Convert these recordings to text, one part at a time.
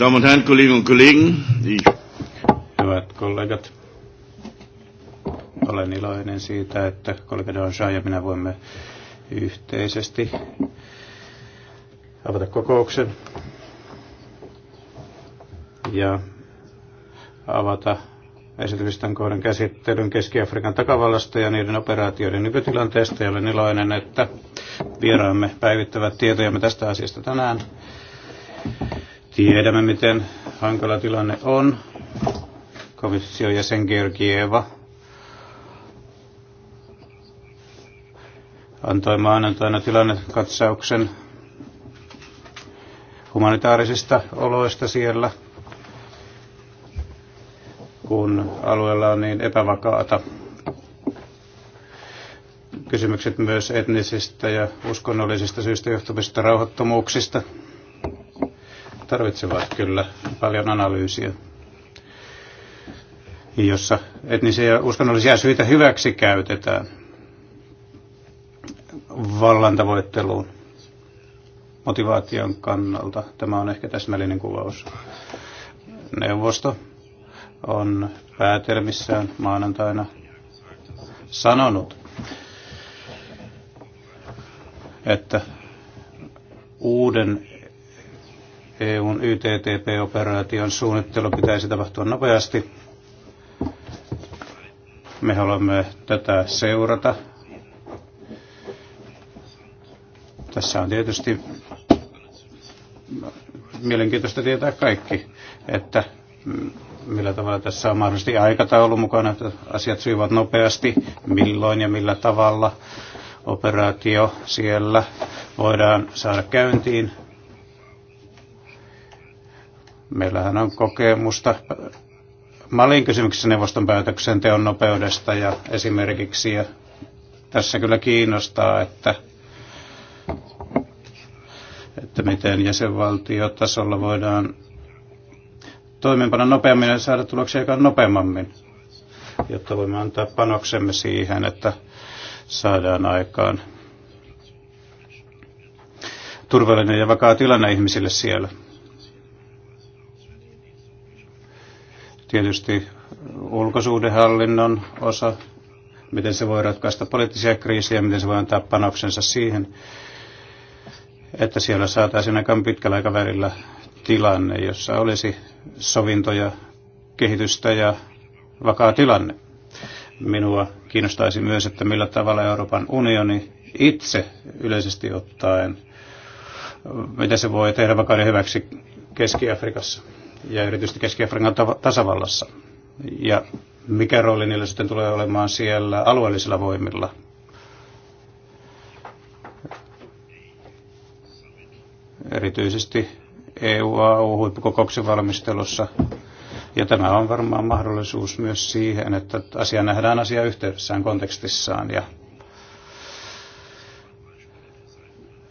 Damen und Herren, Kolleginnen und Kollegen, Hyvät kollegat, olen iloinen siitä, että kollega Donsha ja minä voimme yhteisesti avata kokouksen ja avata esityslistan kohdan käsittelyn Keski-Afrikan takavallasta ja niiden operaatioiden nykytilanteesta. Ja olen iloinen, että vieraamme päivittävät tietojamme tästä asiasta tänään. Tiedämme, miten hankala tilanne on. Komission jäsen Georgieva antoi maanantaina tilannekatsauksen humanitaarisista oloista siellä, kun alueella on niin epävakaata. Kysymykset myös etnisistä ja uskonnollisista syistä johtuvista rauhattomuuksista – tarvitsevat kyllä paljon analyysiä, jossa etnisiä ja uskonnollisia syitä hyväksi käytetään vallantavoitteluun motivaation kannalta. Tämä on ehkä täsmällinen kuvaus. Neuvosto on päätelmissään maanantaina sanonut, että uuden EUn YTTP-operaation suunnittelu pitäisi tapahtua nopeasti. Me haluamme tätä seurata. Tässä on tietysti mielenkiintoista tietää kaikki, että millä tavalla tässä on mahdollisesti aikataulu mukana, että asiat syyvät nopeasti, milloin ja millä tavalla operaatio siellä voidaan saada käyntiin. Meillähän on kokemusta Malin kysymyksessä neuvoston päätöksenteon nopeudesta ja esimerkiksi, ja tässä kyllä kiinnostaa, että, että miten jäsenvaltiotasolla voidaan toimeenpana nopeammin ja saada tuloksia aikaan nopeammin, jotta voimme antaa panoksemme siihen, että saadaan aikaan turvallinen ja vakaa tilanne ihmisille siellä. tietysti ulkosuhdehallinnon osa, miten se voi ratkaista poliittisia kriisejä, miten se voi antaa panoksensa siihen, että siellä saataisiin aikaan pitkällä aikavälillä tilanne, jossa olisi sovintoja, kehitystä ja vakaa tilanne. Minua kiinnostaisi myös, että millä tavalla Euroopan unioni itse yleisesti ottaen, mitä se voi tehdä vakauden hyväksi Keski-Afrikassa ja erityisesti Keski-Afrikan tasavallassa. Ja mikä rooli niillä sitten tulee olemaan siellä alueellisilla voimilla? Erityisesti EU-huippukokouksen valmistelussa. Ja tämä on varmaan mahdollisuus myös siihen, että asia nähdään asia yhteydessään, kontekstissaan. Ja,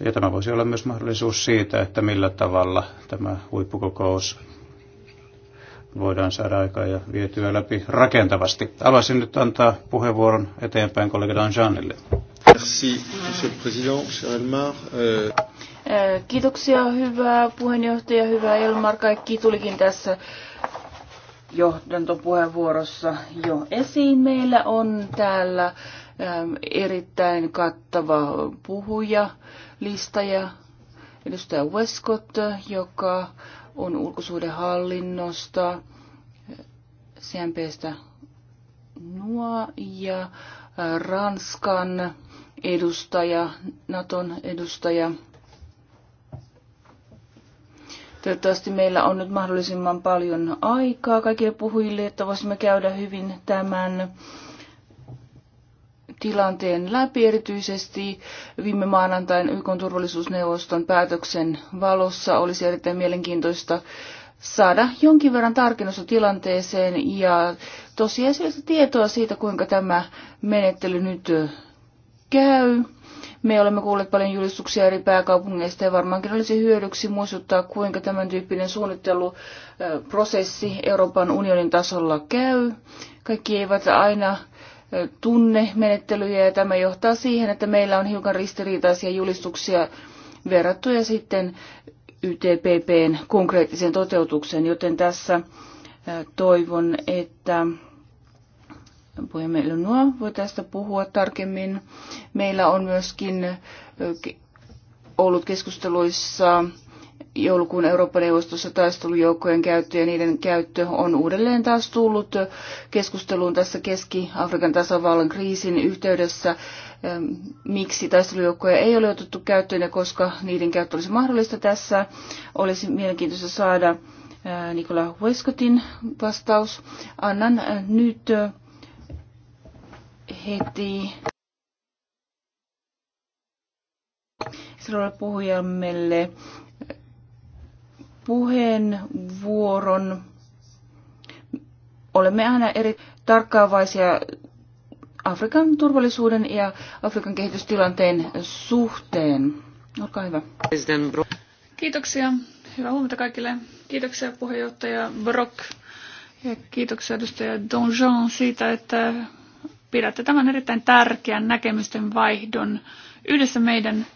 ja tämä voisi olla myös mahdollisuus siitä, että millä tavalla tämä huippukokous voidaan saada aikaa ja vietyä läpi rakentavasti. Haluaisin nyt antaa puheenvuoron eteenpäin kollega Danjanille. Elmar. Kiitoksia, hyvää puheenjohtaja, hyvä Elmar. Kaikki tulikin tässä johdantopuheenvuorossa jo esiin. Meillä on täällä erittäin kattava puhuja, lista ja edustaja Westcott, joka on ulkosuhdehallinnosta, CMPstä NUA ja Ranskan edustaja, Naton edustaja. Toivottavasti meillä on nyt mahdollisimman paljon aikaa kaikille puhujille, että voisimme käydä hyvin tämän tilanteen läpi, erityisesti viime maanantain YK turvallisuusneuvoston päätöksen valossa olisi erittäin mielenkiintoista saada jonkin verran tarkennusta tilanteeseen ja tosiasiallista tietoa siitä, kuinka tämä menettely nyt käy. Me olemme kuulleet paljon julistuksia eri pääkaupungeista ja varmaankin olisi hyödyksi muistuttaa, kuinka tämän tyyppinen suunnitteluprosessi Euroopan unionin tasolla käy. Kaikki eivät aina tunnemenettelyjä ja tämä johtaa siihen, että meillä on hiukan ristiriitaisia julistuksia verrattuja sitten YTPPn konkreettiseen toteutukseen, joten tässä toivon, että puhemme Noa voi tästä puhua tarkemmin. Meillä on myöskin ollut keskusteluissa joulukuun Euroopan neuvostossa taistelujoukkojen käyttö ja niiden käyttö on uudelleen taas tullut keskusteluun tässä Keski-Afrikan tasavallan kriisin yhteydessä. Miksi taistelujoukkoja ei ole otettu käyttöön ja koska niiden käyttö olisi mahdollista tässä, olisi mielenkiintoista saada Nikola Westcottin vastaus. Annan nyt heti seuraavalle puhujammelle puheenvuoron. Olemme aina eri tarkkaavaisia Afrikan turvallisuuden ja Afrikan kehitystilanteen suhteen. Olkaa hyvä. Kiitoksia. Hyvää huomenta kaikille. Kiitoksia puheenjohtaja Brock ja kiitoksia edustaja Donjon siitä, että pidätte tämän erittäin tärkeän näkemysten vaihdon yhdessä meidän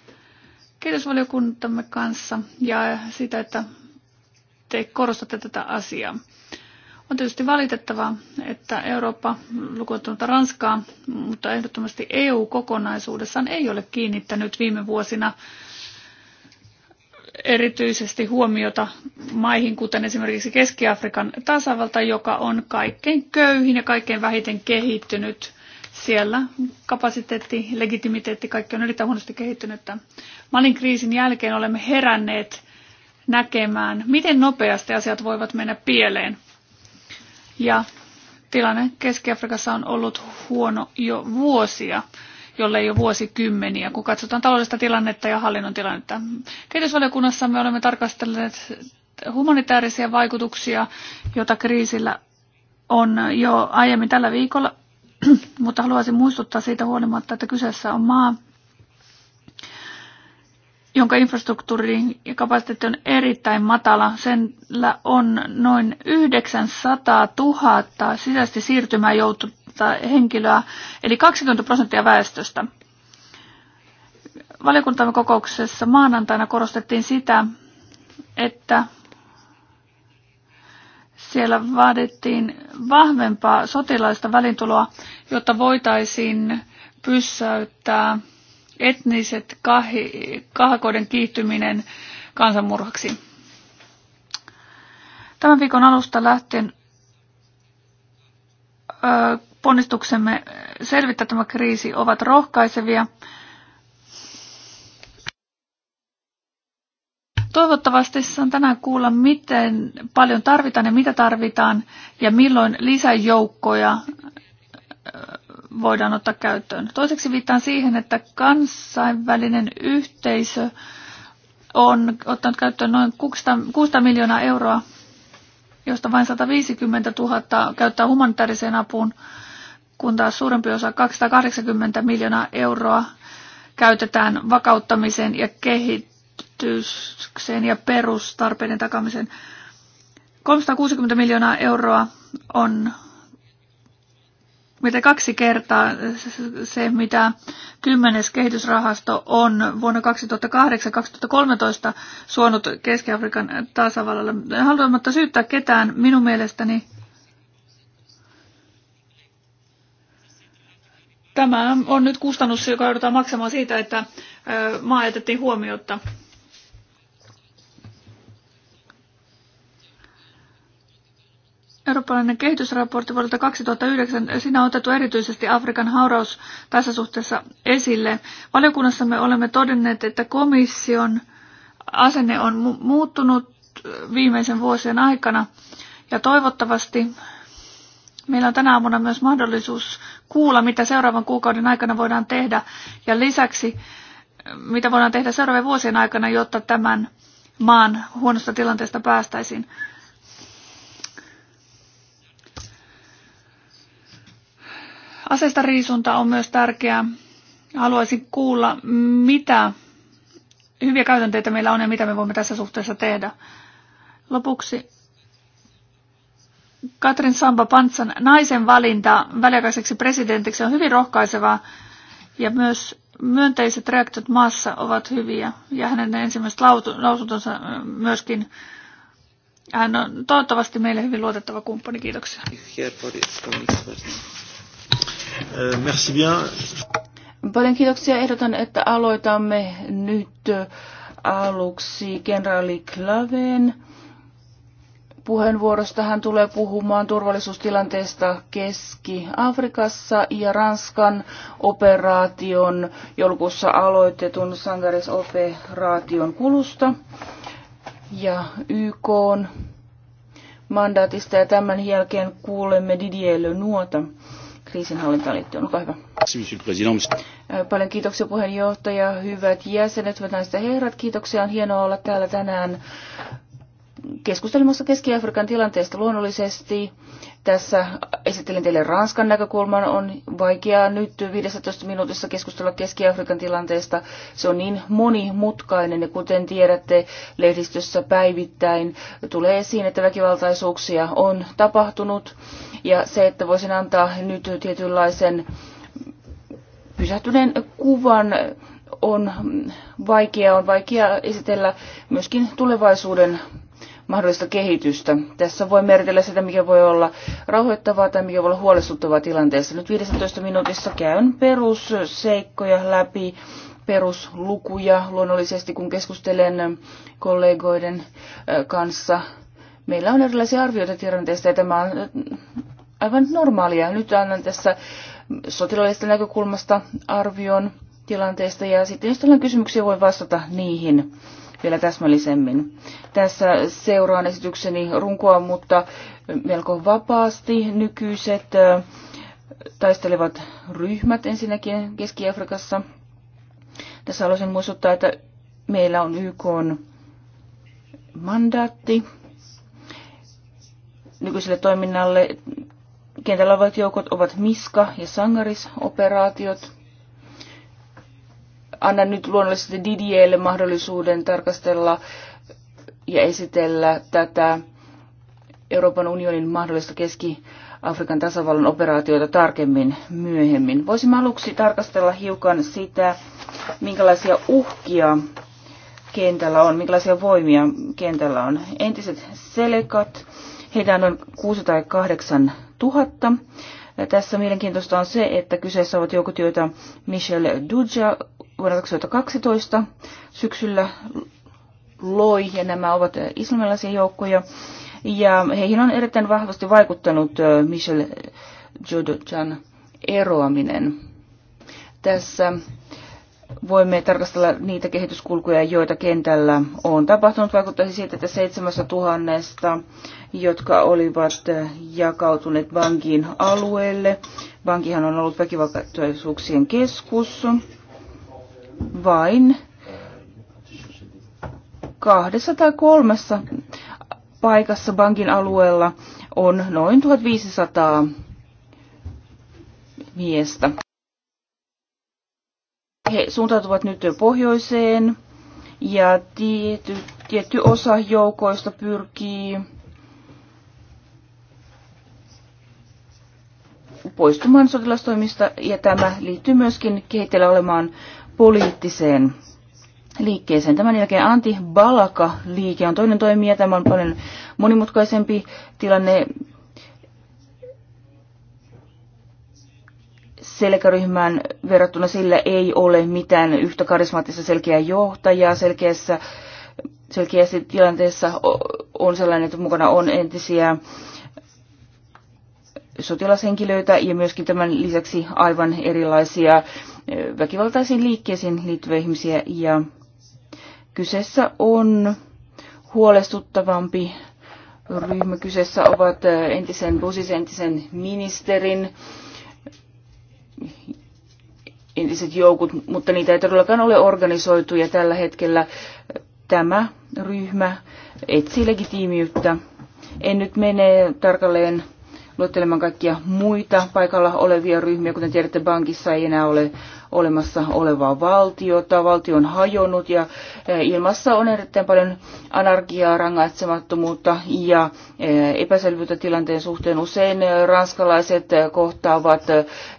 kehitysvaliokuntamme kanssa ja sitä, että te korostatte tätä asiaa. On tietysti valitettavaa, että Eurooppa ottamatta Ranskaa, mutta ehdottomasti EU kokonaisuudessaan ei ole kiinnittänyt viime vuosina erityisesti huomiota maihin, kuten esimerkiksi Keski-Afrikan tasavalta, joka on kaikkein köyhin ja kaikkein vähiten kehittynyt. Siellä kapasiteetti, legitimiteetti, kaikki on erittäin huonosti kehittynyt. Malin kriisin jälkeen olemme heränneet näkemään, miten nopeasti asiat voivat mennä pieleen. Ja tilanne Keski-Afrikassa on ollut huono jo vuosia, jolle jo vuosikymmeniä, kun katsotaan taloudellista tilannetta ja hallinnon tilannetta. Kehitysvaliokunnassa me olemme tarkastelleet humanitaarisia vaikutuksia, joita kriisillä on jo aiemmin tällä viikolla, mutta haluaisin muistuttaa siitä huolimatta, että kyseessä on maa, jonka infrastruktuuri ja kapasiteetti on erittäin matala. Sillä on noin 900 000 sisäisesti siirtymään joutunutta henkilöä, eli 20 prosenttia väestöstä. Valiokuntamme kokouksessa maanantaina korostettiin sitä, että siellä vaadittiin vahvempaa sotilaista välintuloa, jotta voitaisiin pysäyttää etniset kahi, kahakoiden kiihtyminen kansanmurhaksi. Tämän viikon alusta lähtien ponnistuksemme selvittää tämä kriisi ovat rohkaisevia. Toivottavasti saan tänään kuulla, miten paljon tarvitaan ja mitä tarvitaan ja milloin lisäjoukkoja voidaan ottaa käyttöön. Toiseksi viittaan siihen, että kansainvälinen yhteisö on ottanut käyttöön noin 600 miljoonaa euroa, josta vain 150 000 käyttää humanitaariseen apuun, kun taas suurempi osa 280 miljoonaa euroa käytetään vakauttamiseen ja kehitykseen ja perustarpeiden takamiseen. 360 miljoonaa euroa on mitä kaksi kertaa se, mitä kymmenes kehitysrahasto on vuonna 2008-2013 suonut Keski-Afrikan tasavallalle. Haluamatta syyttää ketään, minun mielestäni tämä on nyt kustannus, joka joudutaan maksamaan siitä, että maa jätettiin huomiotta. Eurooppalainen kehitysraportti vuodelta 2009, siinä on otettu erityisesti Afrikan hauraus tässä suhteessa esille. Valiokunnassa me olemme todenneet, että komission asenne on muuttunut viimeisen vuosien aikana ja toivottavasti meillä on tänä aamuna myös mahdollisuus kuulla, mitä seuraavan kuukauden aikana voidaan tehdä ja lisäksi mitä voidaan tehdä seuraavien vuosien aikana, jotta tämän maan huonosta tilanteesta päästäisiin. Aseista riisunta on myös tärkeää. Haluaisin kuulla, mitä hyviä käytänteitä meillä on ja mitä me voimme tässä suhteessa tehdä. Lopuksi Katrin Samba Pantsan naisen valinta väliaikaiseksi presidentiksi on hyvin rohkaisevaa ja myös myönteiset reaktiot maassa ovat hyviä ja hänen ensimmäiset lausuntonsa myöskin. Hän on toivottavasti meille hyvin luotettava kumppani. Kiitoksia. Eh, merci bien. Paljon kiitoksia. Ehdotan, että aloitamme nyt eh, aluksi kenraali Klaven puheenvuorosta. Hän tulee puhumaan turvallisuustilanteesta Keski-Afrikassa ja Ranskan operaation joulukuussa aloitetun Sangares-operaation kulusta ja YK mandaatista ja tämän jälkeen kuulemme Didier nuota kriisinhallintaan liittyen. Olkaa hyvä. Paljon kiitoksia puheenjohtaja, hyvät jäsenet, hyvät naiset ja herrat. Kiitoksia, on hienoa olla täällä tänään keskustelemassa Keski-Afrikan tilanteesta luonnollisesti. Tässä esittelen teille Ranskan näkökulman. On vaikeaa nyt 15 minuutissa keskustella Keski-Afrikan tilanteesta. Se on niin monimutkainen ja kuten tiedätte, lehdistössä päivittäin tulee esiin, että väkivaltaisuuksia on tapahtunut. Ja se, että voisin antaa nyt tietynlaisen pysähtyneen kuvan on vaikea, on vaikea esitellä myöskin tulevaisuuden mahdollista kehitystä. Tässä voi merkitellä sitä, mikä voi olla rauhoittavaa tai mikä voi olla huolestuttavaa tilanteessa. Nyt 15 minuutissa käyn perusseikkoja läpi, peruslukuja luonnollisesti, kun keskustelen kollegoiden kanssa. Meillä on erilaisia arvioita tilanteesta ja tämä on aivan normaalia. Nyt annan tässä sotilaallisesta näkökulmasta arvion tilanteesta ja sitten jos tällainen kysymyksiä, voi vastata niihin vielä täsmällisemmin. Tässä seuraan esitykseni runkoa, mutta melko vapaasti nykyiset taistelevat ryhmät ensinnäkin Keski-Afrikassa. Tässä haluaisin muistuttaa, että meillä on YK mandaatti nykyiselle toiminnalle. Kentällä olevat joukot ovat Miska- ja Sangaris-operaatiot annan nyt luonnollisesti Didierille mahdollisuuden tarkastella ja esitellä tätä Euroopan unionin mahdollista Keski-Afrikan tasavallan operaatiota tarkemmin myöhemmin. Voisimme aluksi tarkastella hiukan sitä, minkälaisia uhkia kentällä on, minkälaisia voimia kentällä on. Entiset selekat, heitä on noin 6 tai 8 000. Tässä mielenkiintoista on se, että kyseessä ovat joukot, joita Michel Duja vuonna 2012 syksyllä loi, ja nämä ovat eh, islamilaisia joukkoja. Ja heihin on erittäin vahvasti vaikuttanut eh, Michel Jodojan eroaminen. Tässä voimme tarkastella niitä kehityskulkuja, joita kentällä on tapahtunut. Vaikuttaisi siitä, että 7000, jotka olivat eh, jakautuneet vankin alueelle. Vankihan on ollut väkivaltaisuuksien keskus vain kahdessa tai kolmessa paikassa bankin alueella on noin 1500 miestä. He suuntautuvat nyt pohjoiseen ja tietty, tietty osa joukoista pyrkii poistumaan sotilastoimista ja tämä liittyy myöskin kehitellä olemaan poliittiseen liikkeeseen. Tämän jälkeen anti-Balaka-liike on toinen toimija. Tämä on paljon monimutkaisempi tilanne. Selkäryhmään verrattuna sillä ei ole mitään yhtä karismaattista selkeää johtajaa. Selkeässä, selkeässä tilanteessa on sellainen, että mukana on entisiä sotilashenkilöitä ja myöskin tämän lisäksi aivan erilaisia väkivaltaisiin liikkeisiin liittyviä ihmisiä ja kyseessä on huolestuttavampi ryhmä. Kyseessä ovat entisen Busis, entisen ministerin entiset joukot, mutta niitä ei todellakaan ole organisoitu ja tällä hetkellä tämä ryhmä etsii legitiimiyttä. En nyt mene tarkalleen luettelemaan kaikkia muita paikalla olevia ryhmiä. Kuten tiedätte, bankissa ei enää ole olemassa olevaa valtiota. Valtio on hajonnut ja eh, ilmassa on erittäin paljon anarkiaa, rangaitsemattomuutta ja eh, epäselvyyttä tilanteen suhteen. Usein eh, ranskalaiset kohtaavat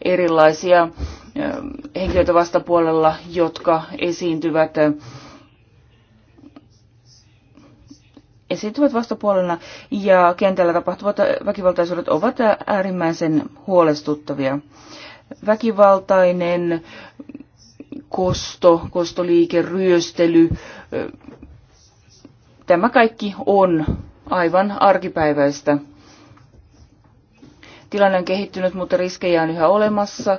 erilaisia henkilöitä vastapuolella, jotka esiintyvät esiintyvät vastapuolena ja kentällä tapahtuvat väkivaltaisuudet ovat äärimmäisen huolestuttavia. Väkivaltainen kosto, kostoliike, ryöstely, tämä kaikki on aivan arkipäiväistä. Tilanne on kehittynyt, mutta riskejä on yhä olemassa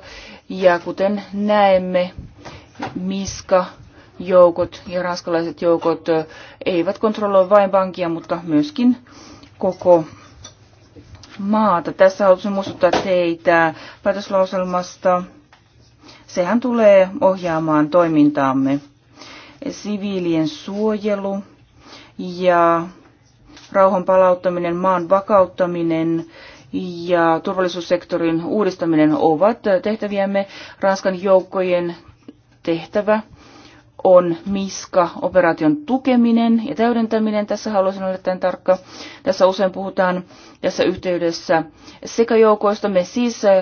ja kuten näemme, Miska joukot ja ranskalaiset joukot eivät kontrolloi vain vankia, mutta myöskin koko maata. Tässä haluaisin muistuttaa teitä päätöslauselmasta. Sehän tulee ohjaamaan toimintaamme. Siviilien suojelu ja rauhan palauttaminen, maan vakauttaminen ja turvallisuussektorin uudistaminen ovat tehtäviämme Ranskan joukkojen tehtävä on MISKA-operaation tukeminen ja täydentäminen. Tässä haluaisin olla tämän tarkka. Tässä usein puhutaan tässä yhteydessä sekajoukoista. Me siis ähm,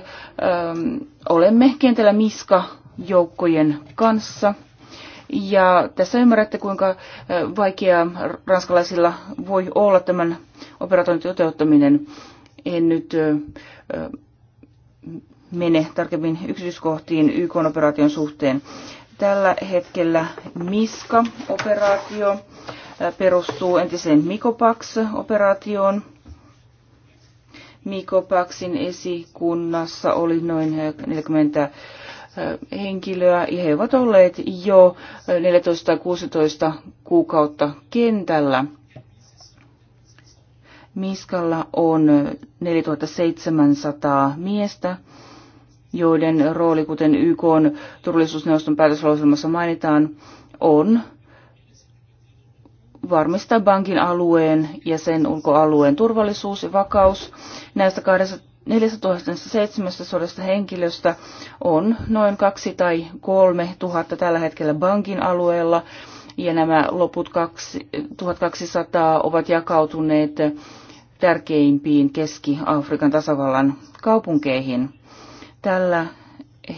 olemme kentällä MISKA-joukkojen kanssa. Ja tässä ymmärrätte, kuinka äh, vaikeaa ranskalaisilla voi olla tämän operaation toteuttaminen. En nyt äh, äh mene tarkemmin yksityiskohtiin YK-operaation suhteen. Tällä hetkellä MISKA-operaatio perustuu entiseen Mikopax-operaatioon. Mikopaxin esikunnassa oli noin 40 henkilöä ja he ovat olleet jo 14-16 kuukautta kentällä. Miskalla on 4700 miestä joiden rooli, kuten YK on turvallisuusneuvoston päätöslauselmassa mainitaan, on varmistaa bankin alueen ja sen ulkoalueen turvallisuus ja vakaus. Näistä 4700 henkilöstä on noin kaksi tai kolme tuhatta tällä hetkellä bankin alueella, ja nämä loput 1200 ovat jakautuneet tärkeimpiin Keski-Afrikan tasavallan kaupunkeihin. Tällä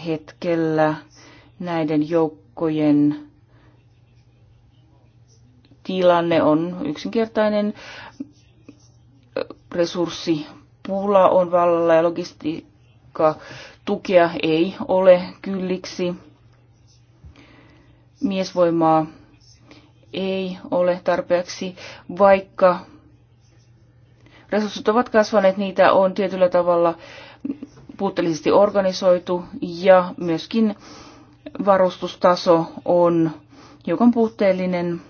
hetkellä näiden joukkojen tilanne on yksinkertainen. Resurssipula on vallalla ja logistiikka tukea ei ole kylliksi. Miesvoimaa ei ole tarpeeksi, vaikka resurssit ovat kasvaneet, niitä on tietyllä tavalla puutteellisesti organisoitu ja myöskin varustustaso on hiukan puutteellinen.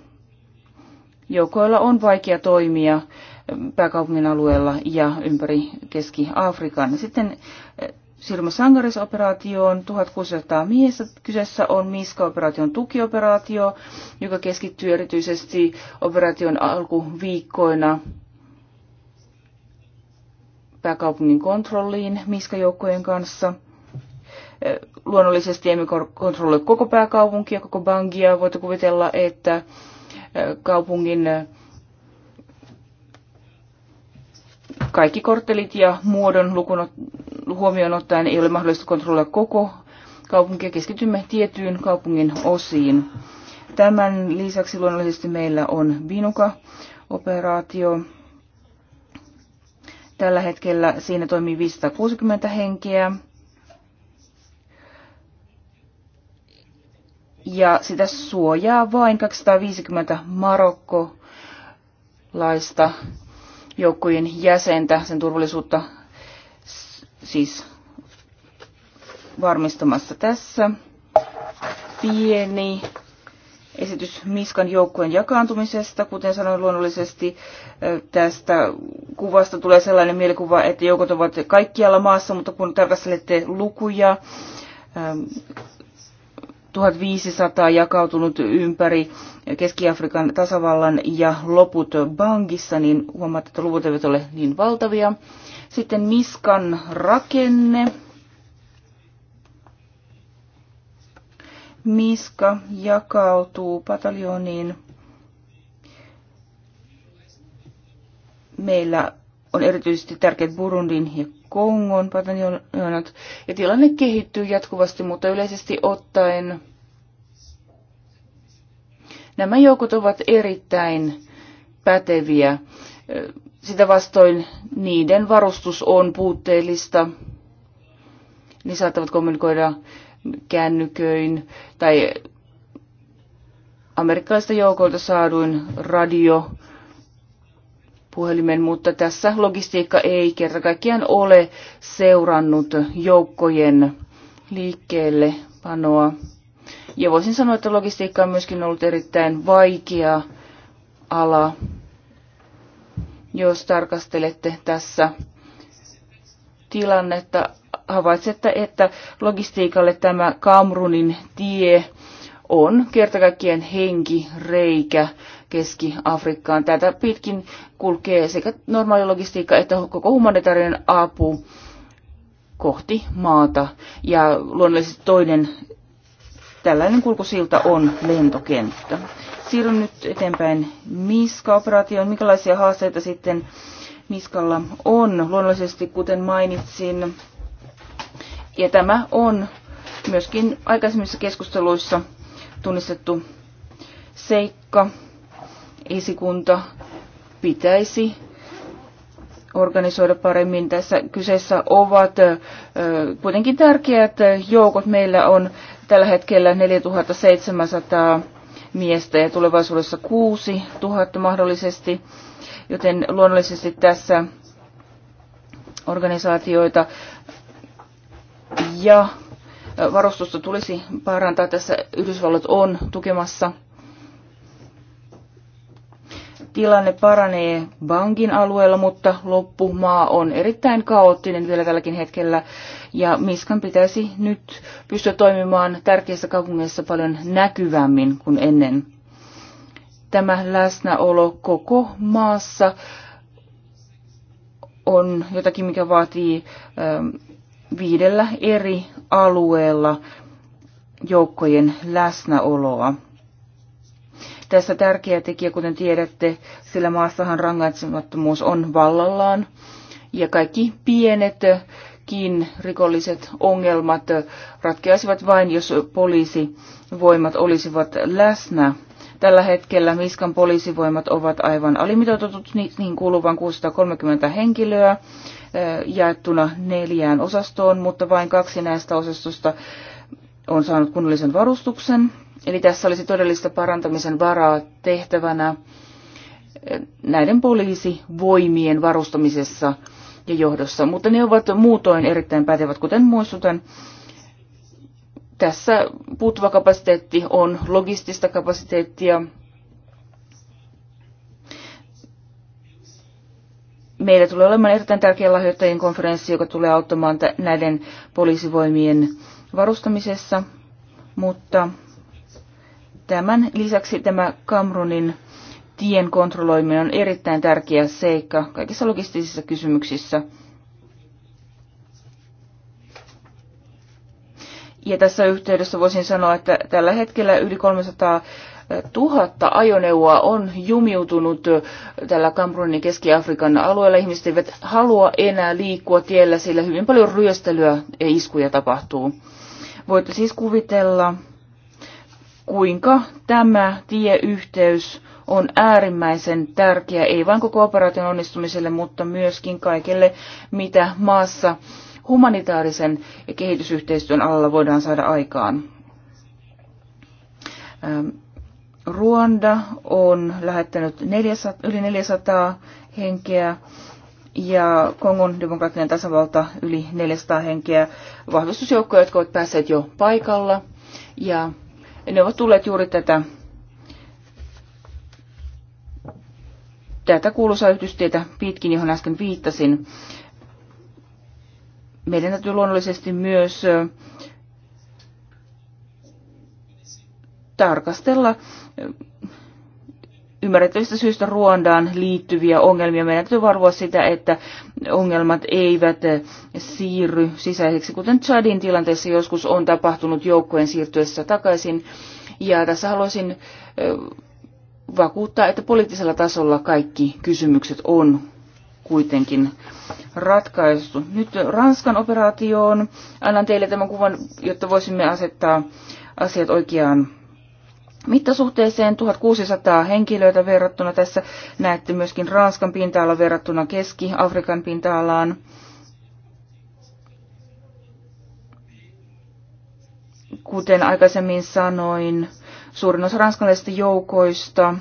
Joukoilla on vaikea toimia pääkaupungin alueella ja ympäri Keski-Afrikan. Sitten eh, siirrymme Sangaris-operaatioon. 1600 miestä kyseessä on Miska-operaation tukioperaatio, joka keskittyy erityisesti operaation alkuviikkoina – pääkaupungin kontrolliin miskajoukkojen kanssa. Luonnollisesti emme kontrolloi koko pääkaupunkia, koko Bangia. Voitte kuvitella, että kaupungin kaikki korttelit ja muodon lukun huomioon ottaen ei ole mahdollista kontrolloida koko kaupunkia. Keskitymme tiettyyn kaupungin osiin. Tämän lisäksi luonnollisesti meillä on Binuka-operaatio, Tällä hetkellä siinä toimii 560 henkeä. Ja sitä suojaa vain 250 marokkolaista joukkojen jäsentä sen turvallisuutta siis varmistamassa tässä. Pieni esitys Miskan joukkueen jakaantumisesta. Kuten sanoin luonnollisesti, tästä kuvasta tulee sellainen mielikuva, että joukot ovat kaikkialla maassa, mutta kun tarkastelette lukuja, 1500 jakautunut ympäri Keski-Afrikan tasavallan ja loput Bangissa, niin huomaatte, että luvut eivät ole niin valtavia. Sitten Miskan rakenne. Miska jakautuu pataljooniin. Meillä on erityisesti tärkeät Burundin ja Kongon pataljoonat. Ja tilanne kehittyy jatkuvasti, mutta yleisesti ottaen nämä joukot ovat erittäin päteviä. Sitä vastoin niiden varustus on puutteellista. Ne saattavat kommunikoida kännyköin tai amerikkalaista joukolta saaduin radio puhelimen, mutta tässä logistiikka ei kerta kaikkiaan ole seurannut joukkojen liikkeelle panoa. Ja voisin sanoa, että logistiikka on myöskin ollut erittäin vaikea ala, jos tarkastelette tässä tilannetta havaitsette, että logistiikalle tämä Kamrunin tie on kertakaikkien reikä Keski-Afrikkaan. Tätä pitkin kulkee sekä normaali logistiikka että koko humanitaarinen apu kohti maata. Ja luonnollisesti toinen tällainen kulkusilta on lentokenttä. Siirryn nyt eteenpäin Miska-operaatioon. Minkälaisia haasteita sitten Miskalla on? Luonnollisesti, kuten mainitsin, ja tämä on myöskin aikaisemmissa keskusteluissa tunnistettu seikka. Esikunta pitäisi organisoida paremmin. Tässä kyseessä ovat kuitenkin tärkeät joukot. Meillä on tällä hetkellä 4700 miestä ja tulevaisuudessa 6000 mahdollisesti, joten luonnollisesti tässä organisaatioita ja varustusta tulisi parantaa. Tässä Yhdysvallat on tukemassa. Tilanne paranee Bangin alueella, mutta loppumaa on erittäin kaoottinen vielä tälläkin hetkellä. Ja Miskan pitäisi nyt pystyä toimimaan tärkeissä kaupungeissa paljon näkyvämmin kuin ennen. Tämä läsnäolo koko maassa on jotakin, mikä vaatii viidellä eri alueella joukkojen läsnäoloa. Tässä tärkeä tekijä, kuten tiedätte, sillä maassahan rangaistamattomuus on vallallaan ja kaikki pienetkin rikolliset ongelmat ratkeaisivat vain, jos poliisivoimat olisivat läsnä. Tällä hetkellä Miskan poliisivoimat ovat aivan alimitoitetut, niin kuuluvan 630 henkilöä jaettuna neljään osastoon, mutta vain kaksi näistä osastosta on saanut kunnollisen varustuksen. Eli tässä olisi todellista parantamisen varaa tehtävänä näiden poliisivoimien varustamisessa ja johdossa, mutta ne ovat muutoin erittäin pätevät, kuten muistutan. Tässä puuttuva kapasiteetti on logistista kapasiteettia, Meillä tulee olemaan erittäin tärkeä lahjoittajien konferenssi, joka tulee auttamaan näiden poliisivoimien varustamisessa, mutta tämän lisäksi tämä Kamrunin tien kontrolloiminen on erittäin tärkeä seikka kaikissa logistisissa kysymyksissä. Ja tässä yhteydessä voisin sanoa, että tällä hetkellä yli 300 tuhatta ajoneuvoa on jumiutunut tällä Kamerunin Keski-Afrikan alueella. Ihmiset eivät halua enää liikkua tiellä, sillä hyvin paljon ryöstelyä ja iskuja tapahtuu. Voitte siis kuvitella, kuinka tämä tieyhteys on äärimmäisen tärkeä, ei vain koko operaation onnistumiselle, mutta myöskin kaikille, mitä maassa humanitaarisen ja kehitysyhteistyön alalla voidaan saada aikaan. Ruanda on lähettänyt 400, yli 400 henkeä ja Kongon demokraattinen tasavalta yli 400 henkeä vahvistusjoukkoja, jotka ovat päässeet jo paikalla. Ja ne ovat tulleet juuri tätä, tätä kuuluisaa yhdystietä pitkin, johon äsken viittasin. Meidän täytyy luonnollisesti myös tarkastella ymmärrettävistä syistä Ruondaan liittyviä ongelmia. Meidän täytyy varvoa sitä, että ongelmat eivät eh, siirry sisäiseksi, kuten Chadin tilanteessa joskus on tapahtunut joukkojen siirtyessä takaisin. Ja tässä haluaisin eh, vakuuttaa, että poliittisella tasolla kaikki kysymykset on kuitenkin ratkaistu. Nyt Ranskan operaatioon annan teille tämän kuvan, jotta voisimme asettaa asiat oikeaan mittasuhteeseen 1600 henkilöitä verrattuna. Tässä näette myöskin Ranskan pinta-ala verrattuna Keski-Afrikan pinta-alaan. Kuten aikaisemmin sanoin, suurin osa ranskalaisista joukoista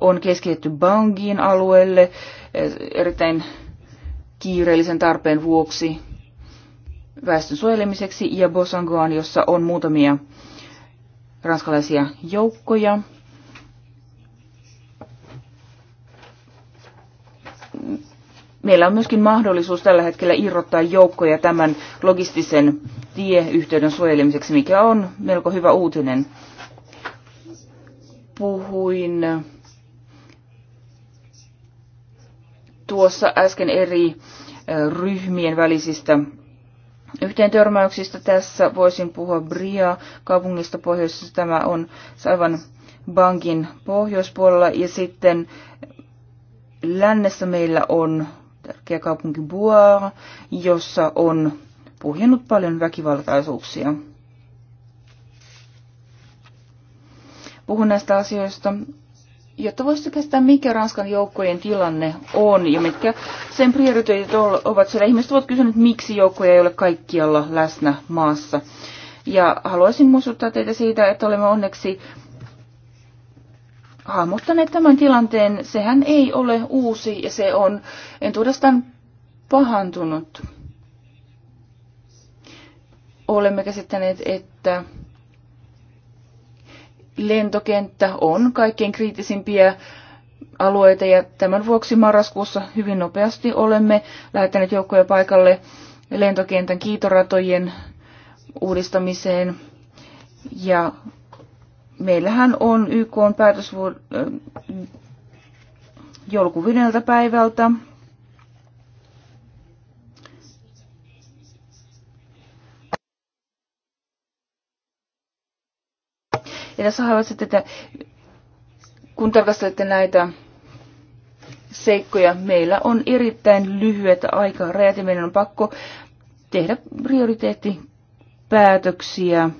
on keskitetty Bangin alueelle eh, erittäin kiireellisen tarpeen vuoksi väestön suojelemiseksi ja Bosangoan, jossa on muutamia ranskalaisia joukkoja. Meillä on myöskin mahdollisuus tällä hetkellä irrottaa joukkoja tämän logistisen tieyhteyden suojelemiseksi, mikä on melko hyvä uutinen. Puhuin tuossa äsken eri ryhmien välisistä Yhteen törmäyksistä tässä voisin puhua Bria kaupungista pohjoisessa. Tämä on aivan bankin pohjoispuolella ja sitten lännessä meillä on tärkeä kaupunki Buar, jossa on puhjennut paljon väkivaltaisuuksia. Puhun näistä asioista jotta voisi käsittää, mikä Ranskan joukkojen tilanne on ja mitkä sen prioriteetit ovat, siellä. ihmiset ovat kysyneet, miksi joukkoja ei ole kaikkialla läsnä maassa. Ja haluaisin muistuttaa teitä siitä, että olemme onneksi hahmottaneet tämän tilanteen. Sehän ei ole uusi ja se on entuudestaan pahantunut. Olemme käsittäneet, että lentokenttä on kaikkein kriittisimpiä alueita ja tämän vuoksi marraskuussa hyvin nopeasti olemme lähettäneet joukkoja paikalle lentokentän kiitoratojen uudistamiseen ja meillähän on YK on päätös joulukuun päivältä Ja tässä sitten, että kun tarkastelette näitä seikkoja, meillä on erittäin lyhyet aikarajat ja meidän on pakko tehdä prioriteettipäätöksiä.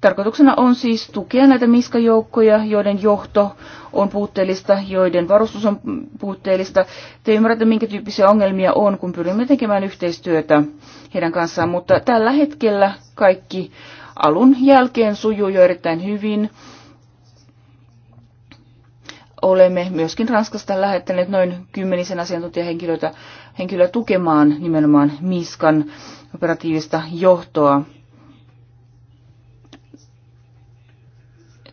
Tarkoituksena on siis tukea näitä miskajoukkoja, joiden johto on puutteellista, joiden varustus on puutteellista. Te ymmärrätte, minkä tyyppisiä ongelmia on, kun pyrimme tekemään yhteistyötä heidän kanssaan, mutta tällä hetkellä kaikki alun jälkeen sujuu jo erittäin hyvin. Olemme myöskin Ranskasta lähettäneet noin kymmenisen asiantuntijahenkilöitä henkilöä tukemaan nimenomaan Miskan operatiivista johtoa.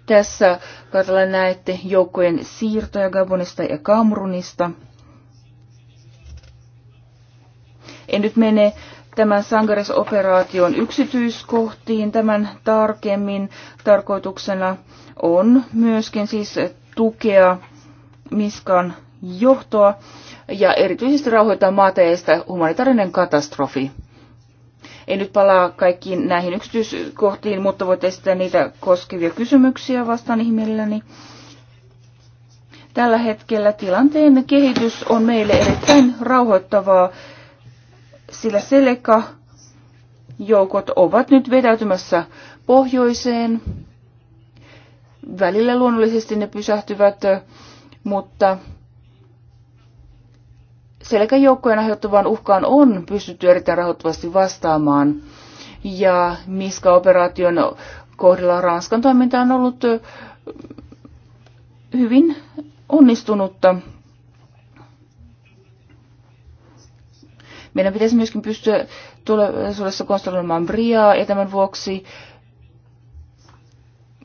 Tässä kartalla näette joukkojen siirtoja Gabonista ja Kamrunista. En nyt mene tämän Sangares-operaation yksityiskohtiin tämän tarkemmin. Tarkoituksena on myöskin siis tukea Miskan johtoa ja erityisesti rauhoittaa maata ja humanitaarinen katastrofi. Ei nyt palaa kaikkiin näihin yksityiskohtiin, mutta voit esittää niitä koskevia kysymyksiä vastaan ihmilläni. Tällä hetkellä tilanteen kehitys on meille erittäin rauhoittavaa sillä Seleka-joukot ovat nyt vetäytymässä pohjoiseen. Välillä luonnollisesti ne pysähtyvät, mutta selkäjoukkojen aiheuttavaan uhkaan on pystytty erittäin rahoittavasti vastaamaan. Ja Miska-operaation kohdalla Ranskan toiminta on ollut hyvin onnistunutta. Meidän pitäisi myöskin pystyä tulevaisuudessa konstruoimaan Briaa ja tämän vuoksi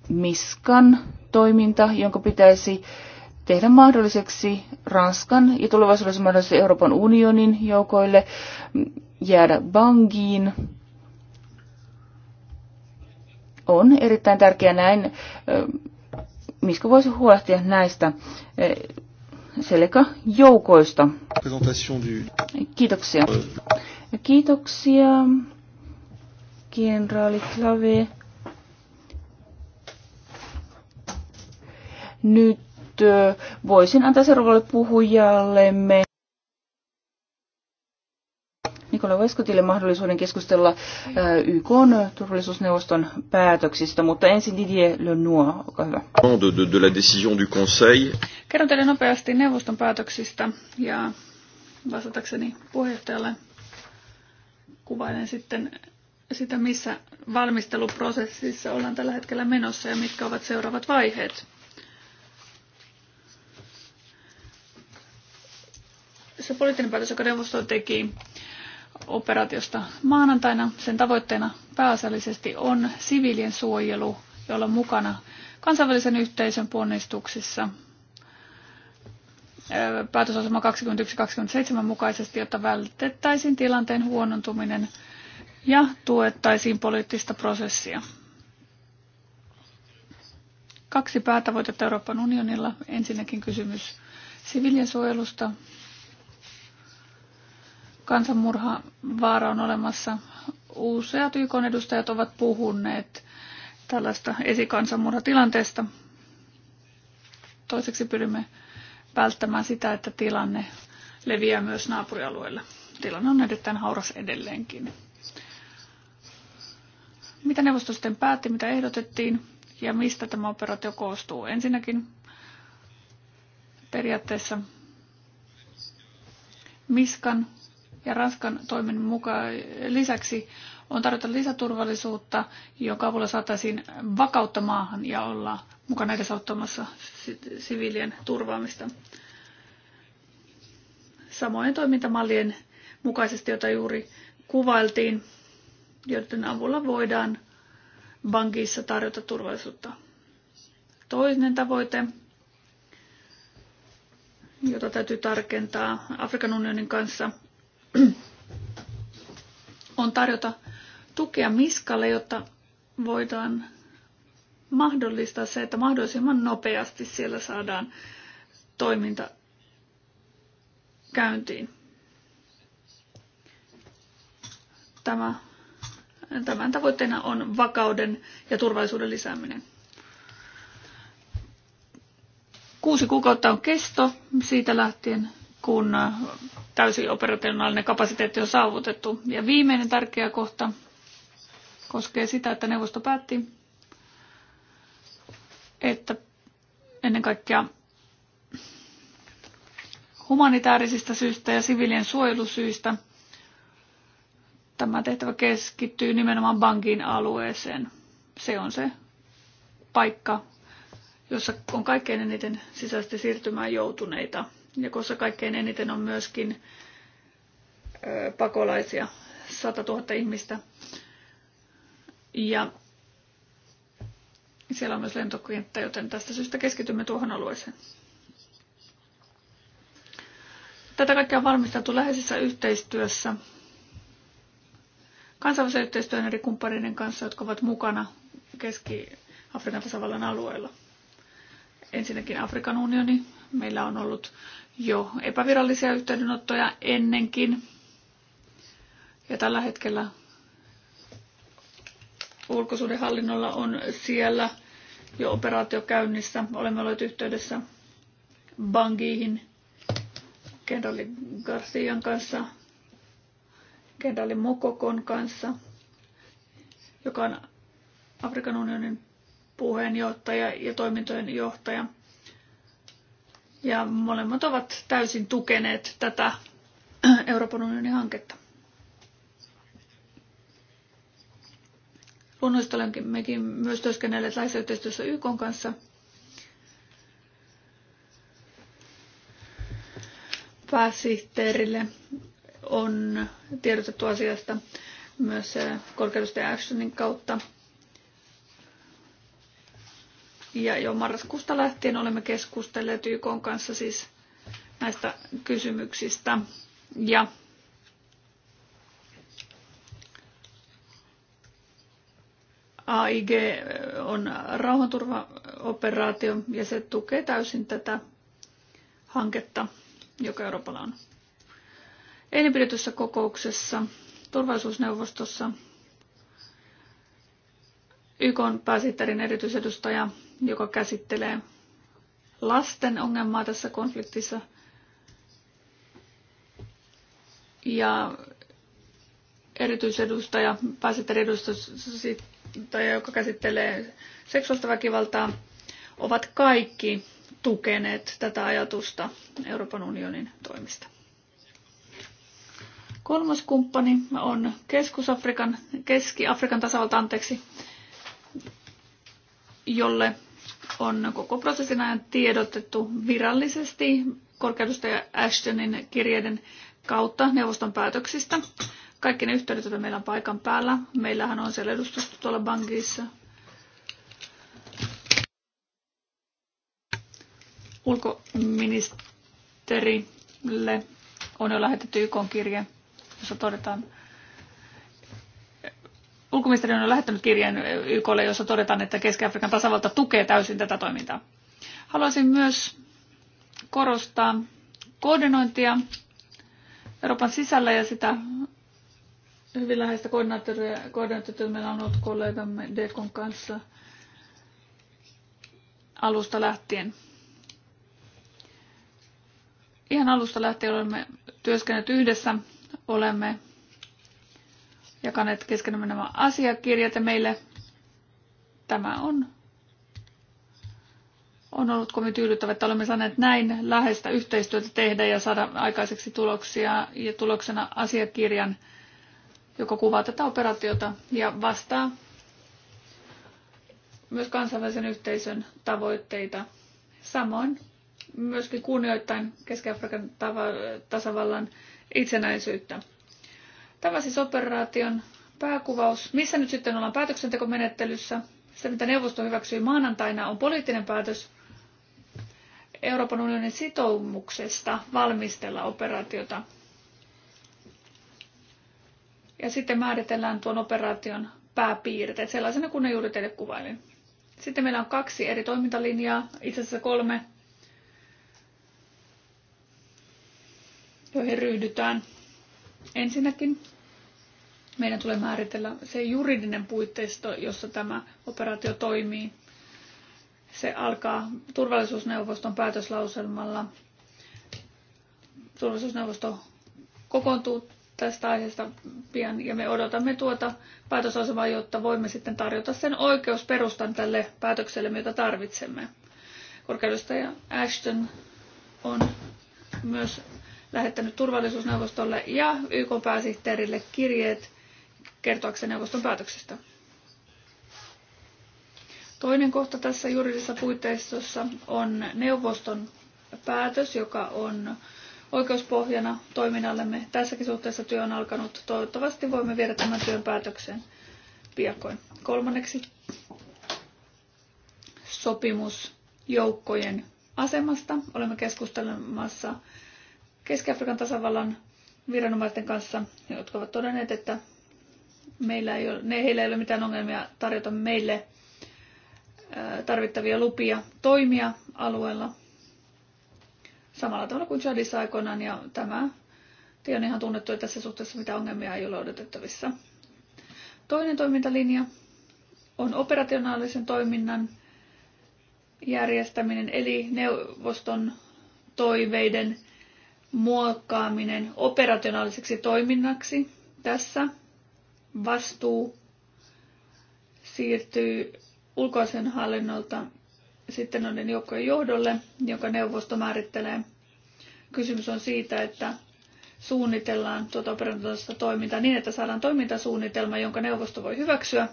Miskan toiminta, jonka pitäisi tehdä mahdolliseksi Ranskan ja tulevaisuudessa mahdollisesti Euroopan unionin joukoille jäädä bangiin, on erittäin tärkeää näin, missä voisi huolehtia näistä selkä joukoista. Kiitoksia. Kiitoksia, kenraali Klave. Nyt voisin antaa seuraavalle puhujallemme Nikola Veskotille mahdollisuuden keskustella YK turvallisuusneuvoston päätöksistä, mutta ensin Didier Lenoir, olkaa hyvä. De, de, de la décision du conseil. Kerron teille nopeasti neuvoston päätöksistä ja vastatakseni puheenjohtajalle kuvailen sitten sitä, missä valmisteluprosessissa ollaan tällä hetkellä menossa ja mitkä ovat seuraavat vaiheet. Se poliittinen päätös, joka neuvosto teki operaatiosta maanantaina. Sen tavoitteena pääasiallisesti on siviilien suojelu, jolla on mukana kansainvälisen yhteisön ponnistuksissa päätösasema 21.27 mukaisesti, jotta vältettäisiin tilanteen huonontuminen ja tuettaisiin poliittista prosessia. Kaksi päätavoitetta Euroopan unionilla. Ensinnäkin kysymys siviilien suojelusta kansanmurha vaara on olemassa. Useat YK edustajat ovat puhuneet tällaista esikansanmurhatilanteesta. Toiseksi pyrimme välttämään sitä, että tilanne leviää myös naapurialueille. Tilanne on erittäin hauras edelleenkin. Mitä neuvosto sitten päätti, mitä ehdotettiin ja mistä tämä operaatio koostuu? Ensinnäkin periaatteessa Miskan ja Ranskan toimen mukaan lisäksi on tarjota lisäturvallisuutta, jonka avulla saataisiin vakautta maahan ja olla mukana edesauttamassa siviilien turvaamista. Samoin toimintamallien mukaisesti, joita juuri kuvailtiin, joiden avulla voidaan vankiissa tarjota turvallisuutta. Toinen tavoite, jota täytyy tarkentaa Afrikan unionin kanssa – on tarjota tukea Miskalle, jotta voidaan mahdollistaa se, että mahdollisimman nopeasti siellä saadaan toiminta käyntiin. Tämä, tämän tavoitteena on vakauden ja turvallisuuden lisääminen. Kuusi kuukautta on kesto siitä lähtien, kun äh, täysin operationaalinen kapasiteetti on saavutettu. Ja viimeinen tärkeä kohta koskee sitä, että neuvosto päätti, että ennen kaikkea humanitaarisista syistä ja sivilien suojelusyistä tämä tehtävä keskittyy nimenomaan bankin alueeseen. Se on se paikka, jossa on kaikkein eniten sisäisesti siirtymään joutuneita Jakossa kaikkein eniten on myöskin pakolaisia, 100 000 ihmistä. Ja siellä on myös lentokenttä, joten tästä syystä keskitymme tuohon alueeseen. Tätä kaikkea on valmisteltu läheisessä yhteistyössä kansainvälisen yhteistyön eri kumppaneiden kanssa, jotka ovat mukana Keski-Afrikan tasavallan alueella. Ensinnäkin Afrikan unioni. Meillä on ollut jo epävirallisia yhteydenottoja ennenkin. Ja tällä hetkellä ulkosuudenhallinnolla on siellä jo operaatio käynnissä. Olemme olleet yhteydessä Bangiihin kenraali Garcian kanssa, kenraali Mokokon kanssa, joka on Afrikan unionin puheenjohtaja ja toimintojen johtaja. Ja molemmat ovat täysin tukeneet tätä Euroopan unionin hanketta. Luonnollisesti mekin myös työskennelleet läheisyyhteistyössä YK kanssa. Pääsihteerille on tiedotettu asiasta myös korkeudusten Ashtonin kautta – ja jo marraskuusta lähtien olemme keskustelleet YK kanssa siis näistä kysymyksistä. Ja AIG on rauhanturvaoperaatio ja se tukee täysin tätä hanketta, joka Euroopalla on. Eilen pidetyssä kokouksessa turvallisuusneuvostossa YK pääsihteerin erityisedustaja joka käsittelee lasten ongelmaa tässä konfliktissa. Ja erityisedustaja, pääsihteeriedustaja, joka käsittelee seksuaalista väkivaltaa, ovat kaikki tukeneet tätä ajatusta Euroopan unionin toimista. Kolmas kumppani on Keski-Afrikan, Keski-Afrikan tasavalta, anteeksi, jolle on koko prosessin ajan tiedotettu virallisesti korkeudustaja Ashtonin kirjeiden kautta neuvoston päätöksistä. Kaikki ne yhteydet, joita meillä on paikan päällä. Meillähän on siellä edustusta tuolla bankissa. Ulkoministerille on jo lähetetty YK kirje, jossa todetaan, Ulkoministeriö on lähettänyt kirjeen YKlle, jossa todetaan, että Keski-Afrikan tasavalta tukee täysin tätä toimintaa. Haluaisin myös korostaa koordinointia Euroopan sisällä ja sitä hyvin läheistä koordinaattoria meillä on ollut kollegamme Dekon kanssa alusta lähtien. Ihan alusta lähtien olemme työskennelleet yhdessä, olemme jakaneet keskenämme nämä asiakirjat ja meille tämä on, on ollut kovin tyydyttävä, että olemme saaneet näin läheistä yhteistyötä tehdä ja saada aikaiseksi tuloksia ja tuloksena asiakirjan, joka kuvaa tätä operaatiota ja vastaa myös kansainvälisen yhteisön tavoitteita. Samoin myöskin kunnioittain Keski-Afrikan tasavallan itsenäisyyttä. Tämä siis operaation pääkuvaus. Missä nyt sitten ollaan päätöksentekomenettelyssä? Se, mitä neuvosto hyväksyi maanantaina, on poliittinen päätös Euroopan unionin sitoumuksesta valmistella operaatiota. Ja sitten määritellään tuon operaation pääpiirteet sellaisena kuin ne juuri teille kuvailin. Sitten meillä on kaksi eri toimintalinjaa, itse asiassa kolme, joihin ryhdytään Ensinnäkin meidän tulee määritellä se juridinen puitteisto, jossa tämä operaatio toimii. Se alkaa turvallisuusneuvoston päätöslauselmalla. Turvallisuusneuvosto kokoontuu tästä aiheesta pian ja me odotamme tuota päätöslauselmaa, jotta voimme sitten tarjota sen oikeusperustan tälle päätökselle, jota tarvitsemme. ja Ashton on myös lähettänyt turvallisuusneuvostolle ja YK pääsihteerille kirjeet kertoakseen neuvoston päätöksestä. Toinen kohta tässä juridisessa puitteistossa on neuvoston päätös, joka on oikeuspohjana toiminnallemme. Tässäkin suhteessa työ on alkanut. Toivottavasti voimme viedä tämän työn päätökseen piakkoin. Kolmanneksi sopimus joukkojen asemasta. Olemme keskustelemassa Keski-Afrikan tasavallan viranomaisten kanssa, jotka ovat todenneet, että meillä ei ole, heillä ei ole mitään ongelmia tarjota meille tarvittavia lupia toimia alueella samalla tavalla kuin Chadissa aikoinaan ja tämä tie on ihan tunnettu, että tässä suhteessa mitä ongelmia ei ole odotettavissa. Toinen toimintalinja on operationaalisen toiminnan järjestäminen eli neuvoston toiveiden muokkaaminen operationaaliseksi toiminnaksi tässä vastuu siirtyy ulkoisen hallinnolta sitten noiden joukkojen johdolle, joka neuvosto määrittelee. Kysymys on siitä, että suunnitellaan tuota operatiivista toimintaa niin, että saadaan toimintasuunnitelma, jonka neuvosto voi hyväksyä.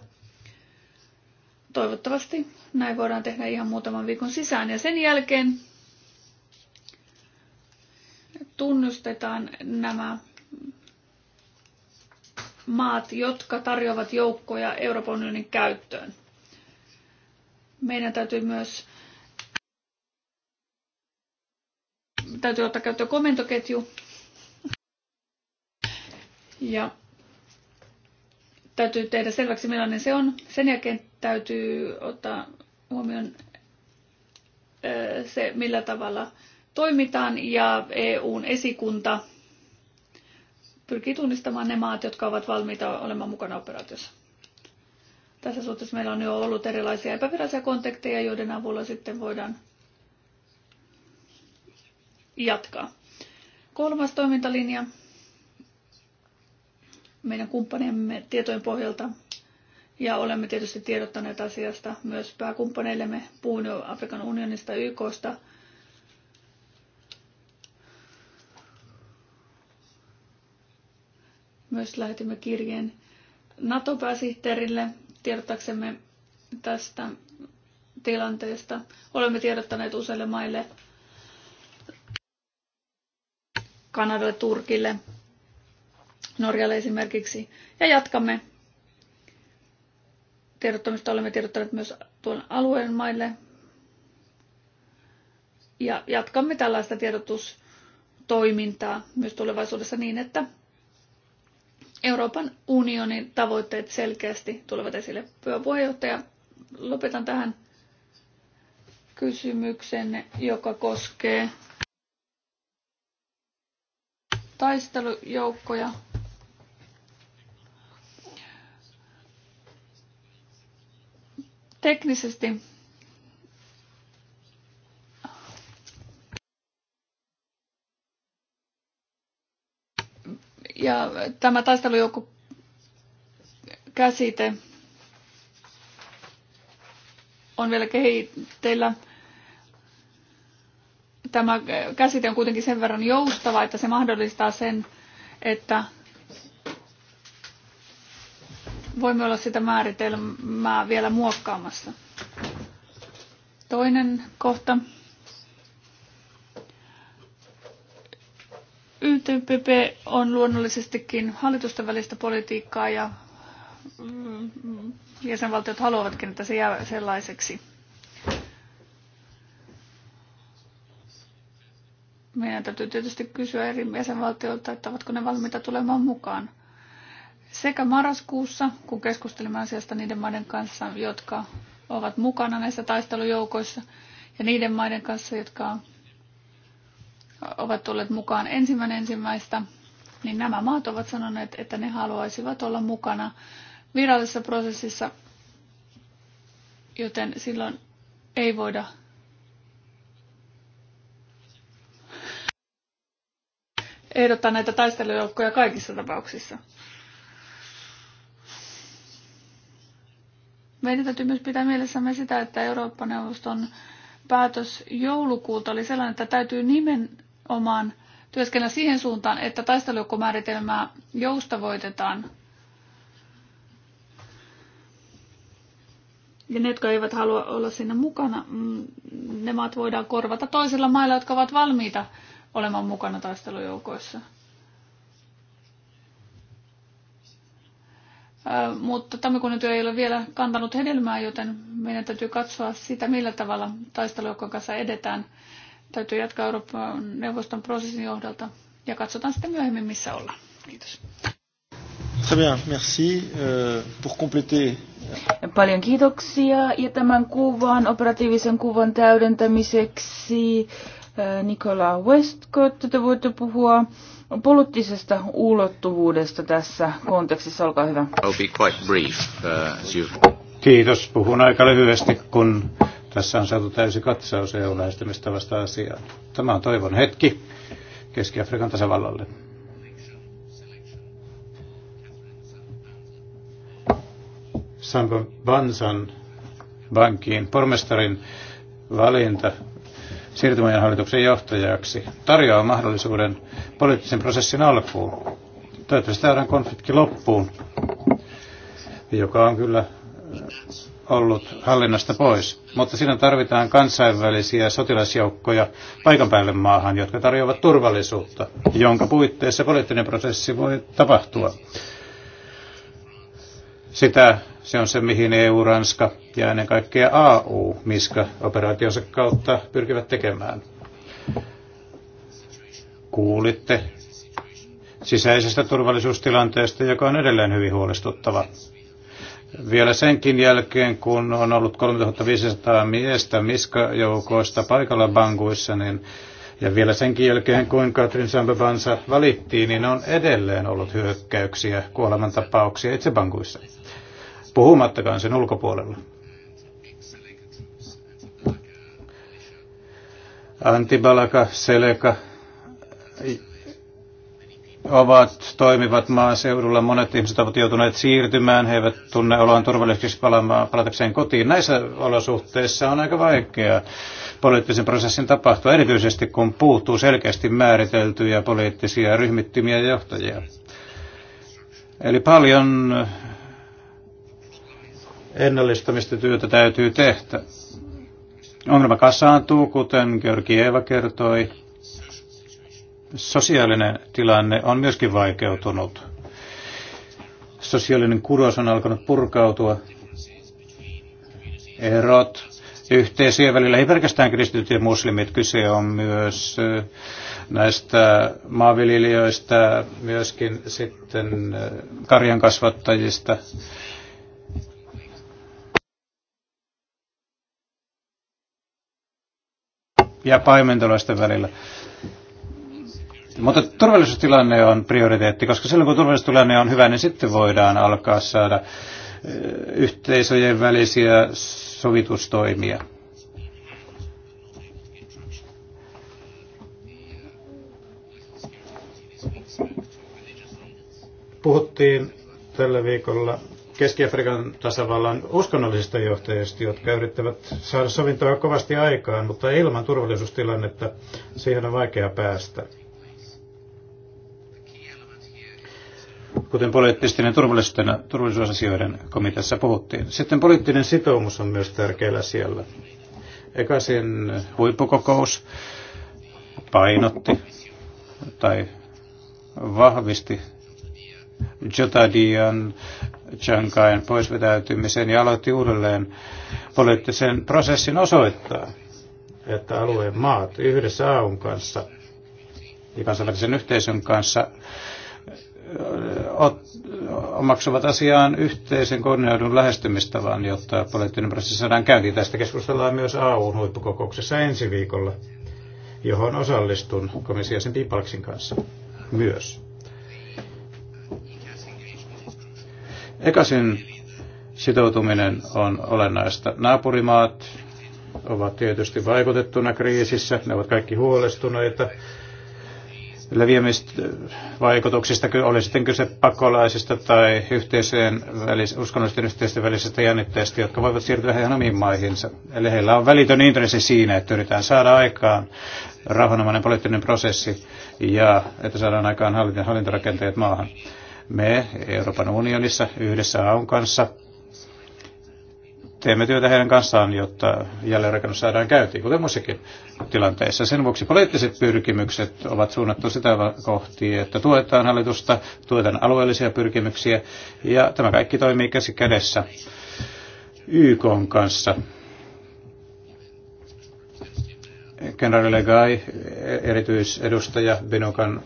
Toivottavasti näin voidaan tehdä ihan muutaman viikon sisään. Ja sen jälkeen tunnustetaan nämä maat, jotka tarjoavat joukkoja Euroopan unionin käyttöön. Meidän täytyy myös täytyy ottaa käyttöön komentoketju. Ja täytyy tehdä selväksi, millainen se on. Sen jälkeen täytyy ottaa huomioon se, millä tavalla toimitaan ja EUn esikunta pyrkii tunnistamaan ne maat, jotka ovat valmiita olemaan mukana operaatiossa. Tässä suhteessa meillä on jo ollut erilaisia epävirallisia kontakteja, joiden avulla sitten voidaan jatkaa. Kolmas toimintalinja meidän kumppaniemme tietojen pohjalta ja olemme tietysti tiedottaneet asiasta myös pääkumppaneillemme, puhun jo Afrikan unionista, YKsta – Myös lähetimme kirjeen NATO-pääsihteerille tiedottaksemme tästä tilanteesta. Olemme tiedottaneet useille maille, Kanadalle, Turkille, Norjalle esimerkiksi. Ja jatkamme tiedottamista. Olemme tiedottaneet myös tuon alueen maille. Ja jatkamme tällaista tiedotustoimintaa myös tulevaisuudessa niin, että Euroopan unionin tavoitteet selkeästi tulevat esille. Hyvä puheenjohtaja, lopetan tähän kysymyksen, joka koskee taistelujoukkoja. Teknisesti Ja tämä taistelujoukko käsite on vielä kehitteillä. Tämä käsite on kuitenkin sen verran joustava, että se mahdollistaa sen, että voimme olla sitä määritelmää vielä muokkaamassa. Toinen kohta. YTPP on luonnollisestikin hallitusten välistä politiikkaa ja mm, jäsenvaltiot haluavatkin, että se jää sellaiseksi. Meidän täytyy tietysti kysyä eri jäsenvaltioilta, että ovatko ne valmiita tulemaan mukaan. Sekä marraskuussa, kun keskustelimme asiasta niiden maiden kanssa, jotka ovat mukana näissä taistelujoukoissa, ja niiden maiden kanssa, jotka ovat tulleet mukaan ensimmäinen ensimmäistä, niin nämä maat ovat sanoneet, että ne haluaisivat olla mukana virallisessa prosessissa, joten silloin ei voida ehdottaa näitä taistelujoukkoja kaikissa tapauksissa. Meidän täytyy myös pitää mielessämme sitä, että Eurooppa-neuvoston päätös joulukuulta oli sellainen, että täytyy nimen, omaan työskennellä siihen suuntaan, että taistelujoukkomääritelmää joustavoitetaan. Ja ne, jotka eivät halua olla siinä mukana, mm, ne maat voidaan korvata toisilla mailla, jotka ovat valmiita olemaan mukana taistelujoukoissa. mutta tammikuun työ ei ole vielä kantanut hedelmää, joten meidän täytyy katsoa sitä, millä tavalla taistelujoukkojen kanssa edetään. Täytyy jatkaa Euroopan neuvoston prosessin johdalta ja katsotaan sitten myöhemmin, missä ollaan. Kiitos. Très bien, merci. Euh, pour compléter... Paljon kiitoksia ja tämän kuvan, operatiivisen kuvan täydentämiseksi äh, Nikola Westcott, te voitte puhua poliittisesta ulottuvuudesta tässä kontekstissa. Olkaa hyvä. I'll be quite brief, uh, as you... Kiitos. Puhun aika lyhyesti, kun tässä on saatu täysi katsaus eu vasta asiaan. Tämä on toivon hetki Keski-Afrikan tasavallalle. Sampo Bansan Bankin pormestarin valinta siirtymäjän hallituksen johtajaksi tarjoaa mahdollisuuden poliittisen prosessin alkuun. Toivottavasti tämä konflikti loppuun, joka on kyllä ollut hallinnasta pois, mutta siinä tarvitaan kansainvälisiä sotilasjoukkoja paikan päälle maahan, jotka tarjoavat turvallisuutta, jonka puitteissa poliittinen prosessi voi tapahtua. Sitä se on se, mihin EU, Ranska ja ennen kaikkea AU, miska operaationsa kautta pyrkivät tekemään. Kuulitte sisäisestä turvallisuustilanteesta, joka on edelleen hyvin huolestuttava vielä senkin jälkeen, kun on ollut 3500 miestä miskajoukoista paikalla banguissa, niin ja vielä senkin jälkeen, kun Katrin Sambabansa valittiin, niin on edelleen ollut hyökkäyksiä, kuolemantapauksia itse bankuissa, puhumattakaan sen ulkopuolella. Antibalaka, Seleka, ovat, toimivat maaseudulla. Monet ihmiset ovat joutuneet siirtymään, he eivät tunne oloaan turvallisesti palaamaan, palatakseen kotiin. Näissä olosuhteissa on aika vaikeaa poliittisen prosessin tapahtua, erityisesti kun puuttuu selkeästi määriteltyjä poliittisia ryhmittymiä ja johtajia. Eli paljon ennallistamista työtä täytyy tehdä. Ongelma kasaantuu, kuten Georgieva kertoi sosiaalinen tilanne on myöskin vaikeutunut. Sosiaalinen kudos on alkanut purkautua. Erot yhteisöjen välillä, ei pelkästään kristityt ja muslimit, kyse on myös näistä maanviljelijöistä, myöskin sitten karjan kasvattajista. ja paimentolaisten välillä. Mutta turvallisuustilanne on prioriteetti, koska silloin kun turvallisuustilanne on hyvä, niin sitten voidaan alkaa saada yhteisöjen välisiä sovitustoimia. Puhuttiin tällä viikolla Keski-Afrikan tasavallan uskonnollisista johtajista, jotka yrittävät saada sovintoa kovasti aikaan, mutta ilman turvallisuustilannetta siihen on vaikea päästä. kuten poliittisten turvallisuuden, turvallisuusasioiden komiteassa puhuttiin. Sitten poliittinen sitoumus on myös tärkeällä siellä. Ekaisin huippukokous painotti tai vahvisti Jotadian Chankain poisvetäytymisen ja aloitti uudelleen poliittisen prosessin osoittaa, että alueen maat yhdessä AUn kanssa ja kansainvälisen yhteisön kanssa omaksuvat asiaan yhteisen koordinoidun lähestymistavan, jotta poliittinen prosessi saadaan käyntiin. Tästä keskustellaan myös au huippukokouksessa ensi viikolla, johon osallistun komissiosen Pipalksin kanssa myös. Ekasin sitoutuminen on olennaista. Naapurimaat ovat tietysti vaikutettuna kriisissä, ne ovat kaikki huolestuneita leviämisvaikutuksista, oli sitten kyse pakolaisista tai yhteisöjen välis, uskonnollisten yhteisöjen välisestä jännitteistä, jotka voivat siirtyä heidän omiin maihinsa. Eli heillä on välitön intressi siinä, että yritetään saada aikaan rauhanomainen poliittinen prosessi ja että saadaan aikaan hallintorakenteet maahan. Me Euroopan unionissa yhdessä AUN kanssa teemme työtä heidän kanssaan, jotta jälleenrakennus saadaan käyntiin, kuten muissakin tilanteissa. Sen vuoksi poliittiset pyrkimykset ovat suunnattu sitä kohti, että tuetaan hallitusta, tuetaan alueellisia pyrkimyksiä, ja tämä kaikki toimii käsi kädessä YK kanssa. Kenraali Legai, erityisedustaja Binokan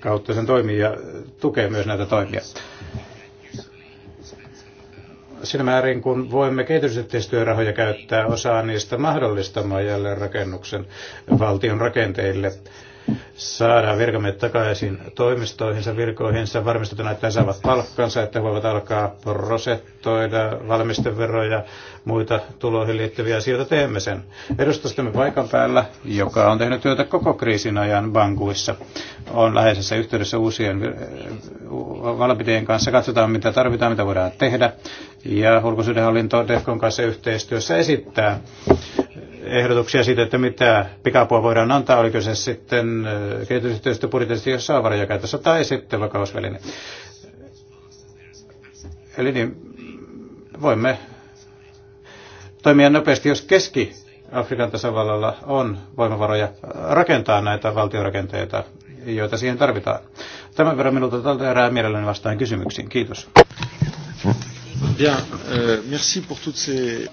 kautta sen toimii ja tukee myös näitä toimia siinä määrin, kun voimme kehitysyhteistyörahoja käyttää osaa niistä mahdollistamaan jälleenrakennuksen valtion rakenteille saadaan virkamiehet takaisin toimistoihinsa, virkoihinsa, varmistetaan, että he saavat palkkansa, että voivat alkaa prosettoida valmisteveroja, muita tuloihin liittyviä asioita. Teemme sen. Edustustamme paikan päällä, joka on tehnyt työtä koko kriisin ajan bankuissa, on läheisessä yhteydessä uusien eh, valmiteen kanssa. Katsotaan, mitä tarvitaan, mitä voidaan tehdä. Ja ulkosuudenhallinto Defcon kanssa yhteistyössä esittää ehdotuksia siitä, että mitä pikapua voidaan antaa, oliko se sitten budjetista, jos saa varoja käytössä, tai sitten vakausväline. Eli niin, voimme toimia nopeasti, jos keski Afrikan tasavallalla on voimavaroja rakentaa näitä valtiorakenteita, joita siihen tarvitaan. Tämän verran minulta tältä erää mielelläni vastaan kysymyksiin. Kiitos. Bien, euh, merci pour toutes ces...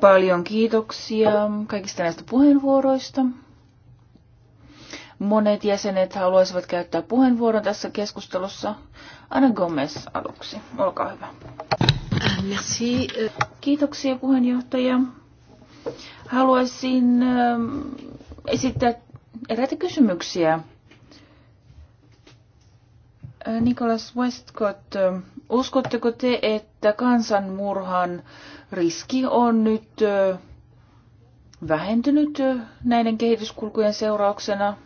Paljon kiitoksia kaikista näistä puheenvuoroista. Monet jäsenet haluaisivat käyttää puheenvuoron tässä keskustelussa. Anna Gomez aluksi. Olkaa hyvä. Äh, merci. Kiitoksia puheenjohtaja. Haluaisin ähm, esittää eräitä kysymyksiä. Äh, Nicholas Westcott ähm, Uskotteko te, että kansanmurhan riski on nyt vähentynyt näiden kehityskulkujen seurauksena?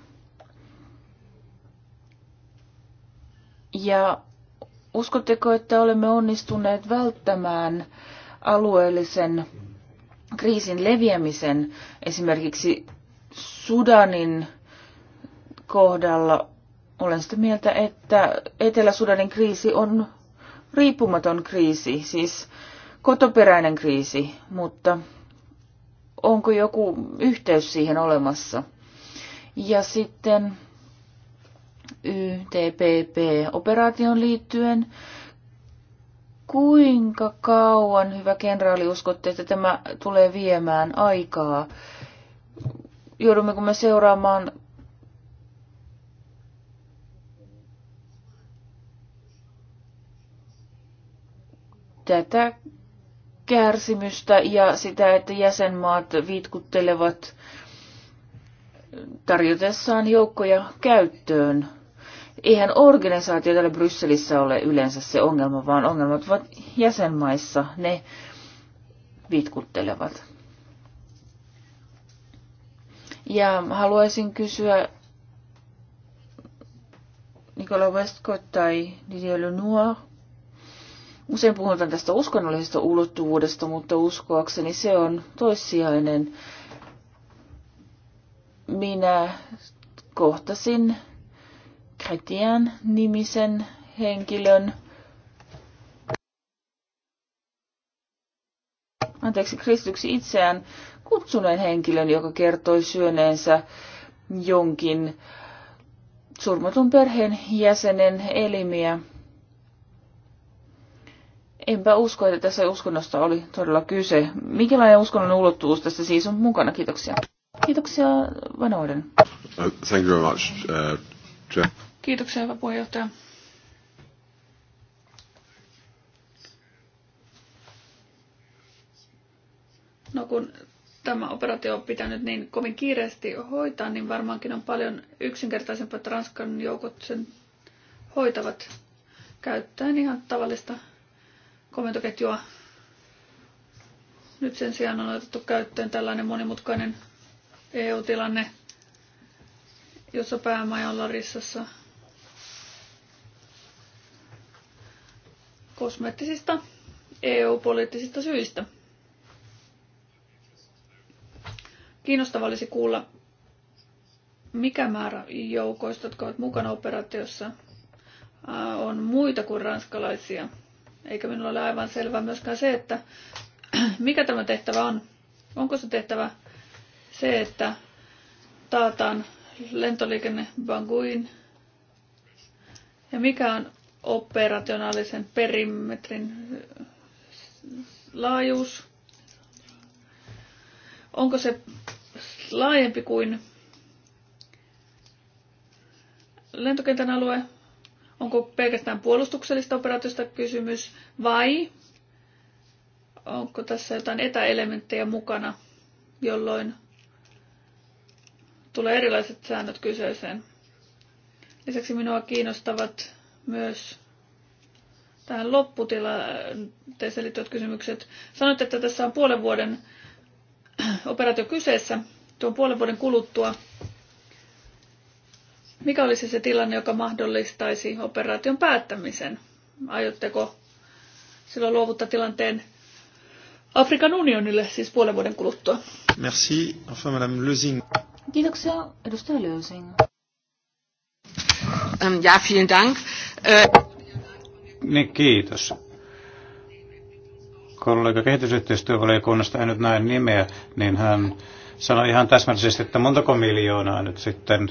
Ja uskotteko, että olemme onnistuneet välttämään alueellisen kriisin leviämisen esimerkiksi Sudanin kohdalla? Olen sitä mieltä, että Etelä-Sudanin kriisi on riippumaton kriisi, siis kotoperäinen kriisi, mutta onko joku yhteys siihen olemassa? Ja sitten YTPP-operaation liittyen, kuinka kauan, hyvä kenraali, uskotte, että tämä tulee viemään aikaa? Joudummeko me seuraamaan tätä kärsimystä ja sitä, että jäsenmaat vitkuttelevat tarjotessaan joukkoja käyttöön. Eihän organisaatio täällä Brysselissä ole yleensä se ongelma, vaan ongelmat ovat jäsenmaissa. Ne vitkuttelevat. Ja haluaisin kysyä Nicolas Westcott tai Didier Lenoir Usein puhutaan tästä uskonnollisesta ulottuvuudesta, mutta uskoakseni se on toissijainen. Minä kohtasin Kretian nimisen henkilön. Anteeksi, kristyksi itseään kutsuneen henkilön, joka kertoi syöneensä jonkin surmatun perheen jäsenen elimiä Enpä usko, että tässä uskonnosta oli todella kyse. Minkälainen uskonnon ulottuvuus tässä siis on mukana? Kiitoksia. Kiitoksia, Van Orden. Uh, thank you very much, uh, Kiitoksia, hyvä puheenjohtaja. No kun tämä operaatio on pitänyt niin kovin kiireesti hoitaa, niin varmaankin on paljon yksinkertaisempaa, että Ranskan joukot sen hoitavat käyttäen ihan tavallista komentoketjua. Nyt sen sijaan on otettu käyttöön tällainen monimutkainen EU-tilanne, jossa päämaja on Larissassa kosmeettisista EU-poliittisista syistä. Kiinnostava olisi kuulla, mikä määrä joukoista, jotka ovat mukana operaatiossa, on muita kuin ranskalaisia – eikä minulla ole aivan selvää myöskään se, että mikä tämä tehtävä on. Onko se tehtävä se, että taataan lentoliikenne Banguin ja mikä on operationaalisen perimetrin laajuus. Onko se laajempi kuin lentokentän alue Onko pelkästään puolustuksellista operaatiosta kysymys vai onko tässä jotain etäelementtejä mukana, jolloin tulee erilaiset säännöt kyseeseen. Lisäksi minua kiinnostavat myös tähän lopputilanteeseen liittyvät kysymykset. Sanoitte, että tässä on puolen vuoden operaatio kyseessä. Tuon puolen vuoden kuluttua mikä olisi se tilanne, joka mahdollistaisi operaation päättämisen? Aiotteko silloin luovuttaa tilanteen Afrikan unionille, siis puolen vuoden kuluttua? Merci. Enfin, Madame Lösing. Kiitoksia, edustaja Lösing. Ähm, ja, vielen Dank. Äh, niin, kiitos. Kollega kehitysyhteistyövaliokunnasta, en nyt näe nimeä, niin hän sanoi ihan täsmällisesti, että montako miljoonaa nyt sitten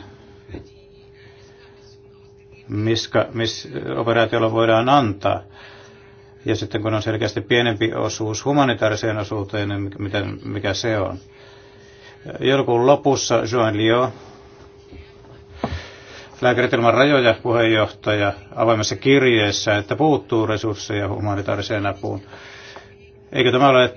miska, mis operaatiolla voidaan antaa. Ja sitten kun on selkeästi pienempi osuus humanitaariseen osuuteen, niin miten, mikä se on. Joulukuun lopussa Joan Lio, Lääkärit ilman rajoja puheenjohtaja, avoimessa kirjeessä, että puuttuu resursseja humanitaariseen apuun. Eikö tämä ole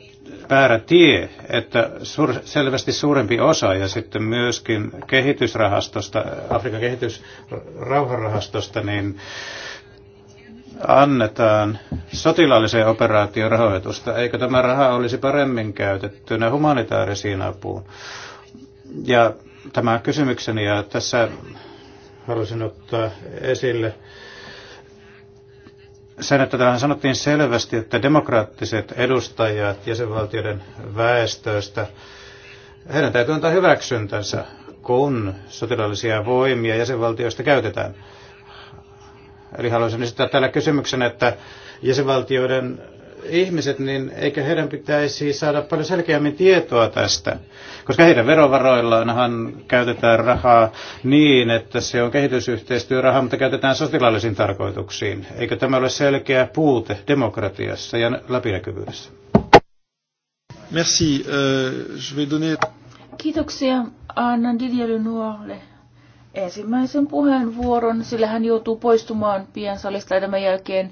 väärä tie, että suur, selvästi suurempi osa ja sitten myöskin kehitysrahastosta, Afrikan kehitysrauhanrahastosta, niin annetaan sotilaalliseen operaation rahoitusta. Eikö tämä raha olisi paremmin käytettynä humanitaarisiin apuun? Ja tämä kysymykseni, ja tässä halusin ottaa esille sen, että tähän sanottiin selvästi, että demokraattiset edustajat jäsenvaltioiden väestöstä, heidän täytyy antaa hyväksyntänsä, kun sotilaallisia voimia jäsenvaltioista käytetään. Eli haluaisin esittää täällä kysymyksen, että jäsenvaltioiden ihmiset, niin eikö heidän pitäisi saada paljon selkeämmin tietoa tästä? Koska heidän verovaroillaanhan käytetään rahaa niin, että se on kehitysyhteistyörahaa, mutta käytetään sotilaallisiin tarkoituksiin. Eikö tämä ole selkeä puute demokratiassa ja läpinäkyvyydessä? Merci. Uh, je vais donner... Kiitoksia. Annan Didier Nuorle ensimmäisen puheenvuoron, sillä hän joutuu poistumaan pian salista tämän jälkeen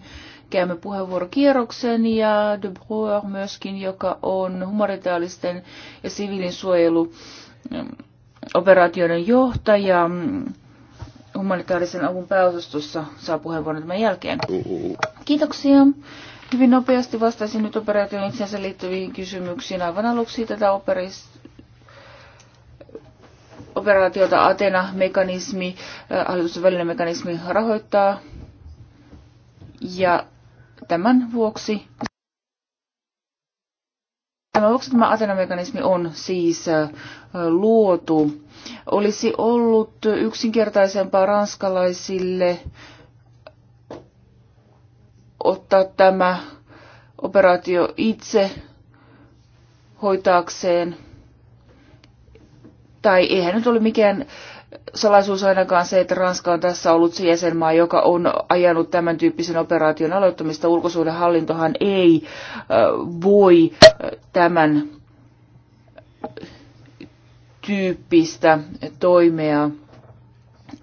käymme puheenvuorokierroksen ja De Bruer myöskin, joka on humanitaalisten ja siviilin suojeluoperaatioiden mm, johtaja humanitaarisen avun pääosastossa saa puheenvuoron tämän jälkeen. Kiitoksia. Hyvin nopeasti vastasin nyt operaation itsensä liittyviin kysymyksiin. Aivan aluksi tätä operaatiota Atena-mekanismi, äh, hallitusten välinen mekanismi rahoittaa. Ja Tämän vuoksi Tämän vuoksi tämä Atena-mekanismi on siis luotu. Olisi ollut yksinkertaisempaa ranskalaisille ottaa tämä operaatio itse hoitaakseen. Tai eihän nyt ole mikään salaisuus ainakaan se, että Ranska on tässä ollut se jäsenmaa, joka on ajanut tämän tyyppisen operaation aloittamista. Ulkosuhdehallintohan ei voi tämän tyyppistä toimea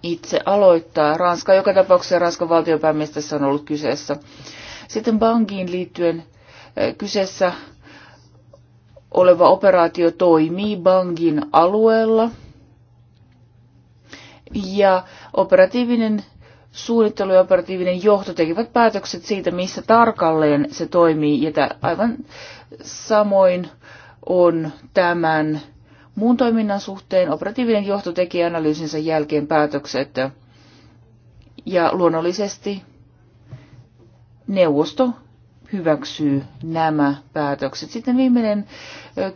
itse aloittaa. Ranska joka tapauksessa Ranskan valtionpäämiestässä on ollut kyseessä. Sitten bankiin liittyen kyseessä oleva operaatio toimii Bangin alueella – ja operatiivinen suunnittelu ja operatiivinen johto tekevät päätökset siitä, missä tarkalleen se toimii. Ja aivan samoin on tämän muun toiminnan suhteen. Operatiivinen johto teki analyysinsä jälkeen päätökset ja luonnollisesti neuvosto hyväksyy nämä päätökset. Sitten viimeinen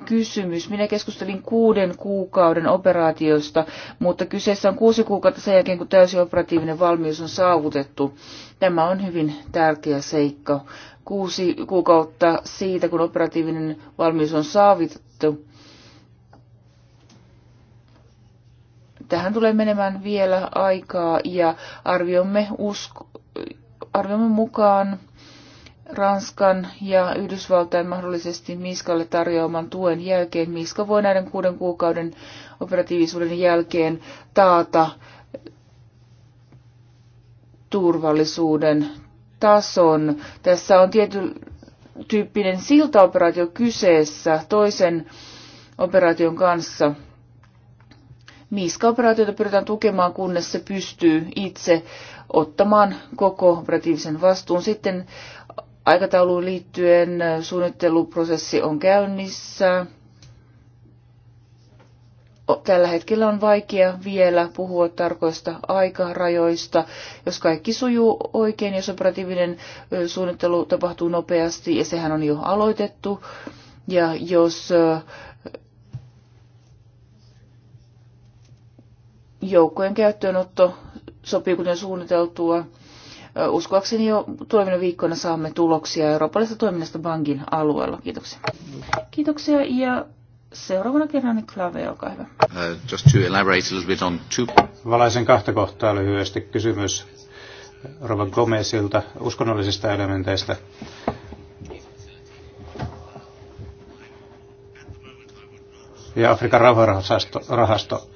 kysymys. Minä keskustelin kuuden kuukauden operaatiosta, mutta kyseessä on kuusi kuukautta sen jälkeen, kun täysi operatiivinen valmius on saavutettu. Tämä on hyvin tärkeä seikka. Kuusi kuukautta siitä, kun operatiivinen valmius on saavutettu. Tähän tulee menemään vielä aikaa ja arviomme usko, arviomme mukaan Ranskan ja Yhdysvaltain mahdollisesti Miskalle tarjoaman tuen jälkeen. Miska voi näiden kuuden kuukauden operatiivisuuden jälkeen taata turvallisuuden tason. Tässä on tietyn tyyppinen siltaoperaatio kyseessä toisen operaation kanssa. Miska-operaatiota pyritään tukemaan, kunnes se pystyy itse ottamaan koko operatiivisen vastuun. Sitten Aikatauluun liittyen suunnitteluprosessi on käynnissä. Tällä hetkellä on vaikea vielä puhua tarkoista aikarajoista. Jos kaikki sujuu oikein, jos operatiivinen suunnittelu tapahtuu nopeasti, ja sehän on jo aloitettu, ja jos joukkojen käyttöönotto sopii kuten suunniteltua, uskoakseni jo tulevina viikkoina saamme tuloksia eurooppalaisesta toiminnasta bankin alueella. Kiitoksia. Kiitoksia ja seuraavana kerran Klave, olkaa hyvä. Uh, just to elaborate a little bit on two... Valaisen kahta kohtaa lyhyesti kysymys Rova Gomezilta uskonnollisista elementeistä. ja Afrikan rahasto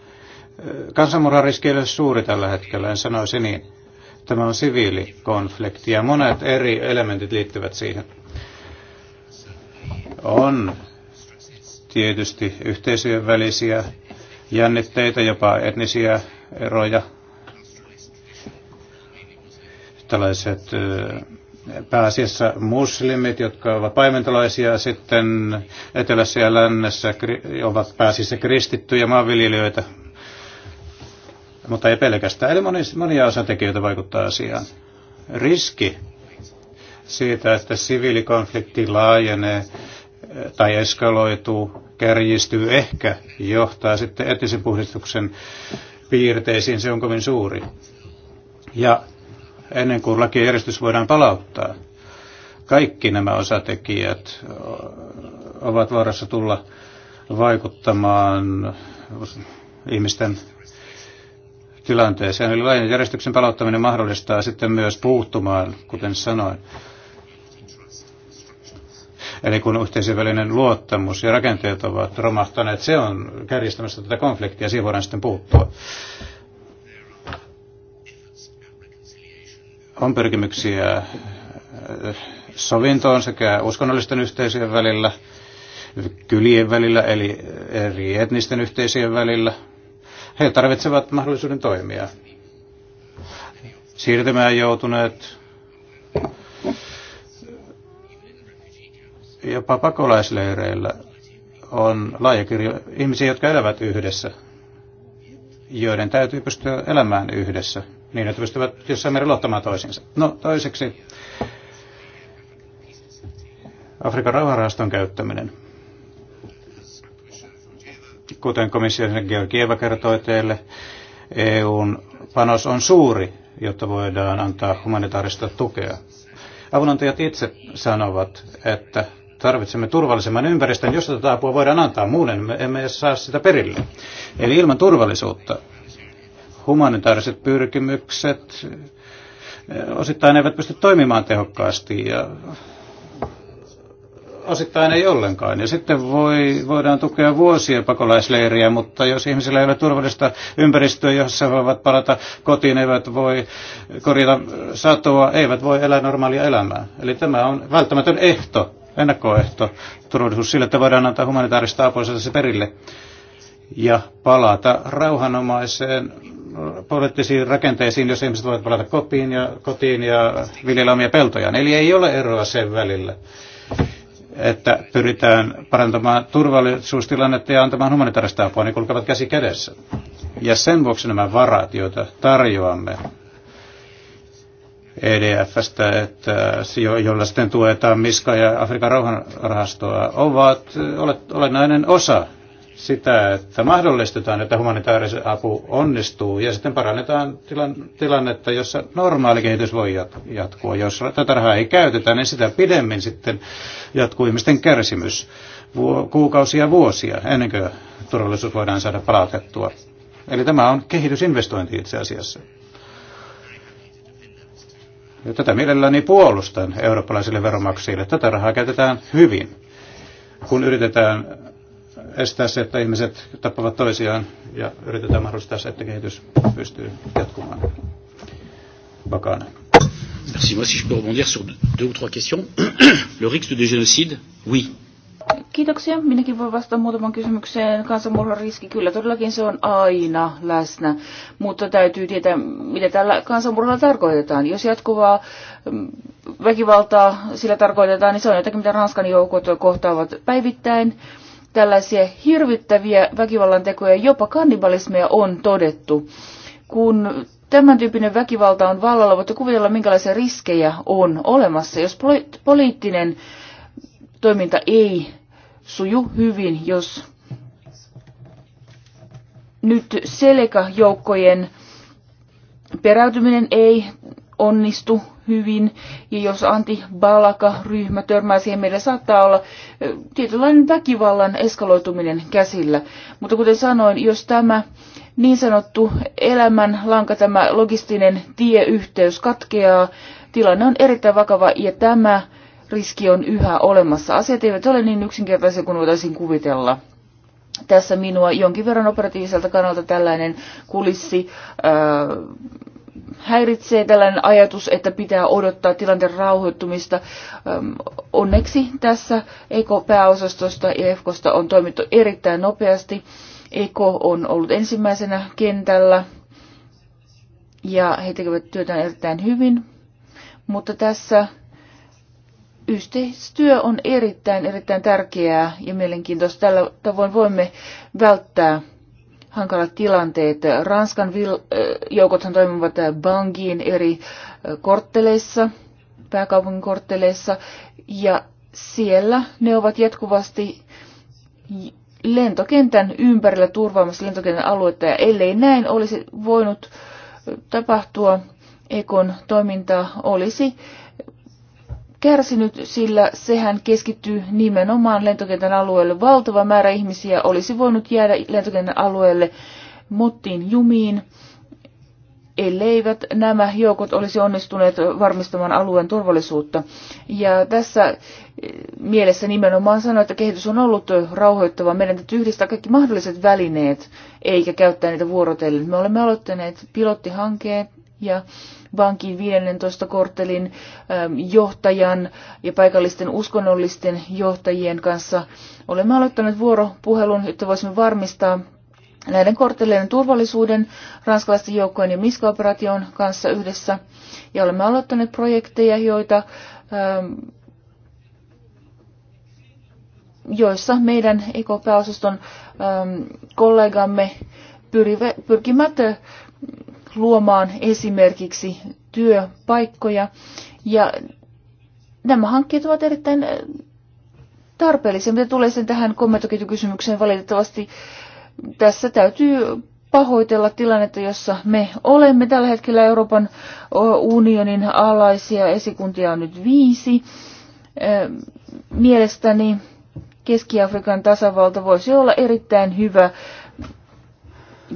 Kansanmurhan riski ei ole suuri tällä hetkellä, en sanoisi niin. Tämä on siviilikonflikti ja monet eri elementit liittyvät siihen. On tietysti yhteisöjen välisiä jännitteitä, jopa etnisiä eroja, tällaiset pääasiassa muslimit, jotka ovat paimentalaisia sitten etelässä ja lännessä, ovat pääasiassa kristittyjä maanviljelijöitä, mutta ei pelkästään. Eli monia, monia osatekijöitä vaikuttaa asiaan. Riski siitä, että siviilikonflikti laajenee eh, tai eskaloituu, kärjistyy, ehkä johtaa sitten etisen puhdistuksen piirteisiin, se on kovin suuri. Ja ennen kuin lakijärjestys voidaan palauttaa, kaikki nämä osatekijät eh, ovat vaarassa tulla vaikuttamaan ihmisten tilanteeseen. Eli lain järjestyksen palauttaminen mahdollistaa sitten myös puuttumaan, kuten sanoin. Eli kun yhteisövälinen luottamus ja rakenteet ovat romahtaneet, se on kärjistämässä tätä konfliktia, siihen voidaan sitten puuttua. On pyrkimyksiä äh, sovintoon sekä uskonnollisten yhteisöjen välillä, kylien välillä, eli eri etnisten yhteisöjen välillä – he tarvitsevat mahdollisuuden toimia. Siirtymään joutuneet jopa pakolaisleireillä on laaja kirjo ihmisiä, jotka elävät yhdessä, joiden täytyy pystyä elämään yhdessä, niin että pystyvät jossain määrin luottamaan toisiinsa. No toiseksi Afrikan rauhanrahaston käyttäminen. Kuten komission Georgieva kertoi teille, EUn panos on suuri, jotta voidaan antaa humanitaarista tukea. Avunantajat itse sanovat, että tarvitsemme turvallisemman ympäristön, jossa tätä apua voidaan antaa. Muuten me emme saa sitä perille. Eli ilman turvallisuutta humanitaariset pyrkimykset eh, osittain eivät pysty toimimaan tehokkaasti ja osittain ei ollenkaan. Ja sitten voi, voidaan tukea vuosia pakolaisleiriä, mutta jos ihmisillä ei ole turvallista ympäristöä, jossa he voivat palata kotiin, eivät voi korjata satoa, eivät voi elää normaalia elämää. Eli tämä on välttämätön ehto, ennakkoehto, turvallisuus sille, että voidaan antaa humanitaarista apua se perille ja palata rauhanomaiseen poliittisiin rakenteisiin, jos ihmiset voivat palata kotiin ja, kotiin ja viljellä omia peltojaan. Eli ei ole eroa sen välillä että pyritään parantamaan turvallisuustilannetta ja antamaan humanitaarista apua, niin kulkevat käsi kädessä. Ja sen vuoksi nämä varat, joita tarjoamme EDFstä, että, jolla sitten tuetaan Miska ja Afrikan rauhanrahastoa, ovat olennainen osa sitä, että mahdollistetaan, että humanitaarinen apu onnistuu ja sitten parannetaan tilannetta, jossa normaali kehitys voi jatkua. Jos tätä rahaa ei käytetä, niin sitä pidemmin sitten jatkuu ihmisten kärsimys kuukausia vuosia ennen kuin turvallisuus voidaan saada palautettua. Eli tämä on kehitysinvestointi itse asiassa. Ja tätä mielelläni puolustan eurooppalaisille veromaksajille. Tätä rahaa käytetään hyvin, kun yritetään estää se, että ihmiset tappavat toisiaan ja yritetään mahdollistaa se, että kehitys pystyy jatkumaan vakaana. Merci. Moi, si je peux rebondir sur deux ou trois questions. Le risque de génocide, oui. Kiitoksia. Minäkin voin vastata muutaman kysymykseen. Kansanmurhan riski, kyllä todellakin se on aina läsnä, mutta täytyy tietää, mitä tällä kansanmurhalla tarkoitetaan. Jos jatkuvaa mm, väkivaltaa sillä tarkoitetaan, niin se on jotakin, mitä Ranskan joukot kohtaavat päivittäin tällaisia hirvittäviä väkivallan tekoja, jopa kannibalismia on todettu. Kun tämän tyyppinen väkivalta on vallalla, voitte kuvitella, minkälaisia riskejä on olemassa. Jos poliittinen toiminta ei suju hyvin, jos nyt selkäjoukkojen peräytyminen ei onnistu, hyvin. Ja jos anti-Balaka-ryhmä törmää siihen, meillä saattaa olla tietynlainen väkivallan eskaloituminen käsillä. Mutta kuten sanoin, jos tämä niin sanottu elämän lanka tämä logistinen tieyhteys katkeaa, tilanne on erittäin vakava ja tämä riski on yhä olemassa. Asiat eivät ole niin yksinkertaisia kuin voitaisiin kuvitella. Tässä minua jonkin verran operatiiviselta kannalta tällainen kulissi, äh, häiritsee tällainen ajatus, että pitää odottaa tilanteen rauhoittumista. Onneksi tässä EK-pääosastosta ja EFKosta on toimittu erittäin nopeasti. EK on ollut ensimmäisenä kentällä ja he tekevät työtään erittäin hyvin, mutta tässä yhteistyö on erittäin, erittäin tärkeää ja mielenkiintoista. Tällä tavoin voimme välttää hankalat tilanteet. Ranskan vil- äh, joukothan toimivat Bangin eri äh, kortteleissa, pääkaupungin kortteleissa, ja siellä ne ovat jatkuvasti lentokentän ympärillä turvaamassa lentokentän aluetta, ja ellei näin olisi voinut tapahtua, Ekon toiminta olisi kärsinyt, sillä sehän keskittyy nimenomaan lentokentän alueelle. Valtava määrä ihmisiä olisi voinut jäädä lentokentän alueelle mottiin jumiin, elleivät nämä joukot olisi onnistuneet varmistamaan alueen turvallisuutta. Ja tässä eh, mielessä nimenomaan sanoa, että kehitys on ollut rauhoittava. Meidän täytyy yhdistää kaikki mahdolliset välineet, eikä käyttää niitä vuorotellen. Me olemme aloittaneet pilottihankkeet ja bankin 15 korttelin ähm, johtajan ja paikallisten uskonnollisten johtajien kanssa. Olemme aloittaneet vuoropuhelun, jotta voisimme varmistaa näiden kortteleiden turvallisuuden ranskalaisten joukkojen ja miskaoperaation kanssa yhdessä. Ja olemme aloittaneet projekteja, joita ähm, joissa meidän ekopääosaston ähm, kollegamme pyrkivät luomaan esimerkiksi työpaikkoja. Ja nämä hankkeet ovat erittäin äh, tarpeellisia. Mitä tulee sen tähän kommentoketjukysymykseen, valitettavasti tässä täytyy pahoitella tilannetta, jossa me olemme tällä hetkellä Euroopan unionin alaisia. Esikuntia on nyt viisi. Mielestäni Keski-Afrikan tasavalta voisi olla erittäin hyvä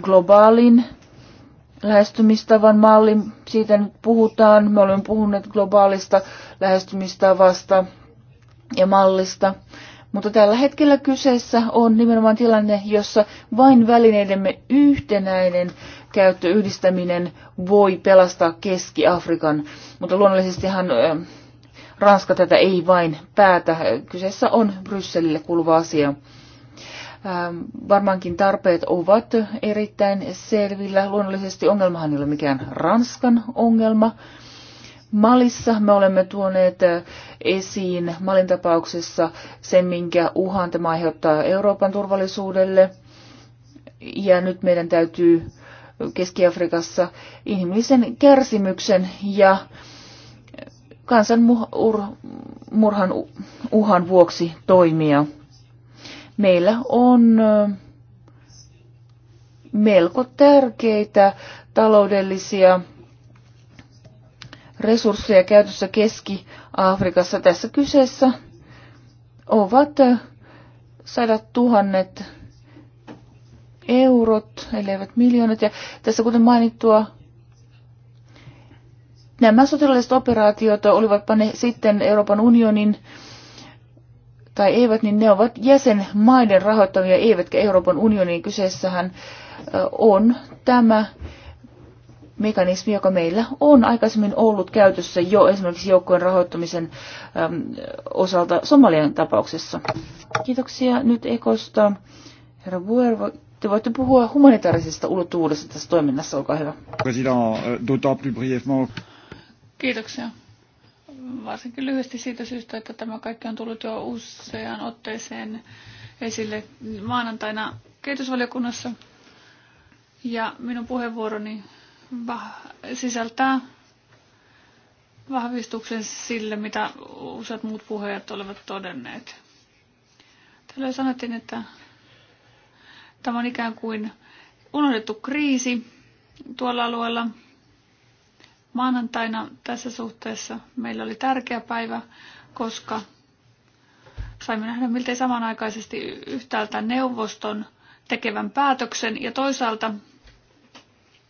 globaalin lähestymistavan malli. Siitä nyt puhutaan. Me olemme puhuneet globaalista lähestymistavasta ja mallista. Mutta tällä hetkellä kyseessä on nimenomaan tilanne, jossa vain välineidemme yhtenäinen käyttö, yhdistäminen voi pelastaa Keski-Afrikan. Mutta luonnollisestihan Ranska tätä ei vain päätä. Kyseessä on Brysselille kuuluva asia. Ähm, varmaankin tarpeet ovat erittäin selvillä. Luonnollisesti ongelmahan ei ole mikään Ranskan ongelma. Malissa me olemme tuoneet äh, esiin Malin tapauksessa sen, minkä uhan tämä aiheuttaa Euroopan turvallisuudelle. Ja nyt meidän täytyy Keski-Afrikassa ihmisen kärsimyksen ja kansanmurhan uhan vuoksi toimia meillä on melko tärkeitä taloudellisia resursseja käytössä Keski-Afrikassa. Tässä kyseessä ovat sadat tuhannet eurot, eivät miljoonat. Ja tässä kuten mainittua, nämä sotilaalliset operaatiot, olivatpa ne sitten Euroopan unionin tai eivät, niin ne ovat jäsenmaiden rahoittamia, eivätkä Euroopan unionin. Kyseessähän on tämä mekanismi, joka meillä on aikaisemmin ollut käytössä jo esimerkiksi joukkojen rahoittamisen osalta Somalian tapauksessa. Kiitoksia nyt Ekosta. Herra Buer, te voitte puhua humanitaarisesta ulottuvuudesta tässä toiminnassa, olkaa hyvä. Euh, Kiitoksia varsinkin lyhyesti siitä syystä, että tämä kaikki on tullut jo useaan otteeseen esille maanantaina kehitysvaliokunnassa. Ja minun puheenvuoroni sisältää vahvistuksen sille, mitä useat muut puheet olivat todenneet. Täällä sanottiin, että tämä on ikään kuin unohdettu kriisi tuolla alueella, Maanantaina tässä suhteessa meillä oli tärkeä päivä, koska saimme nähdä miltei samanaikaisesti yhtäältä neuvoston tekevän päätöksen ja toisaalta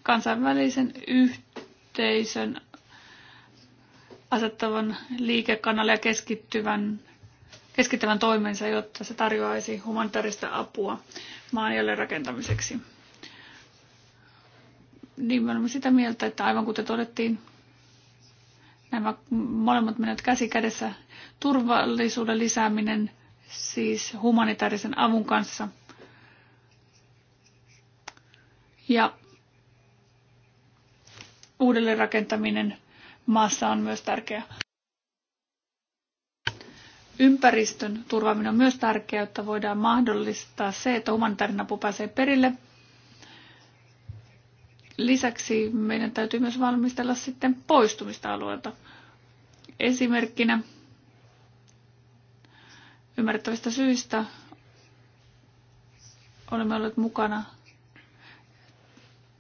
kansainvälisen yhteisön asettavan liikekannalle ja keskittyvän, keskittävän toimensa, jotta se tarjoaisi humanitaarista apua maan rakentamiseksi. Niin me olemme sitä mieltä, että aivan kuten todettiin, nämä molemmat menet käsi kädessä. Turvallisuuden lisääminen siis humanitaarisen avun kanssa. Ja uudelleenrakentaminen maassa on myös tärkeää. Ympäristön turvaaminen on myös tärkeää, jotta voidaan mahdollistaa se, että humanitaarinen apu pääsee perille Lisäksi meidän täytyy myös valmistella sitten poistumista alueelta. Esimerkkinä ymmärrettävistä syistä olemme olleet mukana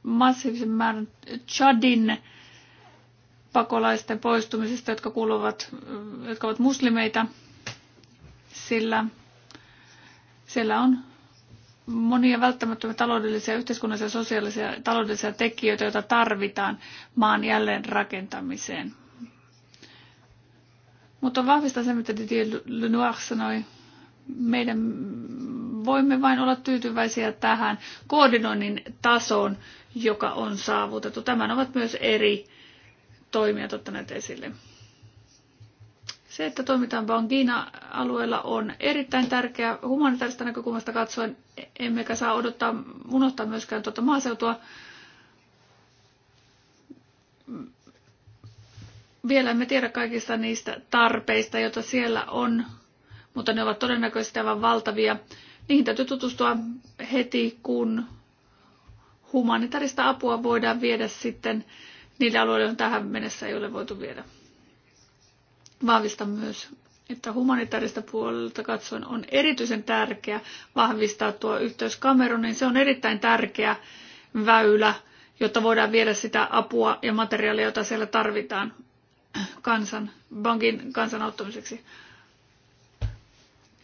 massiivisen määrän Chadin pakolaisten poistumisesta, jotka, kuuluvat, jotka ovat muslimeita, sillä siellä on monia välttämättömiä taloudellisia, yhteiskunnallisia, sosiaalisia ja taloudellisia tekijöitä, joita tarvitaan maan jälleenrakentamiseen. Mutta vahvistaa se, mitä Didier Lenoir sanoi, meidän voimme vain olla tyytyväisiä tähän koordinoinnin tasoon, joka on saavutettu. Tämän ovat myös eri toimijat ottaneet esille. Se, että toimitaan Bangina-alueella on erittäin tärkeää humanitaarista näkökulmasta katsoen, emmekä saa odottaa, unohtaa myöskään tuota maaseutua. Vielä emme tiedä kaikista niistä tarpeista, joita siellä on, mutta ne ovat todennäköisesti aivan valtavia. Niihin täytyy tutustua heti, kun humanitaarista apua voidaan viedä sitten niille alueille, joihin tähän mennessä ei ole voitu viedä. Vahvistan myös, että humanitaarista puolelta katsoen on erityisen tärkeää vahvistaa tuo yhteys Kamerunin. Se on erittäin tärkeä väylä, jotta voidaan viedä sitä apua ja materiaalia, jota siellä tarvitaan kansan, bankin kansan auttamiseksi.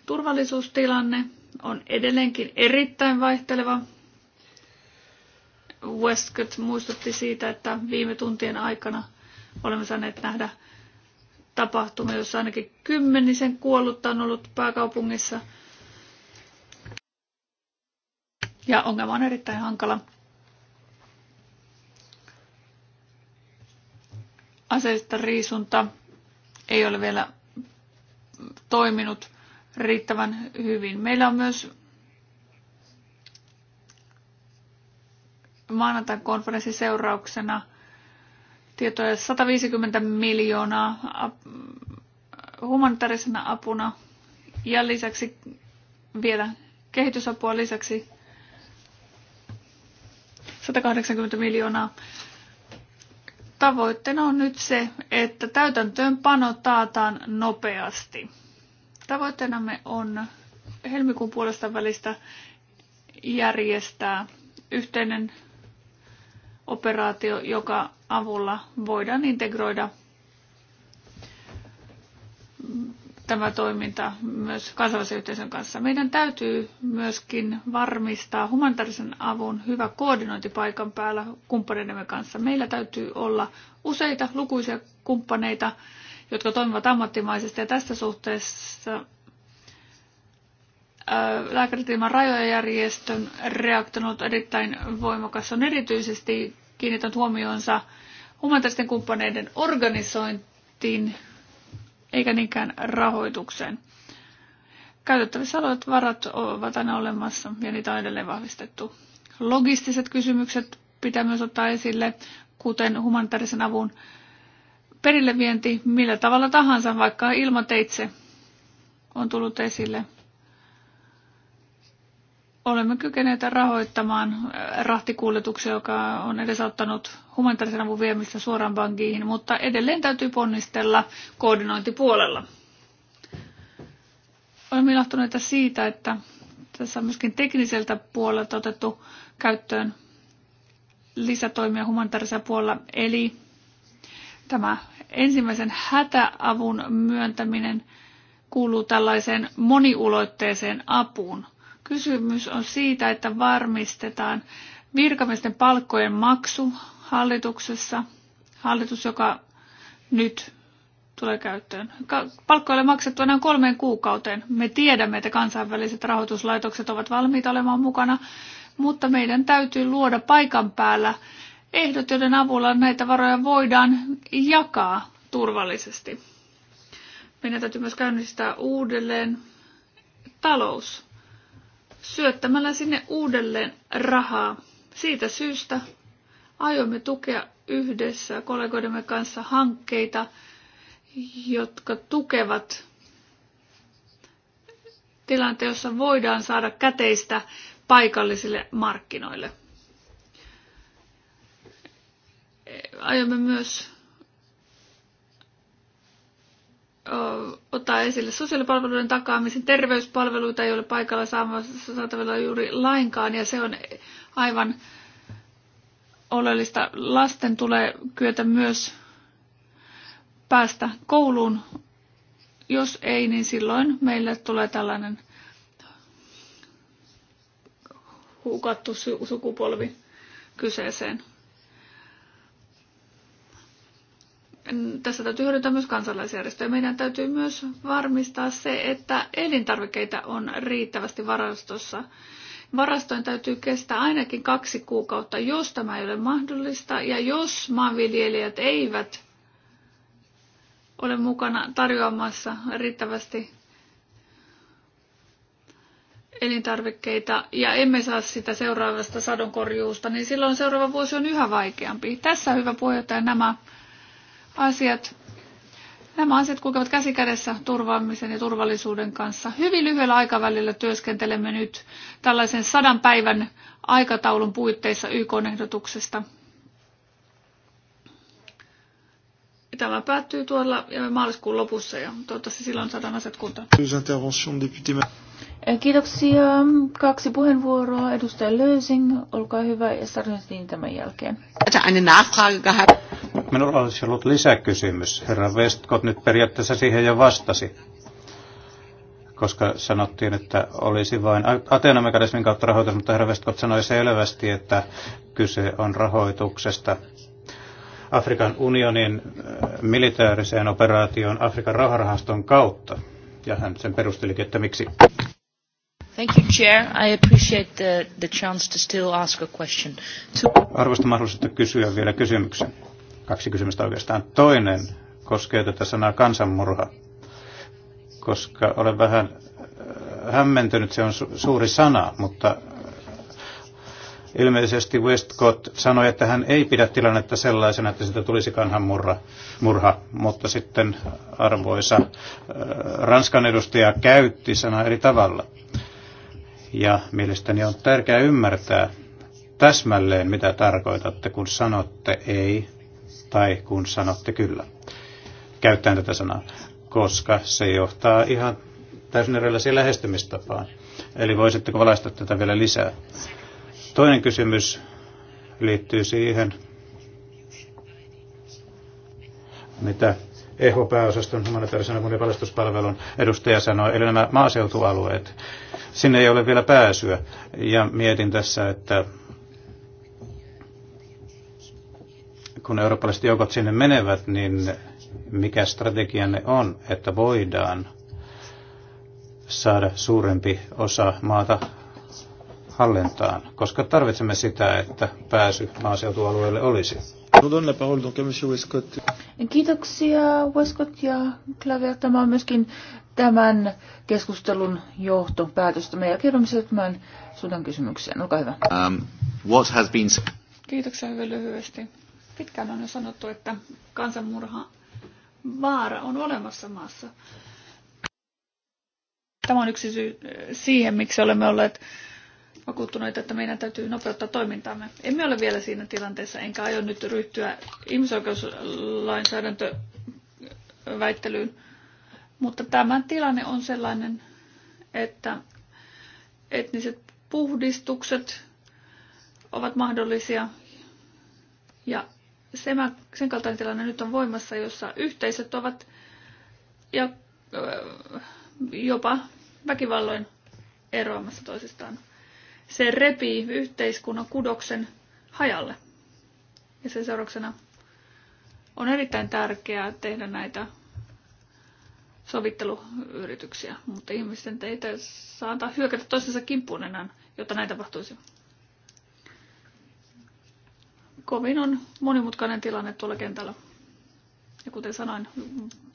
Turvallisuustilanne on edelleenkin erittäin vaihteleva. Westcott muistutti siitä, että viime tuntien aikana olemme saaneet nähdä tapahtuma, jossa ainakin kymmenisen kuollutta on ollut pääkaupungissa. Ja ongelma on erittäin hankala. Aseista riisunta ei ole vielä toiminut riittävän hyvin. Meillä on myös maanantain konferenssin seurauksena – tietoja. 150 miljoonaa humanitaarisena apuna ja lisäksi vielä kehitysapua lisäksi 180 miljoonaa. Tavoitteena on nyt se, että täytäntöönpano taataan nopeasti. Tavoitteenamme on helmikuun puolesta välistä järjestää yhteinen operaatio, joka avulla voidaan integroida tämä toiminta myös kansainvälisen yhteisön kanssa. Meidän täytyy myöskin varmistaa humanitaarisen avun hyvä koordinointi paikan päällä kumppaneidemme kanssa. Meillä täytyy olla useita lukuisia kumppaneita, jotka toimivat ammattimaisesti ja tässä suhteessa Lääkärit ilman rajoja järjestön on erittäin voimakas. On erityisesti kiinnittänyt huomionsa humanitaaristen kumppaneiden organisointiin eikä niinkään rahoitukseen. Käytettävissä olevat varat ovat aina olemassa ja niitä on edelleen vahvistettu. Logistiset kysymykset pitää myös ottaa esille, kuten humanitaarisen avun perillevienti millä tavalla tahansa, vaikka ilmateitse on tullut esille olemme kykeneet rahoittamaan äh, rahtikuljetuksen, joka on edesauttanut humanitaarisen avun viemistä suoraan pankiin, mutta edelleen täytyy ponnistella koordinointipuolella. Olemme ilahtuneita siitä, että tässä on myöskin tekniseltä puolelta otettu käyttöön lisätoimia humanitaarisella puolella, eli tämä ensimmäisen hätäavun myöntäminen kuuluu tällaiseen moniulotteiseen apuun. Kysymys on siitä, että varmistetaan virkamiesten palkkojen maksu hallituksessa. Hallitus, joka nyt tulee käyttöön. Palkkoille maksettu enää kolmeen kuukauteen. Me tiedämme, että kansainväliset rahoituslaitokset ovat valmiita olemaan mukana, mutta meidän täytyy luoda paikan päällä ehdot, joiden avulla näitä varoja voidaan jakaa turvallisesti. Meidän täytyy myös käynnistää uudelleen talous syöttämällä sinne uudelleen rahaa. Siitä syystä aiomme tukea yhdessä kollegoidemme kanssa hankkeita, jotka tukevat tilanteen, jossa voidaan saada käteistä paikallisille markkinoille. Aiomme myös ottaa esille sosiaalipalveluiden takaamisen. Terveyspalveluita ei ole paikalla saatavilla juuri lainkaan ja se on aivan oleellista. Lasten tulee kyetä myös päästä kouluun. Jos ei, niin silloin meille tulee tällainen hukattu sukupolvi kyseeseen. tässä täytyy hyödyntää myös kansalaisjärjestöjä. Meidän täytyy myös varmistaa se, että elintarvikkeita on riittävästi varastossa. Varastojen täytyy kestää ainakin kaksi kuukautta, jos tämä ei ole mahdollista ja jos maanviljelijät eivät ole mukana tarjoamassa riittävästi elintarvikkeita ja emme saa sitä seuraavasta sadonkorjuusta, niin silloin seuraava vuosi on yhä vaikeampi. Tässä hyvä puheenjohtaja nämä asiat. Nämä asiat kulkevat käsi kädessä turvaamisen ja turvallisuuden kanssa. Hyvin lyhyellä aikavälillä työskentelemme nyt tällaisen sadan päivän aikataulun puitteissa YK-ehdotuksesta. Tämä päättyy tuolla maaliskuun lopussa ja toivottavasti silloin saadaan asiat kuntoon. Eh, kiitoksia. Kaksi puheenvuoroa. Edustaja Löysing, olkaa hyvä, ja Sarjantin tämän jälkeen. Minulla olisi ollut lisäkysymys. Herra Westcott nyt periaatteessa siihen jo vastasi, koska sanottiin, että olisi vain Atenomekanismin kautta rahoitus, mutta herra Westcott sanoi selvästi, että kyse on rahoituksesta, Afrikan unionin äh, militaariseen operaatioon Afrikan raharahaston kautta. Ja hän sen perustelikin, että miksi. Thank you, Chair. I appreciate the, the chance to still ask a question. To... Arvosta mahdollisuutta kysyä vielä kysymyksen. Kaksi kysymystä oikeastaan. Toinen koskee tätä sanaa kansanmurha, koska olen vähän äh, hämmentynyt, se on su- suuri sana, mutta Ilmeisesti Westcott sanoi, että hän ei pidä tilannetta sellaisena, että sitä tulisi murra murha, mutta sitten arvoisa äh, Ranskan edustaja käytti sanaa eri tavalla. Ja mielestäni on tärkeää ymmärtää täsmälleen, mitä tarkoitatte, kun sanotte ei tai kun sanotte kyllä. Käyttäen tätä sanaa, koska se johtaa ihan täysin erilaisiin lähestymistapaan. Eli voisitteko valaista tätä vielä lisää? Toinen kysymys liittyy siihen, mitä EH-pääosaston humanitaarisen avun ja palastuspalvelun edustaja sanoi, eli nämä maaseutualueet. Sinne ei ole vielä pääsyä. Ja mietin tässä, että kun eurooppalaiset joukot sinne menevät, niin mikä strategianne on, että voidaan saada suurempi osa maata hallintaan, koska tarvitsemme sitä, että pääsy maaseutualueelle olisi. Kiitoksia Westcott ja Klavia. Tämä on myöskin tämän keskustelun johtopäätöstä. Me kerromme tämän sudan kysymykseen. Olkaa hyvä. Um, what has been... Kiitoksia hyvin lyhyesti. Pitkään on jo sanottu, että kansanmurha vaara on olemassa maassa. Tämä on yksi syy eh, siihen, miksi olemme olleet vakuuttuneita, että meidän täytyy nopeuttaa toimintaamme. Emme ole vielä siinä tilanteessa, enkä aio nyt ryhtyä ihmisoikeuslainsäädäntöväittelyyn, mutta tämä tilanne on sellainen, että etniset puhdistukset ovat mahdollisia ja sen kaltainen tilanne nyt on voimassa, jossa yhteisöt ovat ja jopa väkivalloin eroamassa toisistaan. Se repii yhteiskunnan kudoksen hajalle. Ja sen seurauksena on erittäin tärkeää tehdä näitä sovitteluyrityksiä, mutta ihmisten teitä antaa hyökätä toisensa kimppuun enää, jotta näitä tapahtuisi. Kovin on monimutkainen tilanne tuolla kentällä. Ja kuten sanoin,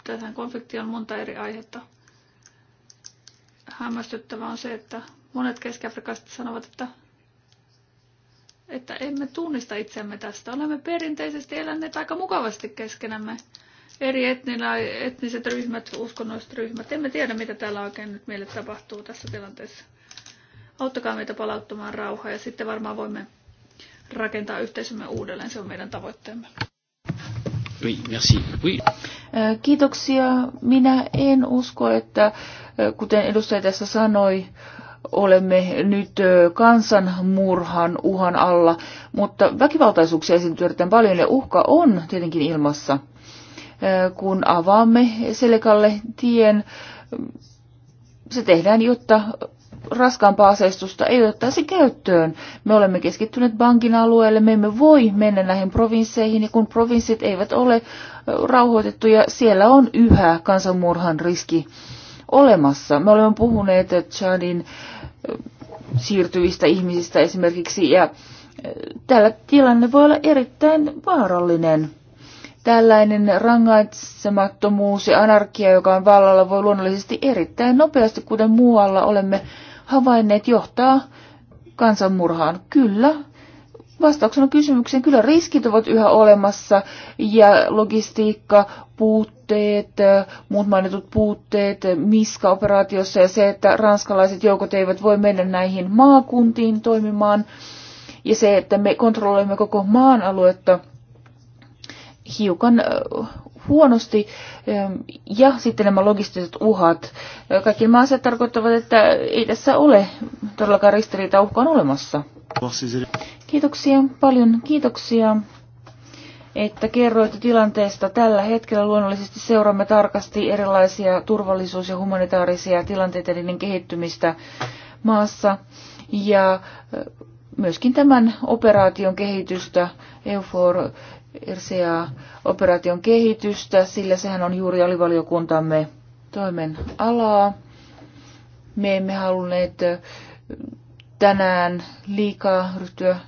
tähän konfliktiin on monta eri aihetta hämmästyttävää on se, että monet keski sanovat, että, että emme tunnista itseämme tästä. Olemme perinteisesti eläneet aika mukavasti keskenämme. Eri etnillä, etniset ryhmät, uskonnolliset ryhmät. Emme tiedä, mitä täällä oikein nyt meille tapahtuu tässä tilanteessa. Auttakaa meitä palauttamaan rauhaa ja sitten varmaan voimme rakentaa yhteisömme uudelleen. Se on meidän tavoitteemme. Oui, merci. Oui. Kiitoksia. Minä en usko, että Kuten edustaja tässä sanoi, olemme nyt kansanmurhan uhan alla, mutta väkivaltaisuuksia esiintyy erittäin paljon ja uhka on tietenkin ilmassa. Kun avaamme selkalle tien, se tehdään, jotta raskaampaa aseistusta ei ottaisi käyttöön. Me olemme keskittyneet bankin alueelle, me emme voi mennä näihin provinsseihin, ja kun provinssit eivät ole rauhoitettuja, siellä on yhä kansanmurhan riski olemassa. Me olemme puhuneet Chadin eh, siirtyvistä ihmisistä esimerkiksi, ja eh, tällä tilanne voi olla erittäin vaarallinen. Tällainen rangaitsemattomuus ja anarkia, joka on vallalla, voi luonnollisesti erittäin nopeasti, kuten muualla olemme havainneet, johtaa kansanmurhaan. Kyllä, Vastauksena kysymykseen kyllä riskit ovat yhä olemassa ja logistiikka, puutteet, muut mainitut puutteet MISKA-operaatiossa ja se, että ranskalaiset joukot eivät voi mennä näihin maakuntiin toimimaan ja se, että me kontrolloimme koko maan aluetta hiukan huonosti. Ja sitten nämä logistiset uhat. Kaikki nämä asiat tarkoittavat, että ei tässä ole todellakaan ristiriita uhkaan olemassa. Kiitoksia, paljon kiitoksia, että kerroitte tilanteesta tällä hetkellä. Luonnollisesti seuraamme tarkasti erilaisia turvallisuus- ja humanitaarisia tilanteita niiden kehittymistä maassa ja myöskin tämän operaation kehitystä, EUFOR RCA-operaation kehitystä, sillä sehän on juuri alivaliokuntamme toimen alaa. Me emme halunneet tänään liikaa ryhtyä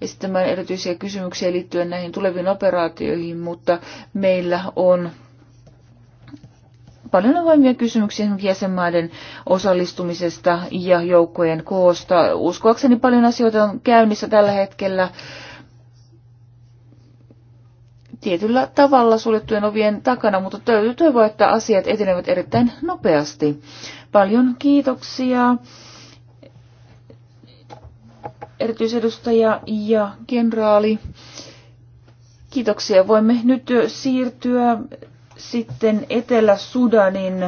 esittämään erityisiä kysymyksiä liittyen näihin tuleviin operaatioihin, mutta meillä on paljon avoimia kysymyksiä jäsenmaiden osallistumisesta ja joukkojen koosta. Uskoakseni paljon asioita on käynnissä tällä hetkellä. Tietyllä tavalla suljettujen ovien takana, mutta täytyy toivoa, että asiat etenevät erittäin nopeasti. Paljon kiitoksia erityisedustaja ja kenraali. Kiitoksia. Voimme nyt siirtyä sitten Etelä-Sudanin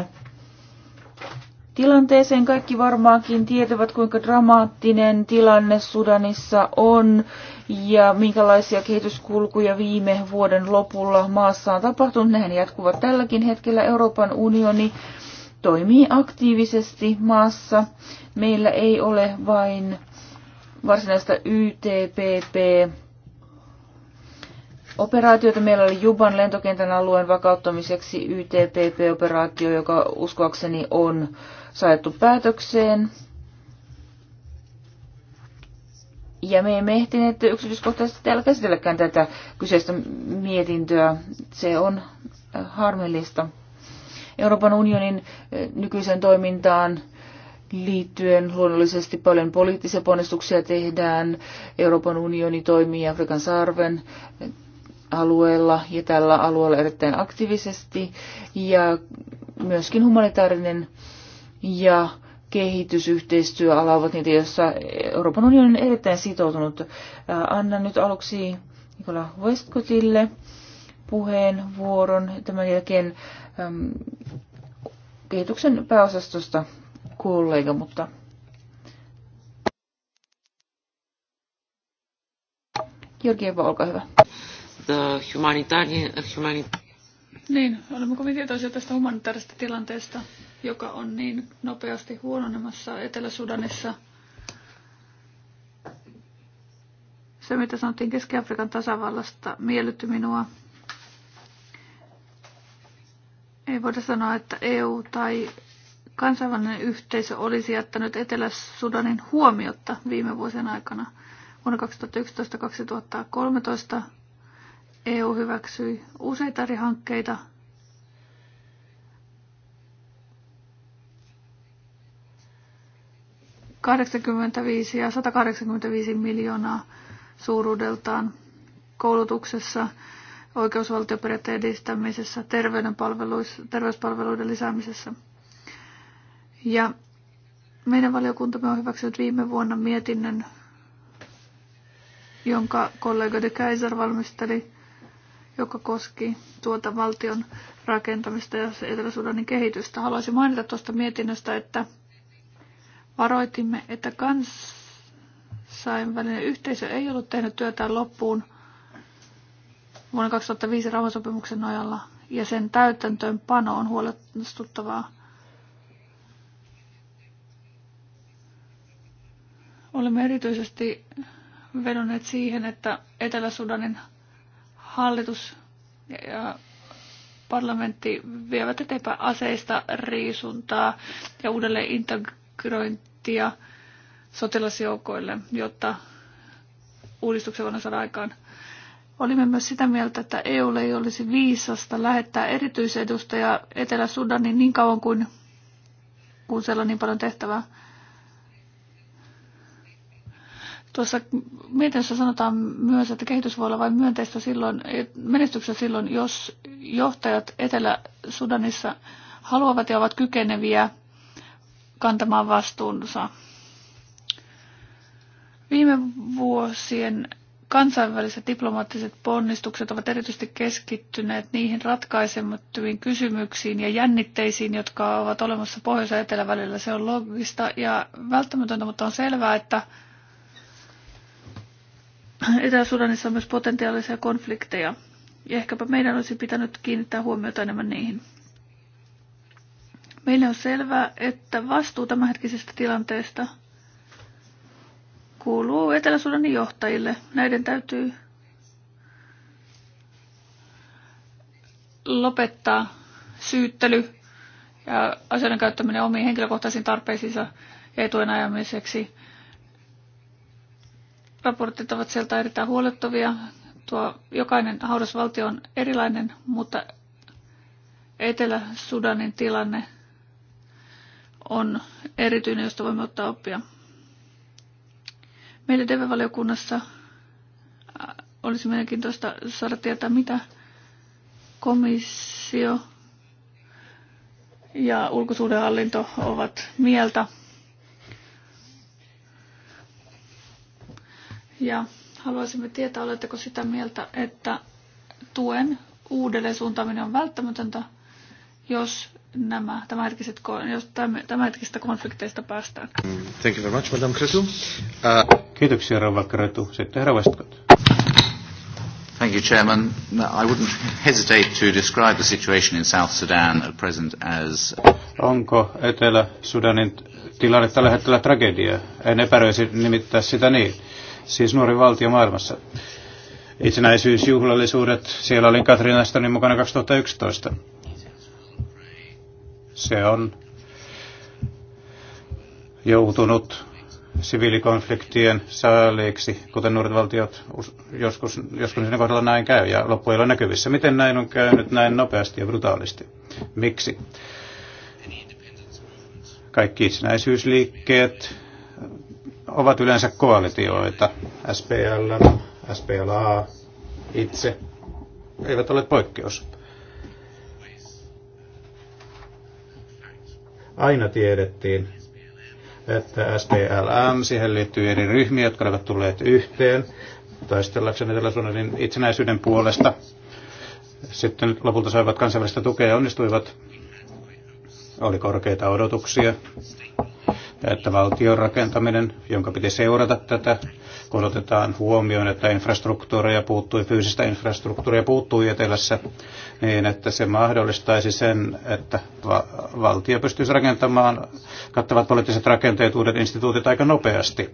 tilanteeseen. Kaikki varmaankin tietävät, kuinka dramaattinen tilanne Sudanissa on ja minkälaisia kehityskulkuja viime vuoden lopulla maassa on tapahtunut. Nehän jatkuvat tälläkin hetkellä. Euroopan unioni toimii aktiivisesti maassa. Meillä ei ole vain varsinaista YTPP operaatiota. Meillä oli Juban lentokentän alueen vakauttamiseksi YTPP-operaatio, joka uskoakseni on saettu päätökseen. Ja me emme ehtineet yksityiskohtaisesti täällä käsitelläkään tätä kyseistä mietintöä. Se on äh, harmillista. Euroopan unionin äh, nykyisen toimintaan liittyen luonnollisesti paljon poliittisia ponnistuksia tehdään. Euroopan unioni toimii Afrikan sarven alueella ja tällä alueella erittäin aktiivisesti. Ja myöskin humanitaarinen ja kehitysyhteistyöala ovat niitä, joissa Euroopan unioni on erittäin sitoutunut. Äh, annan nyt aluksi Nikola Westcottille puheenvuoron. Tämän jälkeen kehityksen pääosastosta kollega, mutta Georgieva, olkaa hyvä. The humanitarian, humanit- niin, olemme kovin tietoisia tästä humanitaarista tilanteesta, joka on niin nopeasti huononemassa Etelä-Sudanissa. Se, mitä sanottiin Keski-Afrikan tasavallasta, miellytti minua. Ei voida sanoa, että EU tai kansainvälinen yhteisö olisi jättänyt Etelä-Sudanin huomiota viime vuosien aikana. Vuonna 2011-2013 EU hyväksyi useita eri hankkeita, ...85 ja 185 miljoonaa suuruudeltaan koulutuksessa, oikeusvaltioperiaatteen edistämisessä, terveyspalveluiden lisäämisessä – ja meidän valiokuntamme on hyväksynyt viime vuonna mietinnön, jonka kollega de Kaiser valmisteli, joka koski tuota valtion rakentamista ja Etelä-Sudanin kehitystä. Haluaisin mainita tuosta mietinnöstä, että varoitimme, että kansainvälinen yhteisö ei ollut tehnyt työtään loppuun vuonna 2005 rauhansopimuksen nojalla, ja sen täytäntöönpano on huolestuttavaa Olemme erityisesti vedonneet siihen, että Etelä-Sudanin hallitus ja parlamentti vievät eteenpäin aseista riisuntaa ja uudelleen integrointia sotilasjoukoille, jotta uudistuksen voidaan saada aikaan. Olimme myös sitä mieltä, että EUlle ei olisi viisasta lähettää erityisedustajaa Etelä-Sudanin niin kauan kuin kun siellä on niin paljon tehtävää Tuossa mietinnössä sanotaan myös, että kehitys voi olla vain myönteistä silloin, menestyksessä silloin, jos johtajat Etelä-Sudanissa haluavat ja ovat kykeneviä kantamaan vastuunsa. Viime vuosien kansainväliset diplomaattiset ponnistukset ovat erityisesti keskittyneet niihin ratkaisemattomiin kysymyksiin ja jännitteisiin, jotka ovat olemassa pohjois- ja etelävälillä. Se on logista ja välttämätöntä, mutta on selvää, että Etelä-Sudanissa on myös potentiaalisia konflikteja. Ja ehkäpä meidän olisi pitänyt kiinnittää huomiota enemmän niihin. Meille on selvää, että vastuu tämänhetkisestä tilanteesta kuuluu Etelä-Sudanin johtajille. Näiden täytyy lopettaa syyttely ja asioiden käyttäminen omiin henkilökohtaisiin tarpeisiinsa etujen ajamiseksi raportit ovat sieltä erittäin huolettavia. Tuo jokainen haudasvaltio on erilainen, mutta Etelä-Sudanin tilanne on erityinen, josta voimme ottaa oppia. Meidän DEVE-valiokunnassa äh, olisi mielenkiintoista saada tietää, mitä komissio ja ulkosuhdehallinto ovat mieltä Ja haluaisimme tietää, oletteko sitä mieltä, että tuen uudelleen suuntaaminen on välttämätöntä, jos nämä tämänhetkiset, jos tämänhetkisistä konflikteista päästään. Thank you very much, Madam Kretu. Uh... Kiitoksia, Rova Kretu. Sitten herra Westcott. Thank you, Chairman. I wouldn't hesitate to describe the situation in South Sudan at present as... Onko Etelä-Sudanin tilanne tällä hetkellä tragedia? En epäröisi nimittää sitä niin siis nuori valtio maailmassa. Itsenäisyysjuhlallisuudet, siellä olin Katrin Astonin mukana 2011. Se on joutunut siviilikonfliktien saaliiksi, kuten nuoret valtiot joskus, joskus sinne kohdalla näin käy ja loppujen on näkyvissä. Miten näin on käynyt näin nopeasti ja brutaalisti? Miksi? Kaikki itsenäisyysliikkeet ovat yleensä koalitioita. SPL, SPLA itse eivät ole poikkeus. Aina tiedettiin, että SPLM, siihen liittyy eri ryhmiä, jotka olivat tulleet yhteen taistellakseen Etelä-Suomen itsenäisyyden puolesta. Sitten lopulta saivat kansainvälistä tukea ja onnistuivat. Oli korkeita odotuksia että valtion rakentaminen, jonka piti seurata tätä, kun otetaan huomioon, että infrastruktuuria puuttui, fyysistä infrastruktuuria puuttui etelässä, niin että se mahdollistaisi sen, että va- valtio pystyisi rakentamaan kattavat poliittiset rakenteet, uudet instituutit aika nopeasti.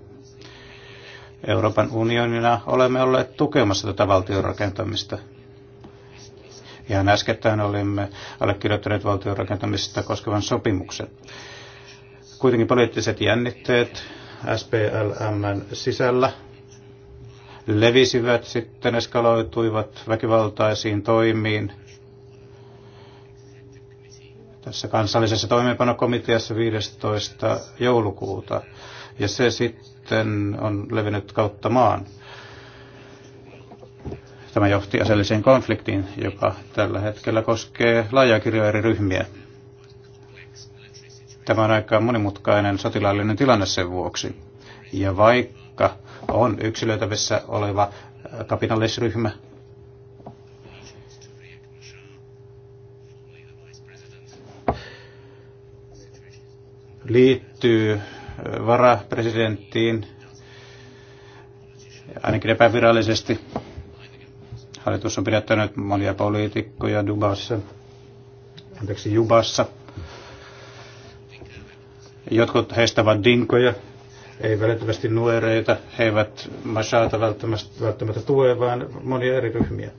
Euroopan unionina olemme olleet tukemassa tätä valtion rakentamista. Ihan äskettäin olimme allekirjoittaneet valtion rakentamista koskevan sopimuksen. Kuitenkin poliittiset jännitteet SPLMn sisällä levisivät, sitten eskaloituivat väkivaltaisiin toimiin. Tässä kansallisessa toimeenpanokomiteassa 15. joulukuuta. Ja se sitten on levinnyt kautta maan. Tämä johti aseelliseen konfliktiin, joka tällä hetkellä koskee laajakirjoja eri ryhmiä. Tämä on aika monimutkainen sotilaallinen tilanne sen vuoksi. Ja vaikka on yksilöitävissä oleva äh, kapinallisryhmä, liittyy äh, varapresidenttiin, ainakin epävirallisesti. Hallitus on pidättänyt monia poliitikkoja Dubassa, anteeksi Jubassa – Jotkut heistä ovat dinkoja, ei välittömästi nuoreita, he eivät Mashata välttämättä, välttämättä tue, vaan monia eri ryhmiä.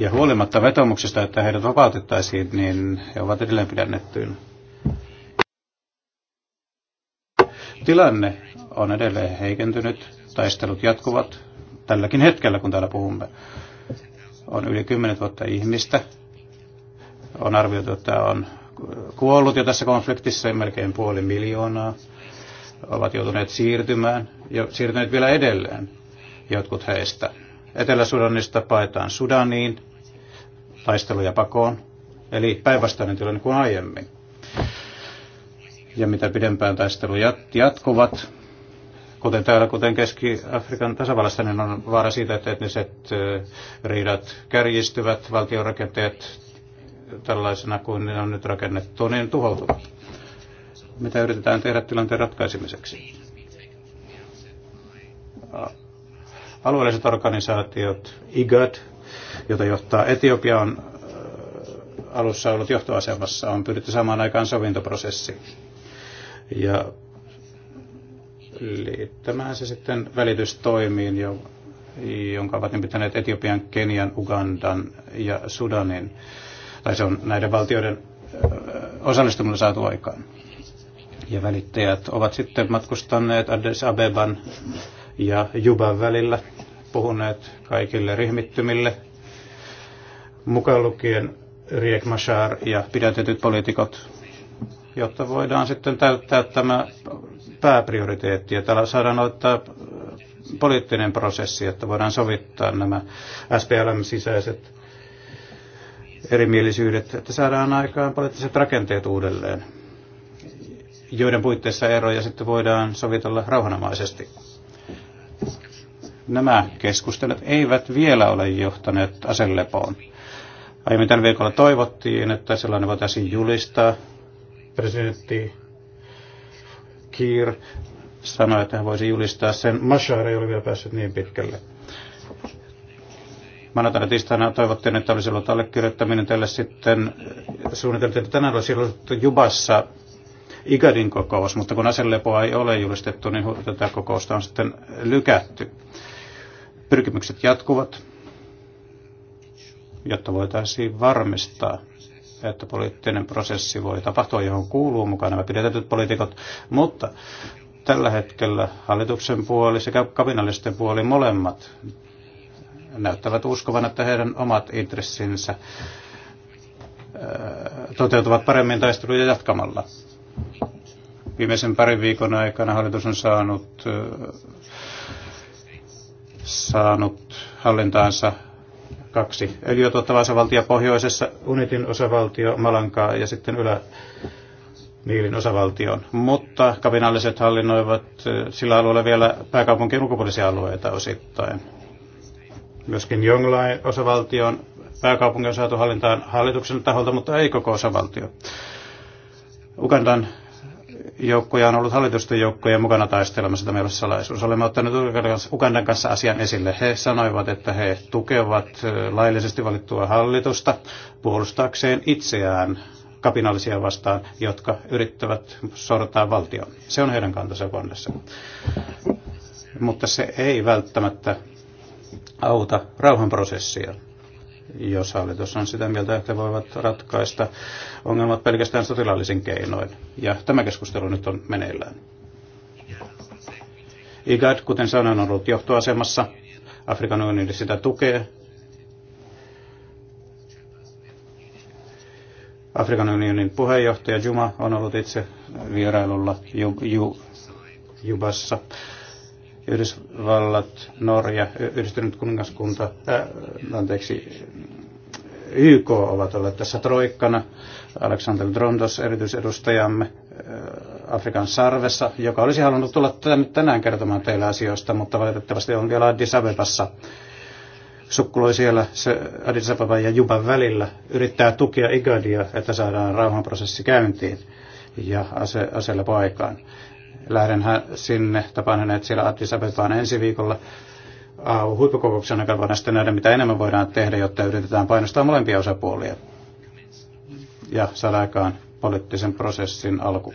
Ja huolimatta vetomuksesta, että heidät vapautettaisiin, niin he ovat edelleen pidännettyinä. Tilanne on edelleen heikentynyt, taistelut jatkuvat tälläkin hetkellä, kun täällä puhumme. On yli 10 000 ihmistä, on arvioitu, että on kuollut jo tässä konfliktissa melkein puoli miljoonaa. Ovat joutuneet siirtymään ja siirtyneet vielä edelleen jotkut heistä. Etelä-Sudanista paetaan Sudaniin, taisteluja pakoon, eli päinvastainen tilanne kuin aiemmin. Ja mitä pidempään taistelu jatkuvat, kuten täällä, kuten Keski-Afrikan tasavallassa, niin on vaara siitä, että etniset riidat kärjistyvät, valtiorakenteet tällaisena kuin ne on nyt rakennettu, niin tuhoutuvat. Mitä yritetään tehdä tilanteen ratkaisemiseksi? Alueelliset organisaatiot, IGAD, jota johtaa Etiopia, on äh, alussa ollut johtoasemassa, on pyritty samaan aikaan sovintoprosessi. Ja liittämään se sitten välitystoimiin, jonka ovat pitäneet Etiopian, Kenian, Ugandan ja Sudanin tai se on näiden valtioiden osallistumilla saatu aikaan. Ja välittäjät ovat sitten matkustaneet Addis Abeban ja Juban välillä, puhuneet kaikille ryhmittymille, mukaan lukien Riek Mashar ja pidätetyt poliitikot, jotta voidaan sitten täyttää tämä pääprioriteetti ja täällä saadaan ottaa poliittinen prosessi, että voidaan sovittaa nämä SPLM-sisäiset erimielisyydet, että saadaan aikaan poliittiset rakenteet uudelleen, joiden puitteissa eroja sitten voidaan sovitella rauhanomaisesti. Nämä keskustelut eivät vielä ole johtaneet aselepoon. Aiemmin tämän viikolla toivottiin, että sellainen voitaisiin julistaa. Presidentti Kiir sanoi, että hän voisi julistaa sen. Mashar ei ole vielä päässyt niin pitkälle. Maanantaina tiistaina toivottiin, että olisi ollut allekirjoittaminen tälle sitten äh, suunniteltiin, että tänään olisi ollut Jubassa Igadin kokous, mutta kun asenlepoa ei ole julistettu, niin tätä kokousta on sitten lykätty. Pyrkimykset jatkuvat, jotta voitaisiin varmistaa, että poliittinen prosessi voi tapahtua, johon kuuluu mukaan nämä pidetetyt poliitikot, mutta tällä hetkellä hallituksen puoli sekä kapinallisten puoli molemmat näyttävät uskovan, että heidän omat intressinsä toteutuvat paremmin taisteluja jatkamalla. Viimeisen parin viikon aikana hallitus on saanut, saanut hallintaansa kaksi öljyä tuottavaa osavaltio pohjoisessa, Unitin osavaltio Malankaa ja sitten ylä Niilin osavaltion. Mutta kapinalliset hallinnoivat sillä alueella vielä pääkaupunkien ulkopuolisia alueita osittain. Myöskin Jonglain osavaltion pääkaupunki on saatu hallintaan hallituksen taholta, mutta ei koko osavaltio. Ugandan joukkoja on ollut hallitusten joukkoja mukana taistelemassa tämä salaisuus. Olemme ottaneet Ugandan kanssa asian esille. He sanoivat, että he tukevat laillisesti valittua hallitusta puolustaakseen itseään kapinallisia vastaan, jotka yrittävät sortaa valtioon. Se on heidän kantansa Ugandassa. Mutta se ei välttämättä auta rauhanprosessia, jos hallitus on sitä mieltä, että voivat ratkaista ongelmat pelkästään sotilaallisin keinoin. Ja tämä keskustelu nyt on meneillään. IGAD, kuten sanoin, on ollut johtoasemassa. Afrikan unioni sitä tukee. Afrikan unionin puheenjohtaja Juma on ollut itse vierailulla Jubassa Yhdysvallat, Norja, Yhdistynyt kuningaskunta, äh, anteeksi, YK ovat olleet tässä troikkana. Alexander Drondos, erityisedustajamme äh, Afrikan sarvessa, joka olisi halunnut tulla tänne tänään kertomaan teille asioista, mutta valitettavasti on vielä Addis Abebassa. Sukkuloi siellä se Addis Abeba ja Juban välillä yrittää tukea Igadia, että saadaan rauhanprosessi käyntiin ja ase, aseella paikaan. Lähden sinne, tapaan hänet siellä Addis Abebaan ensi viikolla huippukokouksen aikana voidaan sitten nähdä, mitä enemmän voidaan tehdä, jotta yritetään painostaa molempia osapuolia ja saada aikaan poliittisen prosessin alku.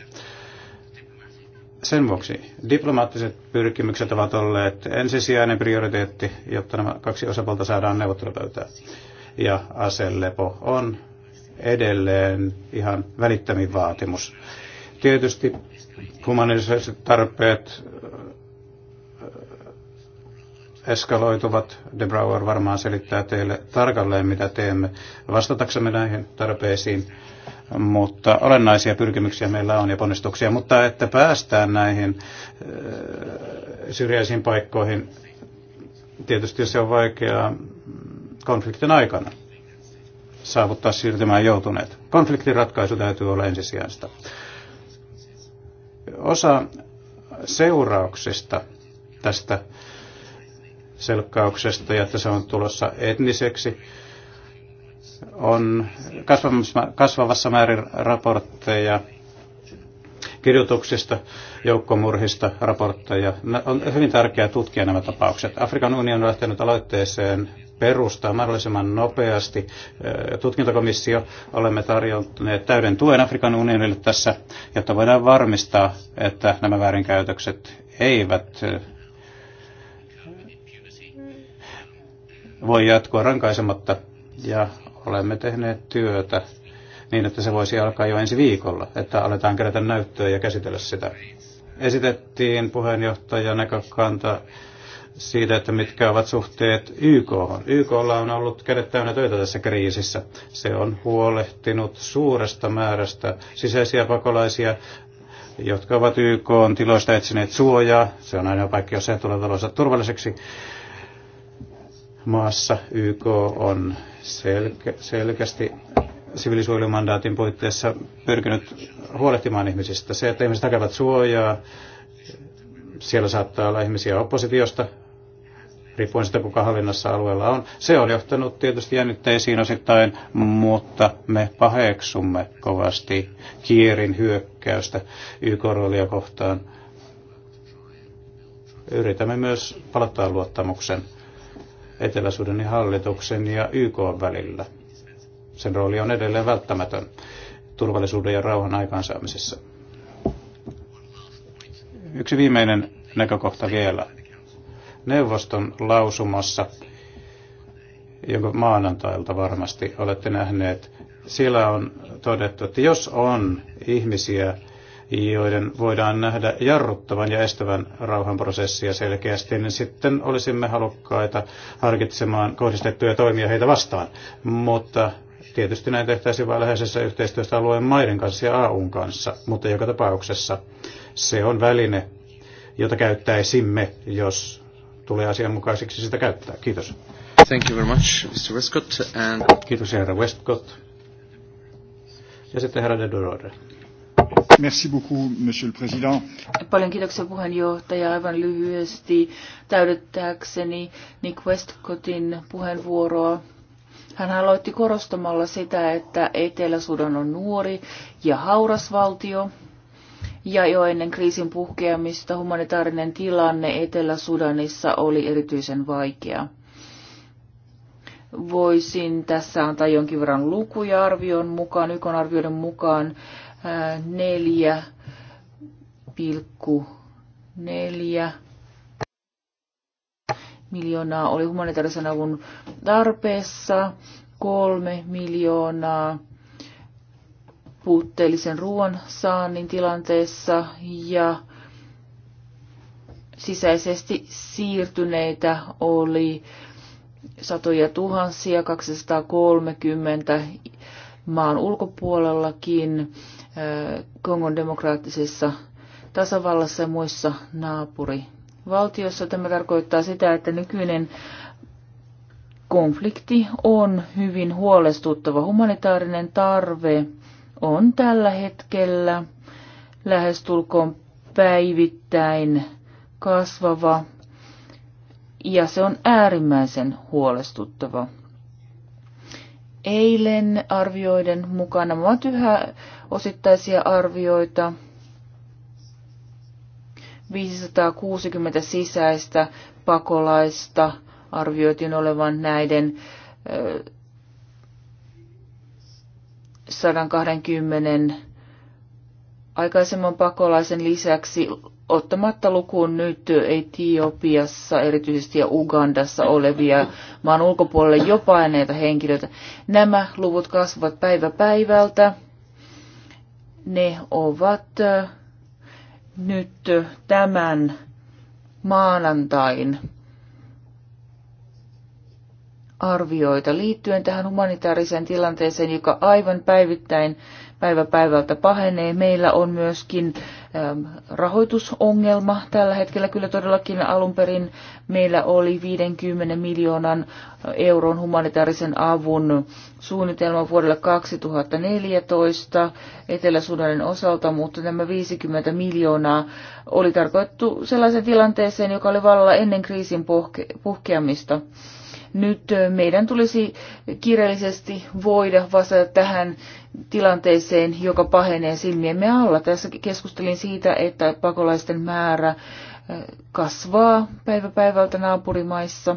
Sen vuoksi diplomaattiset pyrkimykset ovat olleet ensisijainen prioriteetti, jotta nämä kaksi osapuolta saadaan neuvottelupöytään. Ja aselepo on edelleen ihan välittömin vaatimus. Tietysti humanitaariset tarpeet äh, eskaloituvat. De Brouwer varmaan selittää teille tarkalleen, mitä teemme vastataksemme näihin tarpeisiin. Mutta olennaisia pyrkimyksiä meillä on ja ponnistuksia. Mutta että päästään näihin äh, syrjäisiin paikkoihin, tietysti se on vaikeaa konfliktin aikana saavuttaa siirtymään joutuneet. Konfliktin ratkaisu täytyy olla ensisijaista. Osa seurauksista tästä selkkauksesta ja että se on tulossa etniseksi on kasvavassa määrin raportteja kirjoituksista, joukkomurhista, raportteja. On hyvin tärkeää tutkia nämä tapaukset. Afrikan unioni on lähtenyt aloitteeseen perustaa mahdollisimman nopeasti tutkintakomissio. Olemme tarjonneet täyden tuen Afrikan unionille tässä, jotta voidaan varmistaa, että nämä väärinkäytökset eivät voi jatkua rankaisematta. Ja olemme tehneet työtä niin, että se voisi alkaa jo ensi viikolla, että aletaan kerätä näyttöä ja käsitellä sitä. Esitettiin puheenjohtajan näkökanta siitä, että mitkä ovat suhteet YK. YKlla on ollut kädet täynnä töitä tässä kriisissä. Se on huolehtinut suuresta määrästä sisäisiä pakolaisia, jotka ovat YK on tiloista etsineet suojaa. Se on aina paikka, jos he tulevat talossa turvalliseksi maassa. YK on selke- selkeästi sivilisuojelumandaatin puitteissa pyrkinyt huolehtimaan ihmisistä. Se, että ihmiset hakevat suojaa, siellä saattaa olla ihmisiä oppositiosta, riippuen siitä kuka hallinnassa alueella on. Se on johtanut tietysti jännitteisiin osittain, mutta me paheksumme kovasti Kierin hyökkäystä YK roolia kohtaan. Yritämme myös palauttaa luottamuksen etelä hallituksen ja YK välillä. Sen rooli on edelleen välttämätön turvallisuuden ja rauhan aikaansaamisessa. Yksi viimeinen näkökohta vielä neuvoston lausumassa, jonka maanantailta varmasti olette nähneet. Siellä on todettu, että jos on ihmisiä, joiden voidaan nähdä jarruttavan ja estävän rauhanprosessia selkeästi, niin sitten olisimme halukkaita harkitsemaan kohdistettuja toimia heitä vastaan. Mutta tietysti näin tehtäisiin vain läheisessä yhteistyössä alueen maiden kanssa ja AUn kanssa, mutta joka tapauksessa se on väline, jota käyttäisimme, jos tulee asianmukaiseksi sitä käyttää. Kiitos. Thank you very much, Mr. Westcott. And... Kiitos, herra Westcott. Ja sitten herra de Dorore. Merci beaucoup, monsieur le président. Paljon kiitoksia puheenjohtaja. Aivan lyhyesti täydettääkseni Nick Westcottin puheenvuoroa. Hän aloitti korostamalla sitä, että Etelä-Sudan on nuori ja hauras valtio, ja jo ennen kriisin puhkeamista humanitaarinen tilanne Etelä-Sudanissa oli erityisen vaikea. Voisin tässä antaa jonkin verran lukuja arvion mukaan, YKn arvioiden mukaan 4,4 miljoonaa oli humanitaarisen avun tarpeessa, kolme miljoonaa puutteellisen ruoan saannin tilanteessa ja sisäisesti siirtyneitä oli satoja tuhansia, 230 maan ulkopuolellakin, Kongon demokraattisessa tasavallassa ja muissa naapurivaltiossa. Tämä tarkoittaa sitä, että nykyinen konflikti on hyvin huolestuttava humanitaarinen tarve on tällä hetkellä lähestulkoon päivittäin kasvava ja se on äärimmäisen huolestuttava. Eilen arvioiden mukana ovat yhä osittaisia arvioita. 560 sisäistä pakolaista arvioitiin olevan näiden ö, 120 aikaisemman pakolaisen lisäksi ottamatta lukuun nyt Etiopiassa erityisesti ja Ugandassa olevia maan ulkopuolelle jo paineita henkilöitä. Nämä luvut kasvavat päivä päivältä. Ne ovat äh, nyt tämän maanantain arvioita liittyen tähän humanitaariseen tilanteeseen, joka aivan päivittäin päivä päivältä pahenee. Meillä on myöskin ähm, rahoitusongelma tällä hetkellä. Kyllä todellakin alun perin meillä oli 50 miljoonan äh, euron humanitaarisen avun suunnitelma vuodelle 2014 Etelä-Sudanin osalta, mutta nämä 50 miljoonaa oli tarkoitettu sellaiseen tilanteeseen, joka oli vallalla ennen kriisin puhkeamista. Nyt meidän tulisi kirjallisesti voida vastata tähän tilanteeseen, joka pahenee silmiemme alla. Tässä keskustelin siitä, että pakolaisten määrä kasvaa päivä päivältä naapurimaissa.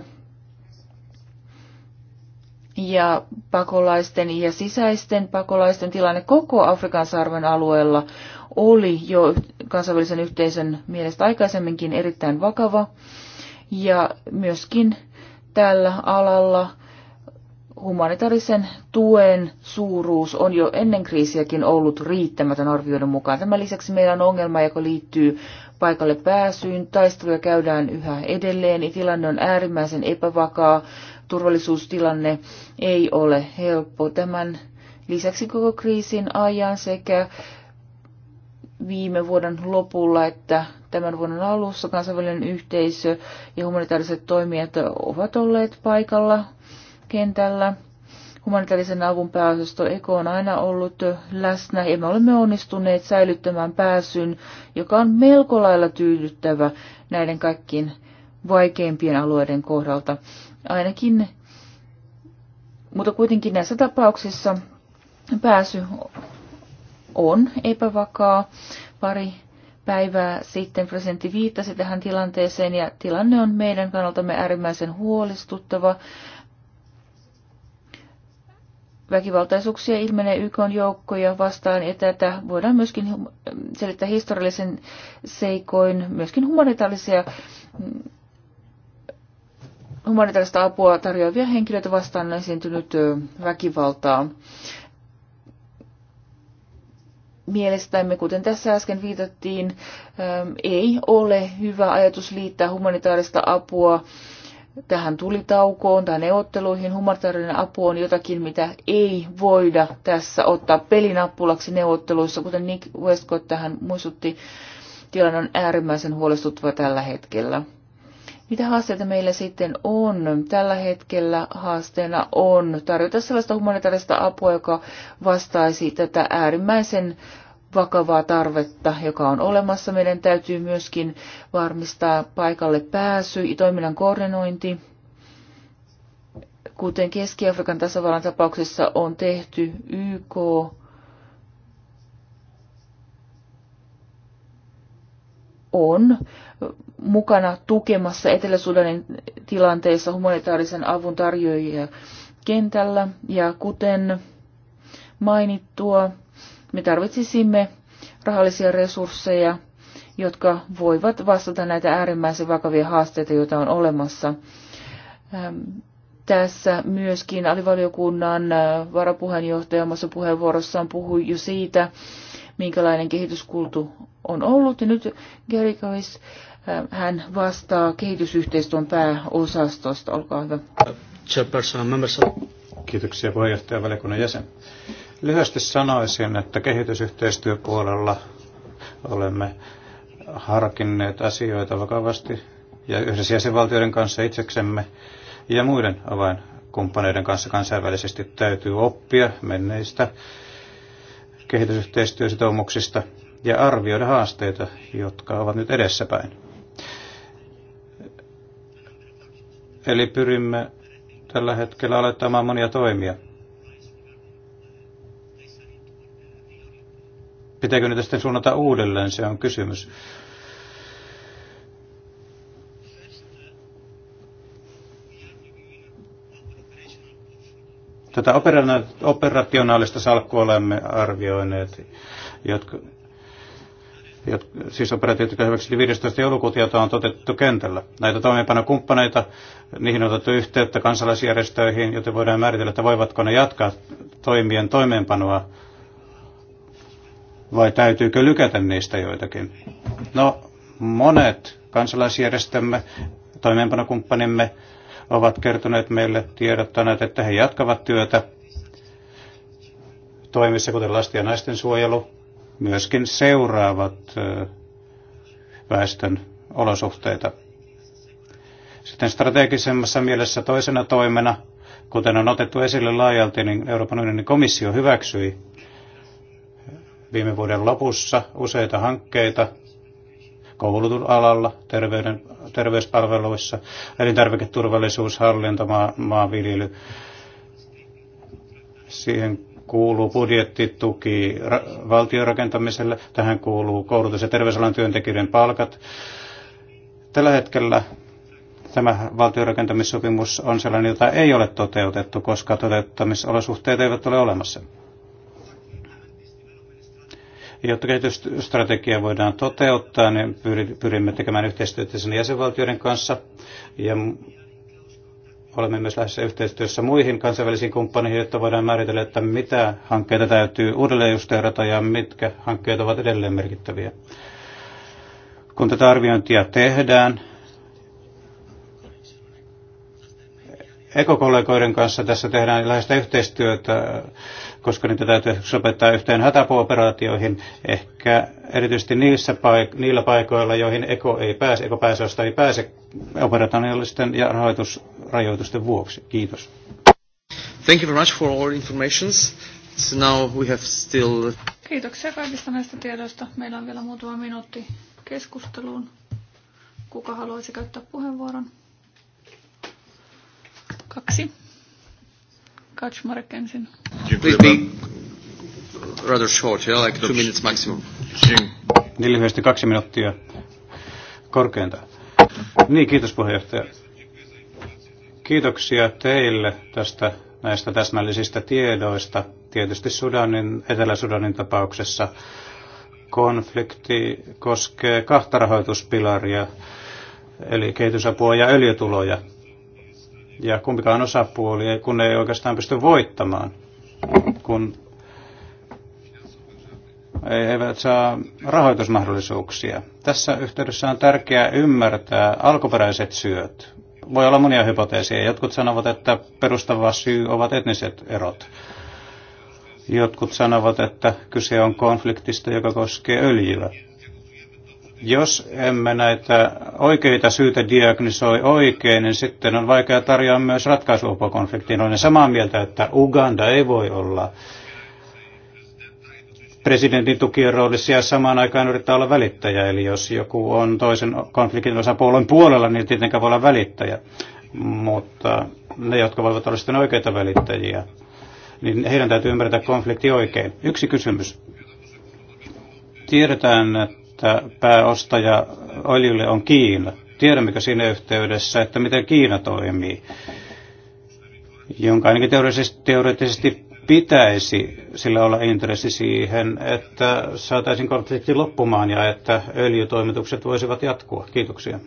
Ja pakolaisten ja sisäisten pakolaisten tilanne koko Afrikan sarven alueella oli jo kansainvälisen yhteisön mielestä aikaisemminkin erittäin vakava. Ja myöskin tällä alalla. Humanitaarisen tuen suuruus on jo ennen kriisiäkin ollut riittämätön arvioiden mukaan. Tämän lisäksi meillä on ongelma, joka liittyy paikalle pääsyyn. Taisteluja käydään yhä edelleen. Tilanne on äärimmäisen epävakaa. Turvallisuustilanne ei ole helppo. Tämän lisäksi koko kriisin ajan sekä viime vuoden lopulla että tämän vuoden alussa kansainvälinen yhteisö ja humanitaariset toimijat ovat olleet paikalla kentällä. Humanitaarisen avun pääosasto EKO on aina ollut läsnä ja me olemme onnistuneet säilyttämään pääsyn, joka on melko lailla tyydyttävä näiden kaikkien vaikeimpien alueiden kohdalta. Ainakin, mutta kuitenkin näissä tapauksissa pääsy on epävakaa. Pari päivää sitten presidentti viittasi tähän tilanteeseen ja tilanne on meidän kannaltamme äärimmäisen huolestuttava. Väkivaltaisuuksia ilmenee YK joukkoja vastaan ja tätä voidaan myöskin selittää historiallisen seikoin, myöskin humanitaarisia humanitaarista apua tarjoavia henkilöitä vastaan on esiintynyt väkivaltaa mielestämme, kuten tässä äsken viitattiin, ähm, ei ole hyvä ajatus liittää humanitaarista apua tähän tulitaukoon tai neuvotteluihin. Humanitaarinen apu on jotakin, mitä ei voida tässä ottaa pelinappulaksi neuvotteluissa, kuten Nick Westcott tähän muistutti. Tilanne on äärimmäisen huolestuttava tällä hetkellä. Mitä haasteita meillä sitten on? Tällä hetkellä haasteena on tarjota sellaista humanitaarista apua, joka vastaisi tätä äärimmäisen vakavaa tarvetta, joka on olemassa. Meidän täytyy myöskin varmistaa paikalle pääsy ja toiminnan koordinointi, kuten Keski-Afrikan tasavallan tapauksessa on tehty YK. On mukana tukemassa Etelä-Sudanin tilanteessa humanitaarisen avun tarjoajia kentällä. Ja kuten mainittua, me tarvitsisimme rahallisia resursseja, jotka voivat vastata näitä äärimmäisen vakavia haasteita, joita on olemassa. Tässä myöskin alivaliokunnan varapuheenjohtaja omassa puheenvuorossaan puhui jo siitä, minkälainen kehityskultu on ollut. Ja nyt Gerikois hän vastaa kehitysyhteistyön pääosastosta. Olkaa hyvä. Chairperson, members. Kiitoksia puheenjohtaja valiokunnan jäsen. Lyhyesti sanoisin, että kehitysyhteistyöpuolella olemme harkinneet asioita vakavasti ja yhdessä jäsenvaltioiden kanssa itseksemme ja muiden avainkumppaneiden kanssa kansainvälisesti täytyy oppia menneistä kehitysyhteistyösitoumuksista ja arvioida haasteita, jotka ovat nyt edessäpäin. Eli pyrimme tällä hetkellä aloittamaan monia toimia. Pitääkö niitä sitten suunnata uudelleen, se on kysymys. Tätä operationaalista salkkua olemme arvioineet, jotka, siis operaatiot, jotka hyväksyttiin 15. joulukuuta, joita on toteutettu kentällä. Näitä toimeenpanokumppaneita, niihin on otettu yhteyttä kansalaisjärjestöihin, joten voidaan määritellä, että voivatko ne jatkaa toimien toimeenpanoa vai täytyykö lykätä niistä joitakin. No, monet kansalaisjärjestömme, toimeenpanokumppanimme ovat kertoneet meille, tiedottaneet, että he jatkavat työtä toimissa, kuten lasten ja naisten suojelu, myöskin seuraavat väestön olosuhteita. Sitten strategisemmassa mielessä toisena toimena, kuten on otettu esille laajalti, niin Euroopan unionin komissio hyväksyi viime vuoden lopussa useita hankkeita koulutusalalla, terveyden, terveyspalveluissa, elintarviketurvallisuus, hallinto, maa, maanviljely. Siihen kuuluu budjettituki valtion rakentamiselle, tähän kuuluu koulutus- ja terveysalan työntekijöiden palkat. Tällä hetkellä tämä valtiorakentamissopimus on sellainen, jota ei ole toteutettu, koska toteuttamisolosuhteet eivät ole olemassa. Jotta kehitysstrategia voidaan toteuttaa, niin pyrimme tekemään yhteistyötä sen jäsenvaltioiden kanssa ja olemme myös lähdössä yhteistyössä muihin kansainvälisiin kumppaneihin, jotta voidaan määritellä, että mitä hankkeita täytyy uudelleen justeerata ja mitkä hankkeet ovat edelleen merkittäviä. Kun tätä arviointia tehdään, ekokollegoiden kanssa tässä tehdään läheistä yhteistyötä, koska niitä täytyy sopettaa yhteen hätäpuoperaatioihin, ehkä erityisesti niissä paik- niillä paikoilla, joihin eko ei pääse, ekopääsöstä ei pääse operationaalisten ja rahoitusrajoitusten vuoksi. Kiitos. Thank you very much for all informations. So now we have still... Kiitoksia kaikista näistä tiedoista. Meillä on vielä muutama minuutti keskusteluun. Kuka haluaisi käyttää puheenvuoron? Kaksi. Kaczmarek ensin. Please be rather short, yeah? like two minutes maximum. Niin lyhyesti kaksi minuuttia korkeintaan. Niin, kiitos puheenjohtaja. Kiitoksia teille tästä näistä täsmällisistä tiedoista. Tietysti Sudanin, Etelä-Sudanin tapauksessa konflikti koskee kahta rahoituspilaria, eli kehitysapua ja öljytuloja. Ja kumpikaan osapuoli, kun ei oikeastaan pysty voittamaan, kun eivät saa rahoitusmahdollisuuksia. Tässä yhteydessä on tärkeää ymmärtää alkuperäiset syöt. Voi olla monia hypoteeseja. Jotkut sanovat, että perustava syy ovat etniset erot. Jotkut sanovat, että kyse on konfliktista, joka koskee öljyä. Jos emme näitä oikeita syitä diagnisoi oikein, niin sitten on vaikea tarjoa myös ratkaisua konfliktiin. Olen samaa mieltä, että Uganda ei voi olla presidentin tukien roolissa ja samaan aikaan yrittää olla välittäjä. Eli jos joku on toisen konfliktin osapuolen puolella, niin tietenkään voi olla välittäjä. Mutta ne, jotka voivat olla sitten oikeita välittäjiä, niin heidän täytyy ymmärtää konflikti oikein. Yksi kysymys. Tiedetään, että pääostaja öljylle on Kiina. Tiedämmekö siinä yhteydessä, että miten Kiina toimii, jonka ainakin teoreettisesti, teoreettisesti pitäisi sillä olla intressi siihen, että saataisiin konflikti loppumaan ja että öljytoimitukset voisivat jatkua. Kiitoksia.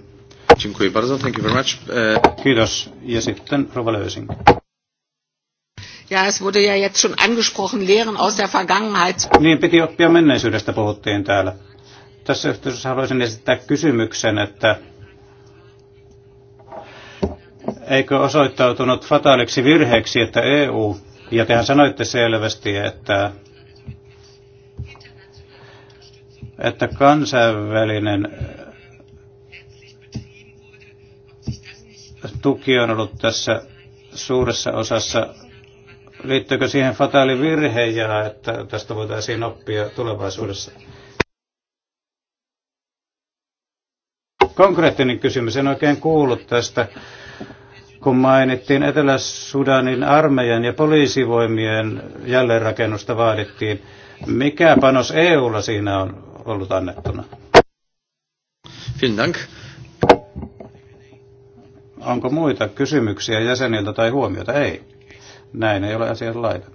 E, Kiitos. Ja sitten Rova Löysin. Ja, es wurde ja jetzt schon angesprochen, Lehren aus der Vergangenheit. Niin, piti oppia menneisyydestä puhuttiin täällä. Tässä yhteydessä haluaisin esittää kysymyksen, että eikö osoittautunut fataaliksi virheeksi, että EU ja tehän sanoitte selvästi, että, että kansainvälinen tuki on ollut tässä suuressa osassa. Liittyykö siihen fataali virhe ja että tästä voitaisiin oppia tulevaisuudessa? Konkreettinen kysymys, en oikein kuullut tästä kun mainittiin Etelä-Sudanin armeijan ja poliisivoimien jälleenrakennusta vaadittiin. Mikä panos EUlla siinä on ollut annettuna? Vielen Dank. Onko muita kysymyksiä jäseniltä tai huomiota? Ei. Näin ei ole asian laita.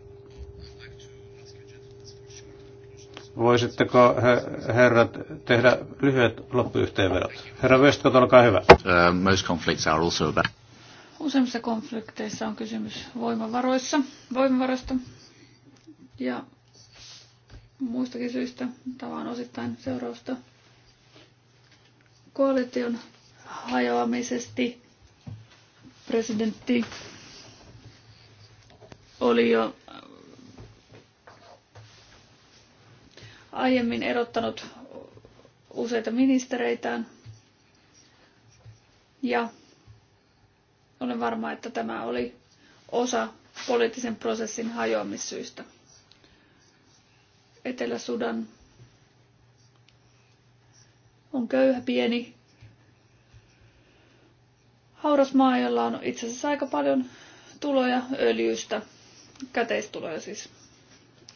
Voisitteko herrat tehdä lyhyet loppuyhteenvedot? Herra Westcott, olkaa hyvä. Uh, most conflicts are also about... Useimmissa konflikteissa on kysymys voimavaroissa, voimavaroista ja muistakin syistä tavan osittain seurausta koalition hajoamisesti presidentti oli jo äh, aiemmin erottanut useita ministereitään ja olen varma, että tämä oli osa poliittisen prosessin hajoamissyistä. Etelä-Sudan on köyhä, pieni, hauras maa, jolla on itse asiassa aika paljon tuloja öljystä, käteistuloja siis.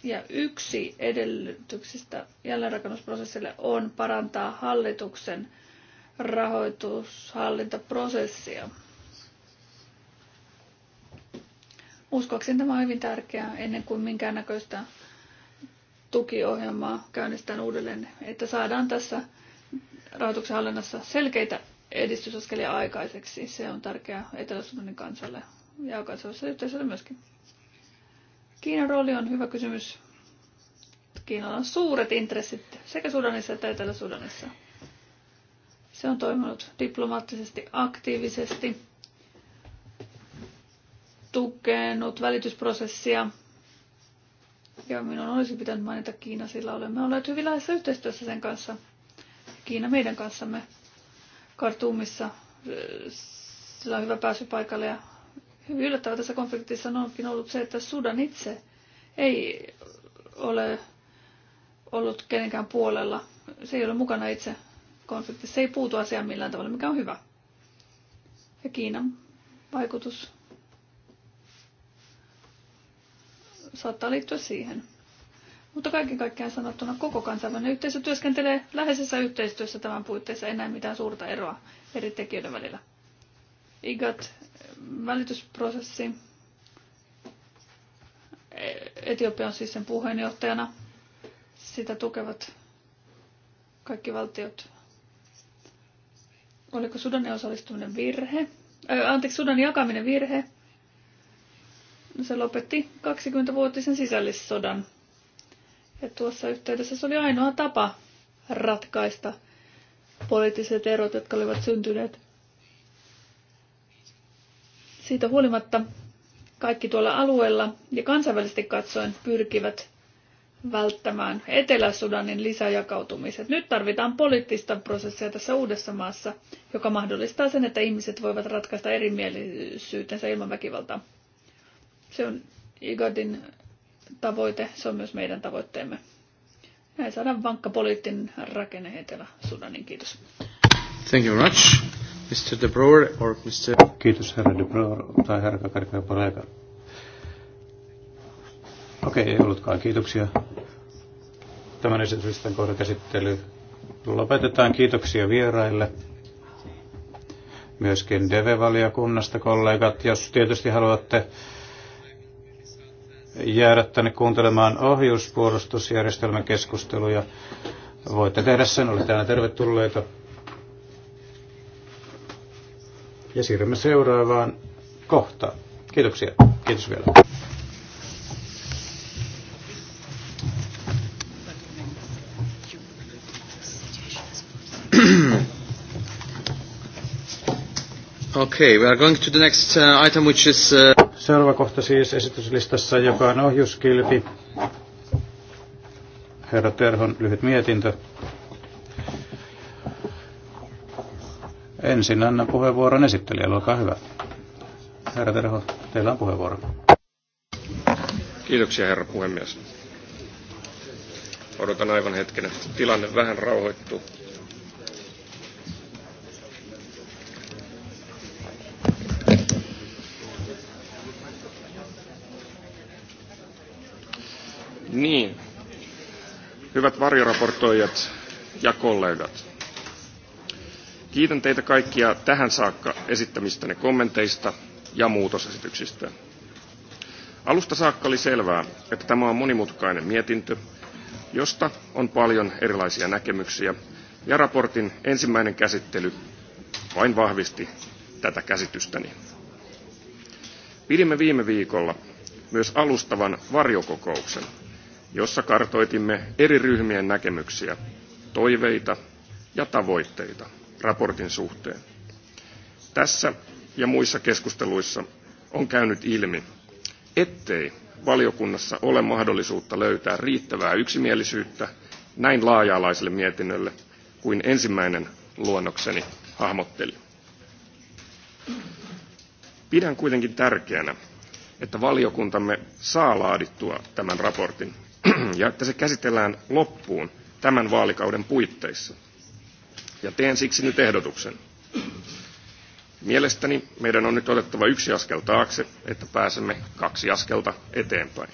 Ja yksi edellytyksistä jälleenrakennusprosessille on parantaa hallituksen rahoitushallintaprosessia – Uskoakseni tämä on hyvin tärkeää ennen kuin minkäännäköistä tukiohjelmaa käynnistetään uudelleen, että saadaan tässä rahoituksen hallinnassa selkeitä edistysaskelia aikaiseksi. Se on tärkeää etelä kansalle ja kansainväliselle yhteisölle myöskin. Kiinan rooli on hyvä kysymys. Kiinalla on suuret intressit sekä Sudanissa että Etelä-Sudanissa. Se on toiminut diplomaattisesti aktiivisesti tukenut välitysprosessia. Ja minun olisi pitänyt mainita Kiina, sillä olemme olleet hyvin läheisessä yhteistyössä sen kanssa. Kiina meidän kanssamme Kartuumissa. Äh, sillä on hyvä pääsy paikalle ja hyvin yllättävää tässä konfliktissa onkin ollut se, että Sudan itse ei ole ollut kenenkään puolella. Se ei ole mukana itse konfliktissa. Se ei puutu asiaan millään tavalla, mikä on hyvä. Ja Kiinan vaikutus saattaa liittyä siihen. Mutta kaiken kaikkiaan sanottuna koko kansainvälinen yhteisö työskentelee läheisessä yhteistyössä tämän puitteissa enää mitään suurta eroa eri tekijöiden välillä. IGAT-välitysprosessi. Etiopia on siis sen puheenjohtajana. Sitä tukevat kaikki valtiot. Oliko Sudanin osallistuminen virhe? Ö, anteeksi, Sudanin jakaminen virhe? Se lopetti 20-vuotisen sisällissodan. Ja tuossa yhteydessä se oli ainoa tapa ratkaista poliittiset erot, jotka olivat syntyneet. Siitä huolimatta kaikki tuolla alueella ja kansainvälisesti katsoen pyrkivät välttämään Etelä-Sudanin lisäjakautumiset. Nyt tarvitaan poliittista prosessia tässä uudessa maassa, joka mahdollistaa sen, että ihmiset voivat ratkaista erimielisyytensä ilman väkivaltaa. Se on IGADin tavoite, se on myös meidän tavoitteemme. Näin saadaan vankka poliittinen rakenne Etelä-Sudanin. Kiitos. Thank you very much. Mr. De Broer or Mr. Kiitos herra De Broer tai herra Kakarika Okei, okay, ei ollutkaan. Kiitoksia. Tämän esitysten kohdan käsittely lopetetaan. Kiitoksia vieraille. Myöskin DV-valiokunnasta kollegat, jos tietysti haluatte jäädä tänne kuuntelemaan ohjuspuolustusjärjestelmän keskusteluja. Voitte tehdä sen, olette täällä tervetulleita. Ja siirrymme seuraavaan kohtaan. Kiitoksia. Kiitos vielä. Okay, we are going to the next uh, item which is uh Seuraava kohta siis esityslistassa, joka on ohjuskilpi. Herra Terhon lyhyt mietintö. Ensin annan puheenvuoron esittelijälle, olkaa hyvä. Herra Terho, teillä on puheenvuoro. Kiitoksia herra puhemies. Odotan aivan hetken, että tilanne vähän rauhoittuu. Niin. Hyvät varjoraportoijat ja kollegat. Kiitän teitä kaikkia tähän saakka esittämistäne kommenteista ja muutosesityksistä. Alusta saakka oli selvää, että tämä on monimutkainen mietintö, josta on paljon erilaisia näkemyksiä, ja raportin ensimmäinen käsittely vain vahvisti tätä käsitystäni. Pidimme viime viikolla myös alustavan varjokokouksen – jossa kartoitimme eri ryhmien näkemyksiä, toiveita ja tavoitteita raportin suhteen. Tässä ja muissa keskusteluissa on käynyt ilmi, ettei valiokunnassa ole mahdollisuutta löytää riittävää yksimielisyyttä näin laaja-alaiselle mietinnölle kuin ensimmäinen luonnokseni hahmotteli. Pidän kuitenkin tärkeänä, että valiokuntamme saa laadittua tämän raportin ja että se käsitellään loppuun tämän vaalikauden puitteissa. Ja teen siksi nyt ehdotuksen. Mielestäni meidän on nyt otettava yksi askel taakse, että pääsemme kaksi askelta eteenpäin.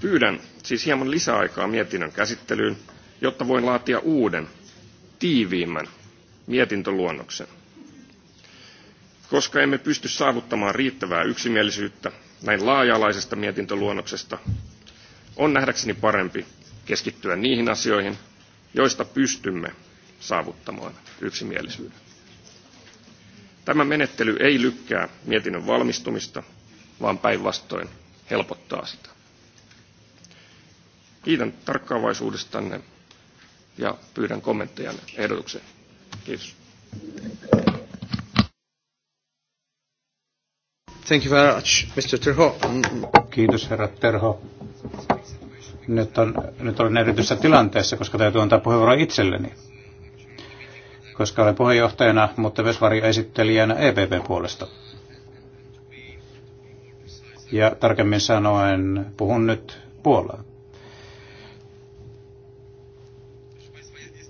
Pyydän siis hieman lisäaikaa mietinnön käsittelyyn, jotta voin laatia uuden, tiiviimmän mietintöluonnoksen. Koska emme pysty saavuttamaan riittävää yksimielisyyttä, näin laaja-alaisesta mietintöluonnoksesta on nähdäkseni parempi keskittyä niihin asioihin, joista pystymme saavuttamaan yksimielisyyden. Tämä menettely ei lykkää mietinnön valmistumista, vaan päinvastoin helpottaa sitä. Kiitän tarkkaavaisuudestanne ja pyydän kommenttejanne ehdotukseen. Kiitos. Thank you very much, Mr. Terho. Mm, mm. Kiitos, herra Terho. Nyt, on, nyt olen erityisessä tilanteessa, koska täytyy antaa puheenvuoro itselleni, koska olen puheenjohtajana, mutta myös varjoesittelijänä EPP puolesta. Ja tarkemmin sanoen, puhun nyt Puolaa.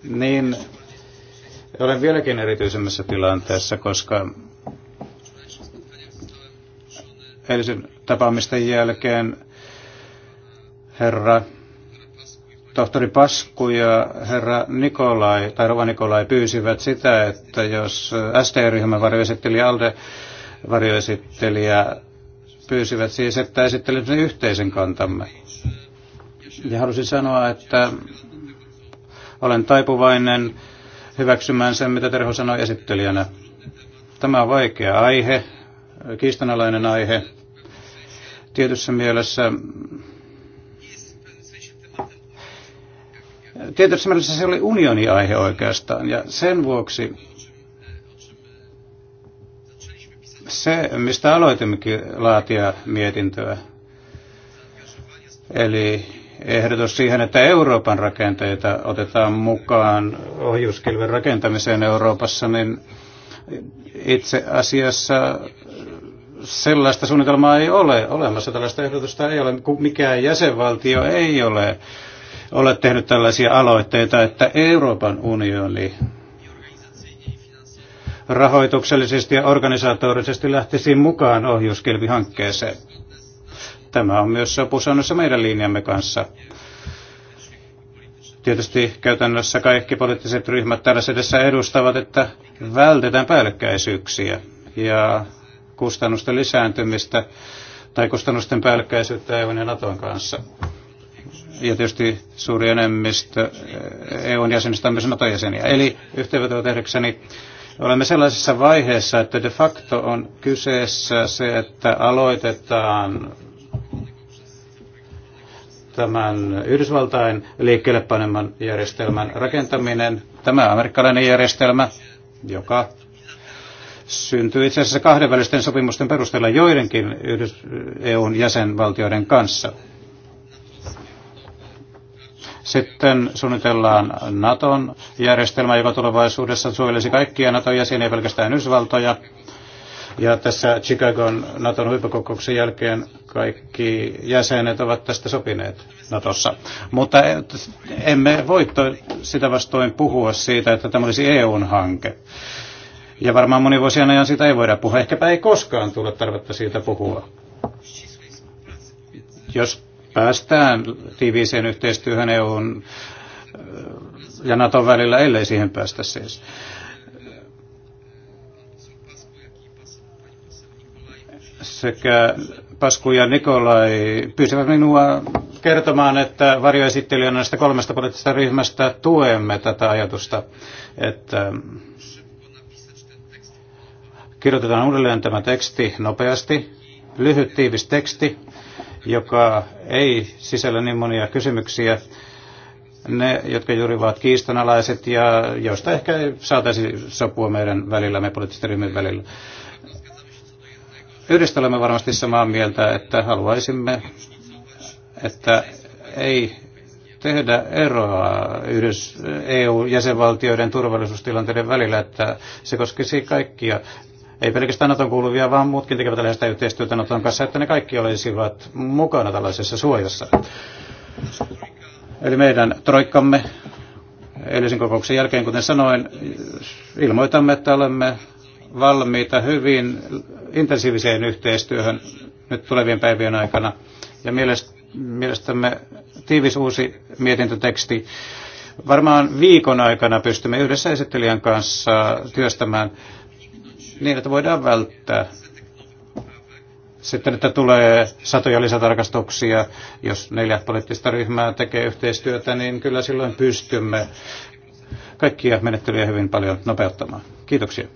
Niin, olen vieläkin erityisemmässä tilanteessa, koska eilisen tapaamisten jälkeen herra tohtori Pasku ja herra Nikolai, tai Rova Nikolai pyysivät sitä, että jos ST-ryhmän varjoesittelijä Alde varjoesittelijä pyysivät siis, että esittelisimme yhteisen kantamme. Ja halusin sanoa, että olen taipuvainen hyväksymään sen, mitä Terho sanoi esittelijänä. Tämä on vaikea aihe, kiistanalainen aihe. Tietyssä mielessä Tietyssä mielessä se oli unioniaihe oikeastaan, ja sen vuoksi se, mistä aloitimmekin laatia mietintöä, eli ehdotus siihen, että Euroopan rakenteita otetaan mukaan ohjuskilven rakentamiseen Euroopassa, niin itse asiassa sellaista suunnitelmaa ei ole olemassa, tällaista ehdotusta ei ole, mikään jäsenvaltio ei ole, ole tehnyt tällaisia aloitteita, että Euroopan unioni rahoituksellisesti ja organisatorisesti lähtisi mukaan ohjuskilpihankkeeseen. Tämä on myös sopusannossa meidän linjamme kanssa. Tietysti käytännössä kaikki poliittiset ryhmät tällaisessa edustavat, että vältetään päällekkäisyyksiä ja kustannusten lisääntymistä tai kustannusten päällekkäisyyttä EUn ja Naton kanssa. Ja tietysti suuri enemmistö EUn eh, e jäsenistä on myös Naton jäseniä. Eli yhteenveto tehdäkseni olemme sellaisessa vaiheessa, että de facto on kyseessä se, että aloitetaan tämän Yhdysvaltain liikkeelle panemman järjestelmän rakentaminen, tämä amerikkalainen järjestelmä, joka syntyy itse asiassa kahdenvälisten sopimusten perusteella joidenkin EUn jäsenvaltioiden kanssa. Sitten suunnitellaan Naton järjestelmä, joka tulevaisuudessa suojelisi kaikkia Naton jäseniä, pelkästään Yhdysvaltoja. Ja tässä Chicagon Naton huippukokouksen jälkeen kaikki jäsenet ovat tästä sopineet Natossa. Mutta emme voi sitä vastoin puhua siitä, että tämä olisi EUn hanke. Ja varmaan moni vuosien ajan sitä ei voida puhua. Ehkäpä ei koskaan tule tarvetta siitä puhua. Jos päästään tiiviiseen yhteistyöhön EUn äh, ja Naton välillä, ellei siihen päästä siis. Sekä Pasku ja Nikolai pyysivät minua kertomaan, että varjoesittelijänä näistä kolmesta poliittisesta ryhmästä tuemme tätä ajatusta, että Kirjoitetaan uudelleen tämä teksti nopeasti, lyhyt tiivis teksti, joka ei sisällä niin monia kysymyksiä, ne, jotka juuri ovat kiistanalaiset ja joista ehkä saataisiin saataisi sopua meidän välillä, me poliittisten ryhmien välillä. Yhdestä olemme varmasti samaa mieltä, että haluaisimme, että ei tehdä eroa Yhdys, EU-jäsenvaltioiden turvallisuustilanteiden välillä, että se koskisi kaikkia ei pelkästään Naton kuuluvia, vaan muutkin tekevät tällaista yhteistyötä Naton kanssa, että ne kaikki olisivat mukana tällaisessa suojassa. Eli meidän troikkamme eilisen kokouksen jälkeen, kuten sanoin, ilmoitamme, että olemme valmiita hyvin intensiiviseen yhteistyöhön nyt tulevien päivien aikana. Ja mielestämme tiivis uusi mietintöteksti varmaan viikon aikana pystymme yhdessä esittelijän kanssa työstämään niin, että voidaan välttää sitten, että tulee satoja lisätarkastuksia, jos neljä poliittista ryhmää tekee yhteistyötä, niin kyllä silloin pystymme kaikkia menettelyjä hyvin paljon nopeuttamaan. Kiitoksia.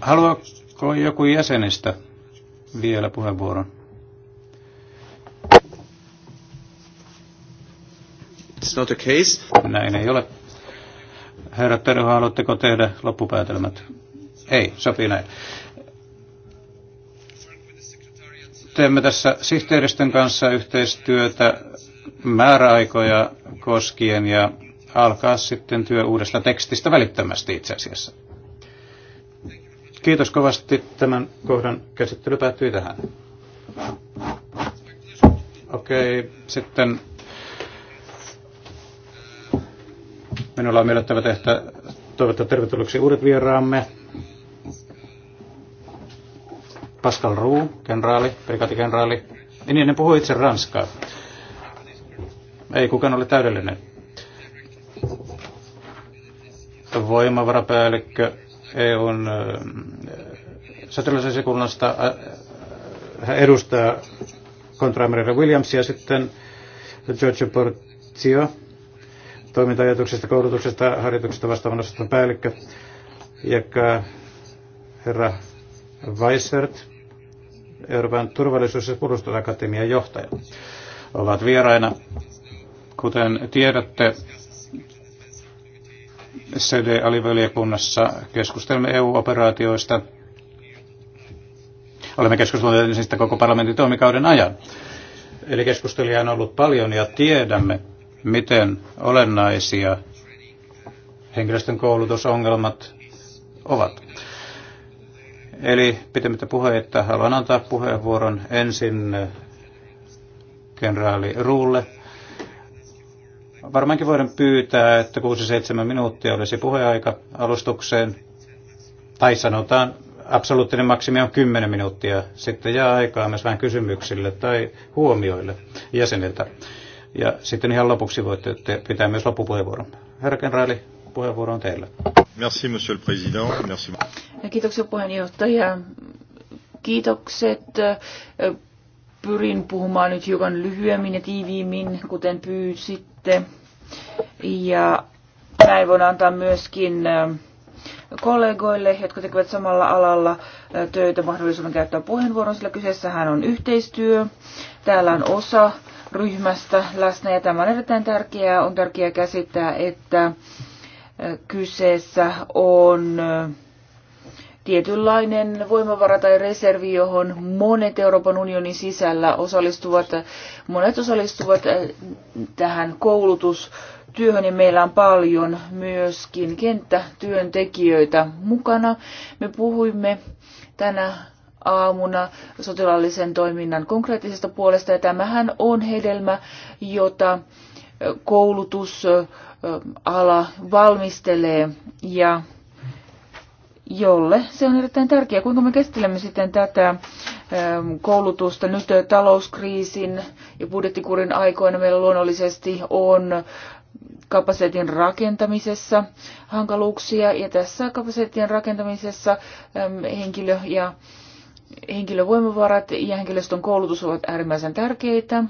Haluaako joku jäsenistä vielä puheenvuoron? It's not the case. Näin ei ole. Herra Terho, haluatteko tehdä loppupäätelmät? Ei, sopii näin. Teemme tässä sihteeristön kanssa yhteistyötä määräaikoja koskien ja alkaa sitten työ uudesta tekstistä välittömästi itse asiassa. Kiitos kovasti. Tämän kohdan käsittely päättyi tähän. Okei, okay, sitten Minulla on miellyttävä tehtävä toivottaa tervetulleeksi uudet vieraamme. Pascal Roux, kenraali, prikatikenraali. Niin, niin, ne puhuu itse ranskaa. Ei kukaan ole täydellinen. Voimavarapäällikkö EUn äh, sotilasesikunnasta äh, äh, edustaa kontraamireiden Williamsia sitten George Portio, toimintaajatuksesta, koulutuksesta, harjoituksesta vastaavan osaston päällikkö, joka herra Weissert, Euroopan turvallisuus- ja puolustusakatemian johtaja, ovat vieraina. Kuten tiedätte, CD-alivaliokunnassa keskustelemme EU-operaatioista. Olemme keskustelleet niistä koko parlamentin toimikauden ajan. Eli keskustelijaa on ollut paljon ja tiedämme, miten olennaisia henkilöstön koulutusongelmat ovat. Eli pitämättä puheita haluan antaa puheenvuoron ensin eh, kenraali Ruulle. Varmaankin voidaan pyytää, että 6-7 minuuttia olisi puheaika alustukseen. Tai sanotaan, absoluuttinen maksimi on 10 minuuttia. Sitten jää aikaa myös vähän kysymyksille tai huomioille jäseniltä. Ja sitten ihan lopuksi voitte pitää myös loppupuheenvuoron. Herra kenraali, puheenvuoro on teillä. Merci, monsieur le président. Merci. Kiitoksia puheenjohtaja. Kiitokset. Pyrin puhumaan nyt hiukan lyhyemmin ja tiiviimmin, kuten pyysitte. Ja näin voin antaa myöskin ähm, kollegoille, jotka tekevät samalla alalla äh, töitä, mahdollisuuden käyttää puheenvuoron, sillä kyseessähän on yhteistyö. Täällä on osa ryhmästä läsnä. Ja tämä on erittäin tärkeää. On tärkeää käsittää, että kyseessä on tietynlainen voimavara tai reservi, johon monet Euroopan unionin sisällä osallistuvat, monet osallistuvat tähän koulutustyöhön ja meillä on paljon myöskin kenttätyöntekijöitä mukana. Me puhuimme tänä aamuna sotilaallisen toiminnan konkreettisesta puolesta, ja tämähän on hedelmä, jota koulutusala valmistelee ja jolle se on erittäin tärkeää. Kuinka me käsittelemme sitten tätä koulutusta nyt talouskriisin ja budjettikurin aikoina meillä luonnollisesti on kapasiteetin rakentamisessa hankaluuksia ja tässä kapasiteetin rakentamisessa henkilö- ja henkilövoimavarat ja henkilöstön koulutus ovat äärimmäisen tärkeitä.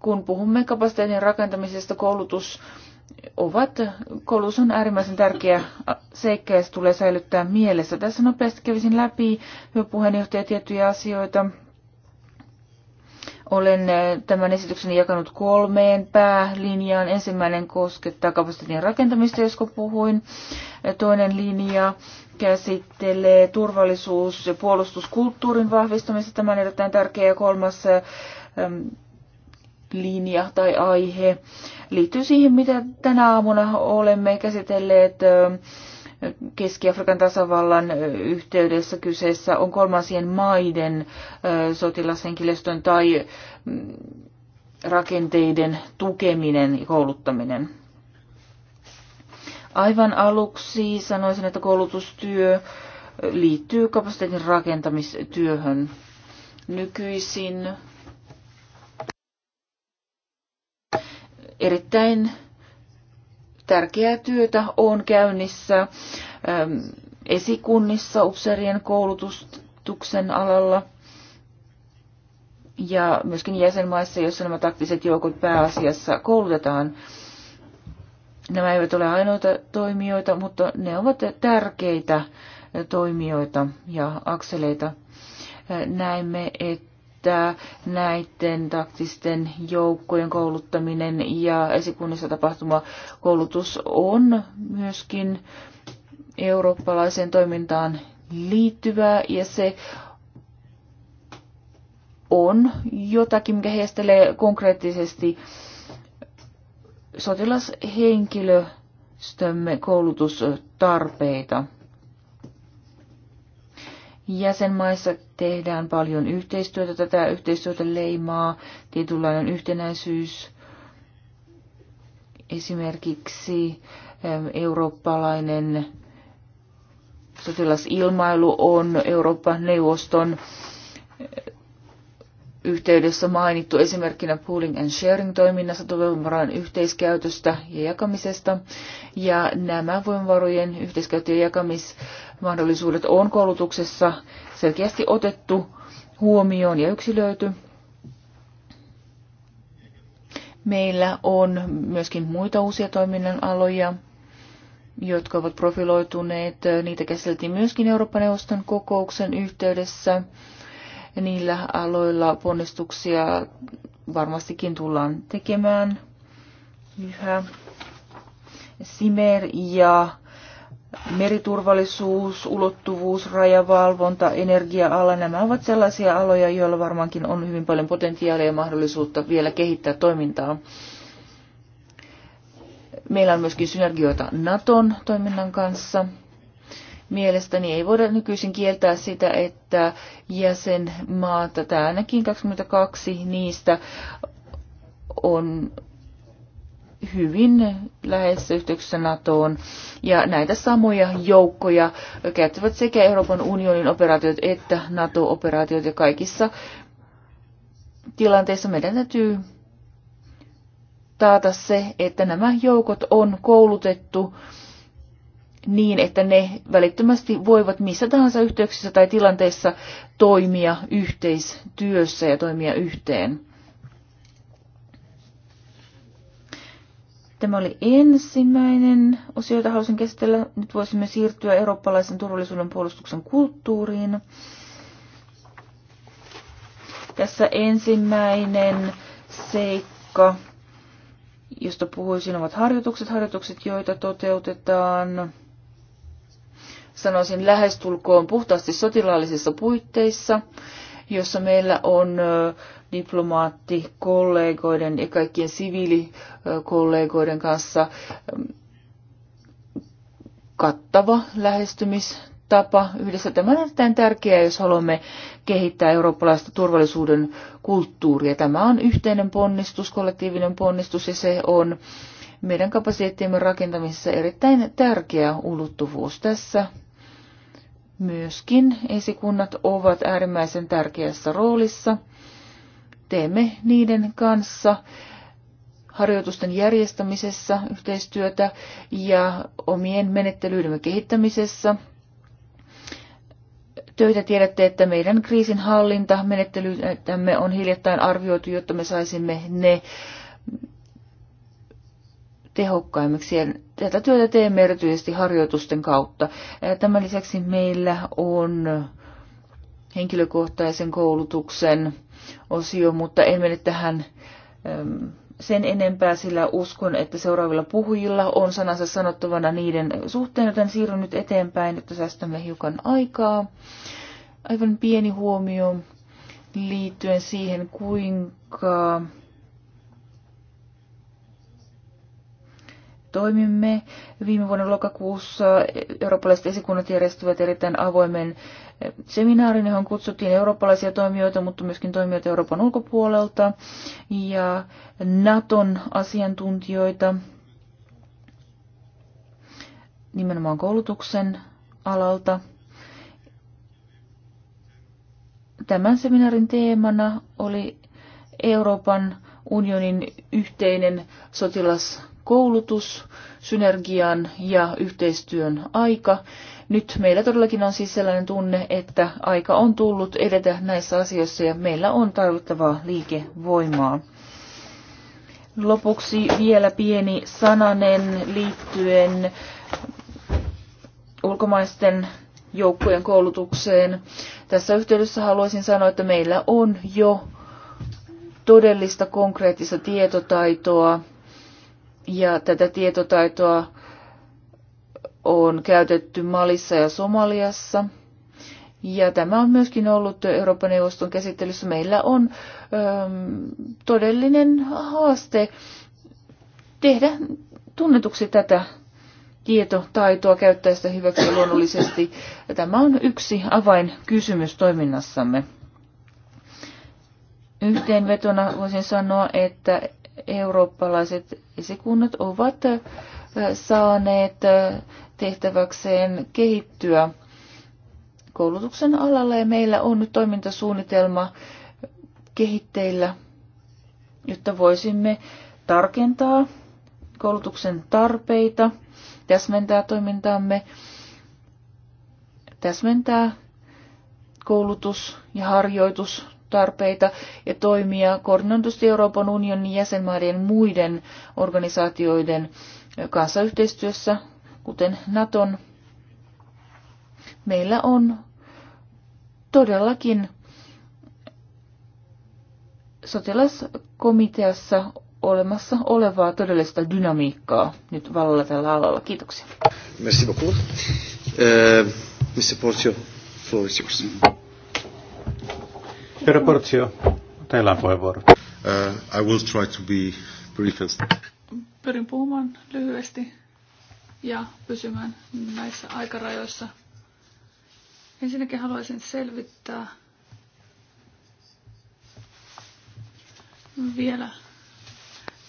Kun puhumme kapasiteetin rakentamisesta, koulutus ovat, koulutus on äärimmäisen tärkeä seikka ja se tulee säilyttää mielessä. Tässä nopeasti kävisin läpi, hyvä puheenjohtaja, tiettyjä asioita. Olen tämän esityksen jakanut kolmeen päälinjaan. Ensimmäinen koskettaa kapasiteetin rakentamista, josko puhuin. Toinen linja käsittelee turvallisuus- ja puolustuskulttuurin vahvistamista. Tämä on erittäin tärkeä kolmas linja tai aihe liittyy siihen, mitä tänä aamuna olemme käsitelleet Keski-Afrikan tasavallan yhteydessä kyseessä on kolmansien maiden sotilashenkilöstön tai rakenteiden tukeminen ja kouluttaminen. Aivan aluksi sanoisin, että koulutustyö liittyy kapasiteetin rakentamistyöhön. Nykyisin erittäin tärkeää työtä on käynnissä ähm, esikunnissa upseerien koulutuksen alalla ja myöskin jäsenmaissa, joissa nämä taktiset joukot pääasiassa koulutetaan Nämä eivät ole ainoita toimijoita, mutta ne ovat tärkeitä toimijoita ja akseleita. Näemme, että näiden taktisten joukkojen kouluttaminen ja esikunnissa tapahtuma koulutus on myöskin eurooppalaiseen toimintaan liittyvää ja se on jotakin, mikä heistelee konkreettisesti sotilashenkilöstömme koulutustarpeita. Jäsenmaissa tehdään paljon yhteistyötä. Tätä yhteistyötä leimaa tietynlainen yhtenäisyys. Esimerkiksi ähm, eurooppalainen sotilasilmailu on Euroopan neuvoston yhteydessä mainittu esimerkkinä pooling and sharing toiminnassa toivovarojen yhteiskäytöstä ja jakamisesta. Ja nämä voimavarojen yhteiskäyttö- ja jakamismahdollisuudet on koulutuksessa selkeästi otettu huomioon ja yksilöity. Meillä on myöskin muita uusia toiminnan aloja, jotka ovat profiloituneet. Niitä käsiteltiin myöskin Euroopan neuvoston kokouksen yhteydessä niillä aloilla ponnistuksia varmastikin tullaan tekemään yhä. Simer ja meriturvallisuus, ulottuvuus, rajavalvonta, energia-ala, nämä ovat sellaisia aloja, joilla varmaankin on hyvin paljon potentiaalia ja mahdollisuutta vielä kehittää toimintaa. Meillä on myöskin synergioita Naton toiminnan kanssa mielestäni niin ei voida nykyisin kieltää sitä, että jäsenmaat, tai ainakin 22 niistä, on hyvin läheisessä yhteyksessä NATOon. Ja näitä samoja joukkoja käyttävät sekä Euroopan unionin operaatiot että NATO-operaatiot. Ja kaikissa tilanteissa meidän täytyy taata se, että nämä joukot on koulutettu niin, että ne välittömästi voivat missä tahansa yhteyksissä tai tilanteessa toimia yhteistyössä ja toimia yhteen. Tämä oli ensimmäinen osio, jota halusin käsitellä. Nyt voisimme siirtyä eurooppalaisen turvallisuuden puolustuksen kulttuuriin. Tässä ensimmäinen seikka, josta puhuisin, ovat harjoitukset. Harjoitukset, joita toteutetaan sanoisin lähestulkoon puhtaasti sotilaallisissa puitteissa, jossa meillä on diplomaattikollegoiden ja kaikkien siviilikollegoiden kanssa kattava lähestymistapa yhdessä. Tämä on erittäin tärkeää, jos haluamme kehittää eurooppalaista turvallisuuden kulttuuria. Tämä on yhteinen ponnistus, kollektiivinen ponnistus ja se on meidän kapasiteettimme rakentamisessa erittäin tärkeä ulottuvuus. Tässä Myöskin esikunnat ovat äärimmäisen tärkeässä roolissa. Teemme niiden kanssa harjoitusten järjestämisessä yhteistyötä ja omien menettelyidemme kehittämisessä. Töitä tiedätte, että meidän kriisinhallintamenettelyitämme on hiljattain arvioitu, jotta me saisimme ne tehokkaimmiksi. Ja tätä työtä teemme erityisesti harjoitusten kautta. Tämän lisäksi meillä on henkilökohtaisen koulutuksen osio, mutta en mene tähän sen enempää, sillä uskon, että seuraavilla puhujilla on sanansa sanottavana niiden suhteen, joten siirryn nyt eteenpäin, että säästämme hiukan aikaa. Aivan pieni huomio liittyen siihen, kuinka toimimme. Viime vuonna lokakuussa eurooppalaiset esikunnat järjestivät erittäin avoimen seminaarin, johon kutsuttiin eurooppalaisia toimijoita, mutta myöskin toimijoita Euroopan ulkopuolelta ja Naton asiantuntijoita nimenomaan koulutuksen alalta. Tämän seminaarin teemana oli Euroopan unionin yhteinen sotilas Koulutus-synergian ja yhteistyön aika. Nyt meillä todellakin on siis sellainen tunne, että aika on tullut edetä näissä asioissa ja meillä on tarvittavaa liikevoimaa. Lopuksi vielä pieni sananen liittyen ulkomaisten joukkojen koulutukseen. Tässä yhteydessä haluaisin sanoa, että meillä on jo todellista konkreettista tietotaitoa ja tätä tietotaitoa on käytetty Malissa ja Somaliassa. Ja tämä on myöskin ollut Euroopan neuvoston käsittelyssä. Meillä on öm, todellinen haaste tehdä tunnetuksi tätä tietotaitoa, käyttää sitä hyväksi luonnollisesti. Tämä on yksi avainkysymys toiminnassamme. Yhteenvetona voisin sanoa, että eurooppalaiset esikunnat ovat saaneet tehtäväkseen kehittyä koulutuksen alalla ja meillä on nyt toimintasuunnitelma kehitteillä, jotta voisimme tarkentaa koulutuksen tarpeita, täsmentää toimintaamme, täsmentää koulutus- ja harjoitus tarpeita ja toimia koordinoidusti Euroopan unionin jäsenmaiden muiden organisaatioiden kanssa yhteistyössä, kuten Naton. Meillä on todellakin sotilaskomiteassa olemassa olevaa todellista dynamiikkaa nyt vallalla tällä alalla. Kiitoksia. Merci beaucoup. Uh, Mr. Portio, floor is yours. Herra Portsio, teillä on puheenvuoro. Uh, I will try to be brief as... Pyrin puhumaan lyhyesti ja pysymään näissä aikarajoissa. Ensinnäkin haluaisin selvittää vielä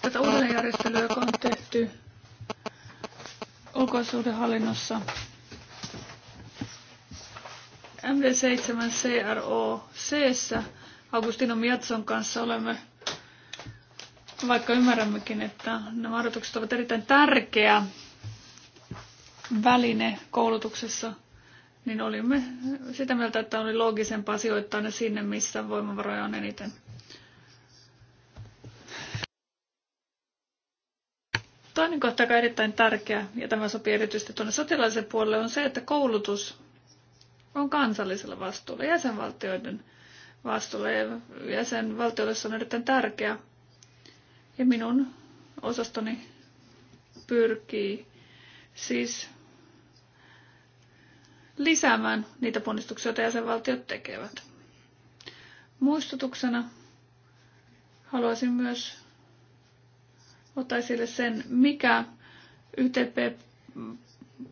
tätä uudelleenjärjestelyä, joka on tehty ulkoisuudenhallinnossa mv 7 CRO Cssä Agustino Miatson kanssa olemme, vaikka ymmärrämmekin, että nämä harjoitukset ovat erittäin tärkeä väline koulutuksessa, niin olimme sitä mieltä, että oli loogisempaa sijoittaa ne sinne, missä voimavaroja on eniten. Toinen kohta, joka on erittäin tärkeä, ja tämä sopii erityisesti tuonne sotilaisen puolelle, on se, että koulutus on kansallisella vastuulla, jäsenvaltioiden vastuulla. Ja jäsenvaltioille se on erittäin tärkeä. Ja minun osastoni pyrkii siis lisäämään niitä ponnistuksia, joita jäsenvaltiot tekevät. Muistutuksena haluaisin myös ottaa esille sen, mikä YTP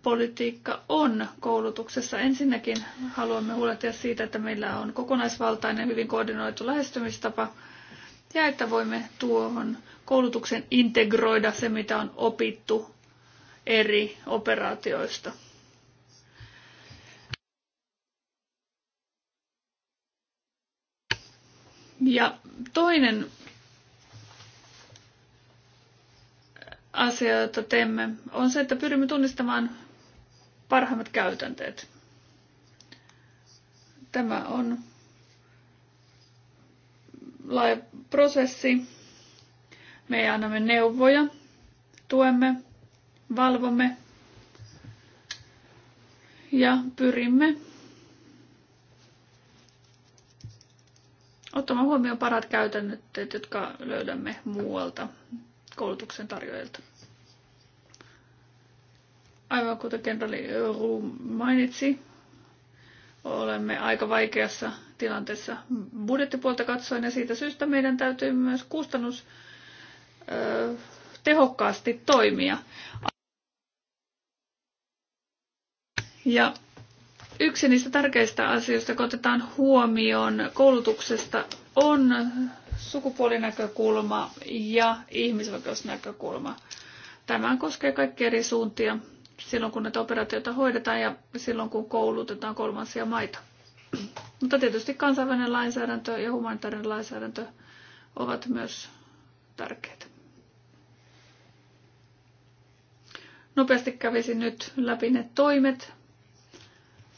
politiikka on koulutuksessa. Ensinnäkin haluamme huolehtia siitä, että meillä on kokonaisvaltainen, hyvin koordinoitu lähestymistapa ja että voimme tuohon koulutuksen integroida se, mitä on opittu eri operaatioista. Ja toinen asia, jota teemme, on se, että pyrimme tunnistamaan parhaimmat käytänteet. Tämä on laaja prosessi. Me annamme neuvoja, tuemme, valvomme ja pyrimme ottamaan huomioon parhaat käytännöt, jotka löydämme muualta koulutuksen tarjoajilta. Aivan kuten kenraali Room mainitsi, olemme aika vaikeassa tilanteessa budjettipuolta katsoen ja siitä syystä meidän täytyy myös kustannus ö, tehokkaasti toimia. Ja yksi niistä tärkeistä asioista, kun otetaan huomioon koulutuksesta, on sukupuolinäkökulma ja ihmisoikeusnäkökulma. Tämä koskee kaikkia eri suuntia silloin, kun näitä operaatioita hoidetaan ja silloin, kun koulutetaan kolmansia maita. Mutta tietysti kansainvälinen lainsäädäntö ja humanitaarinen lainsäädäntö ovat myös tärkeitä. Nopeasti kävisin nyt läpi ne toimet,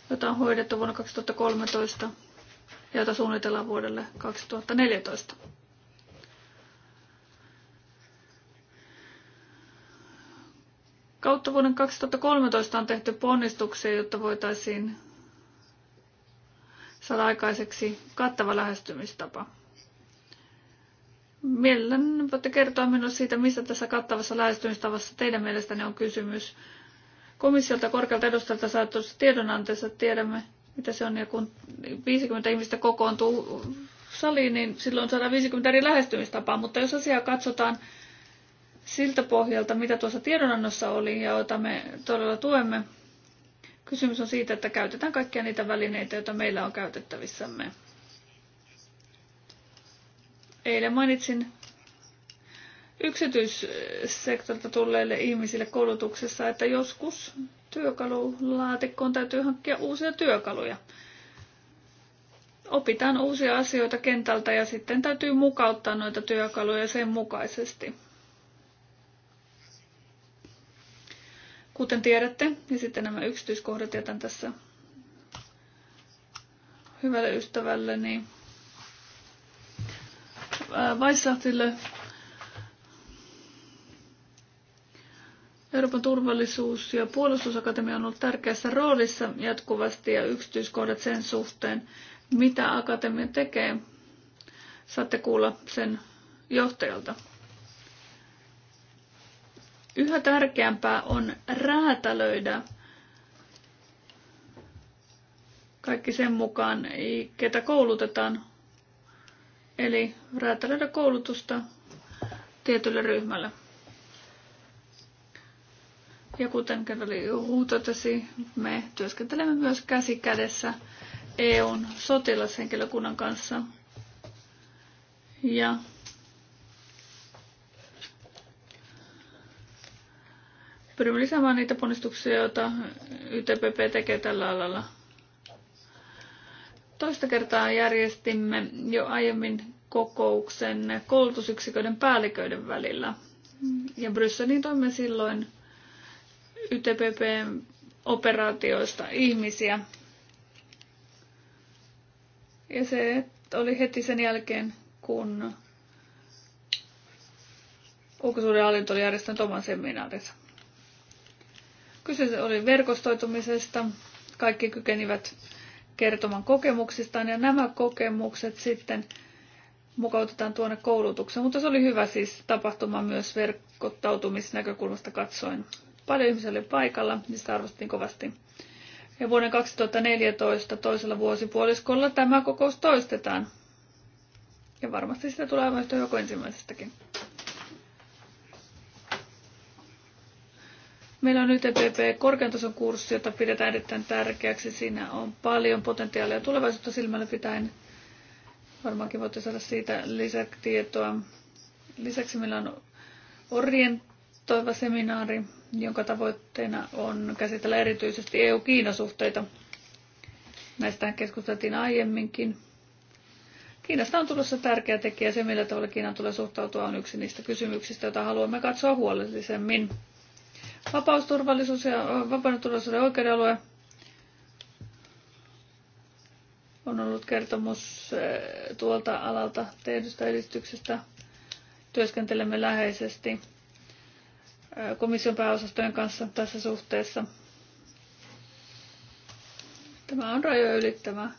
joita on hoidettu vuonna 2013 ja joita suunnitellaan vuodelle 2014. Kautta vuoden 2013 on tehty ponnistuksia, jotta voitaisiin saada aikaiseksi kattava lähestymistapa. Mielelläni voitte kertoa minulle siitä, missä tässä kattavassa lähestymistavassa teidän mielestänne on kysymys. Komissiolta korkealta edustajalta saatussa tiedonanteessa tiedämme, mitä se on, ja kun 50 ihmistä kokoontuu saliin, niin silloin 150 eri lähestymistapaa, mutta jos asiaa katsotaan siltä pohjalta, mitä tuossa tiedonannossa oli ja jota me todella tuemme. Kysymys on siitä, että käytetään kaikkia niitä välineitä, joita meillä on käytettävissämme. Eilen mainitsin yksityissektorilta tulleille ihmisille koulutuksessa, että joskus työkalulaatikkoon täytyy hankkia uusia työkaluja. Opitaan uusia asioita kentältä ja sitten täytyy mukauttaa noita työkaluja sen mukaisesti. Kuten tiedätte, niin sitten nämä yksityiskohdat jätän tässä hyvälle ystävälleni Weissahtille. Euroopan turvallisuus- ja puolustusakatemia on ollut tärkeässä roolissa jatkuvasti ja yksityiskohdat sen suhteen, mitä akatemia tekee. Saatte kuulla sen johtajalta. Yhä tärkeämpää on räätälöidä kaikki sen mukaan, ketä koulutetaan. Eli räätälöidä koulutusta tietylle ryhmälle. Ja kuten kerralli huutotesi, me työskentelemme myös käsi kädessä EUn sotilashenkilökunnan kanssa. Ja Pyrimme lisäämään niitä ponnistuksia, joita YTPP tekee tällä alalla. Toista kertaa järjestimme jo aiemmin kokouksen koulutusyksiköiden päälliköiden välillä. Ja Brysselin toimme silloin YTPP-operaatioista ihmisiä. Ja se oli heti sen jälkeen, kun ulkosuuden hallinto oli järjestänyt oman seminaarinsa. Kyse oli verkostoitumisesta. Kaikki kykenivät kertomaan kokemuksistaan ja nämä kokemukset sitten mukautetaan tuonne koulutukseen. Mutta se oli hyvä siis tapahtuma myös verkottautumisnäkökulmasta katsoen. Paljon ihmisiä oli paikalla, niistä arvostettiin kovasti. Ja vuoden 2014 toisella vuosipuoliskolla tämä kokous toistetaan. Ja varmasti sitä tulee aivan yhtä joko ensimmäisestäkin. Meillä on YTPP korkean tason kurssi, jota pidetään erittäin tärkeäksi. Siinä on paljon potentiaalia tulevaisuutta silmällä pitäen. Varmaankin voitte saada siitä lisätietoa. Lisäksi meillä on orientoiva seminaari, jonka tavoitteena on käsitellä erityisesti EU-Kiinasuhteita. Näistä keskusteltiin aiemminkin. Kiinasta on tulossa tärkeä tekijä. Se, millä tavalla Kiinan tulee suhtautua, on yksi niistä kysymyksistä, joita haluamme katsoa huolellisemmin. Vapaus, turvallisuus ja vapauden turvallisuuden oikeudenalue on ollut kertomus tuolta alalta tehdystä edistyksestä. Työskentelemme läheisesti komission pääosastojen kanssa tässä suhteessa. Tämä on rajoja ylittävä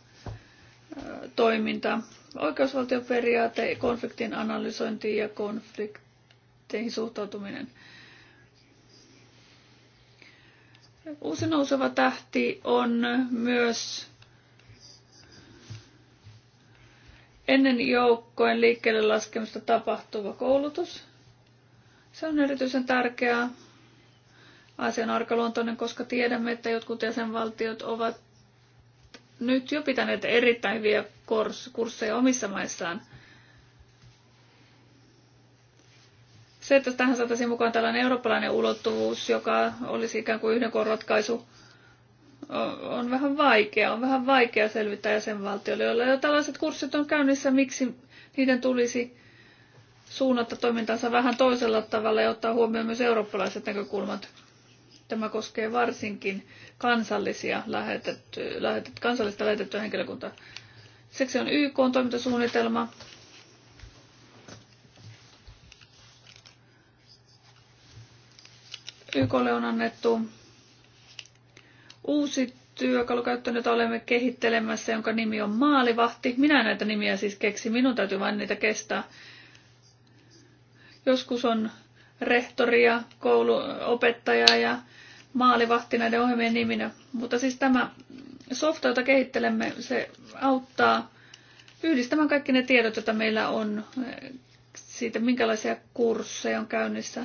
toiminta. Oikeusvaltioperiaate, konfliktin analysointi ja konflikteihin suhtautuminen – Uusi nouseva tähti on myös ennen joukkojen liikkeelle laskemista tapahtuva koulutus. Se on erityisen tärkeää. Asia arkaluontoinen, koska tiedämme, että jotkut jäsenvaltiot ovat nyt jo pitäneet erittäin hyviä kursseja omissa maissaan – Se, että tähän saataisiin mukaan tällainen eurooppalainen ulottuvuus, joka olisi ikään kuin yhden ratkaisu, on vähän vaikea. On vähän vaikea selvittää jäsenvaltioille, joilla jo tällaiset kurssit on käynnissä, miksi niiden tulisi suunnata toimintansa vähän toisella tavalla ja ottaa huomioon myös eurooppalaiset näkökulmat. Tämä koskee varsinkin kansallisia lähetetty, lähetet, kansallista lähetettyä henkilökuntaa. Lisäksi on YK on toimintasuunnitelma, YKlle on annettu uusi työkalu käyttöön, jota olemme kehittelemässä, jonka nimi on Maalivahti. Minä näitä nimiä siis keksi, minun täytyy vain niitä kestää. Joskus on rehtoria, kouluopettajaa ja maalivahti näiden ohjelmien niminä. Mutta siis tämä softa, jota kehittelemme, se auttaa yhdistämään kaikki ne tiedot, joita meillä on siitä, minkälaisia kursseja on käynnissä,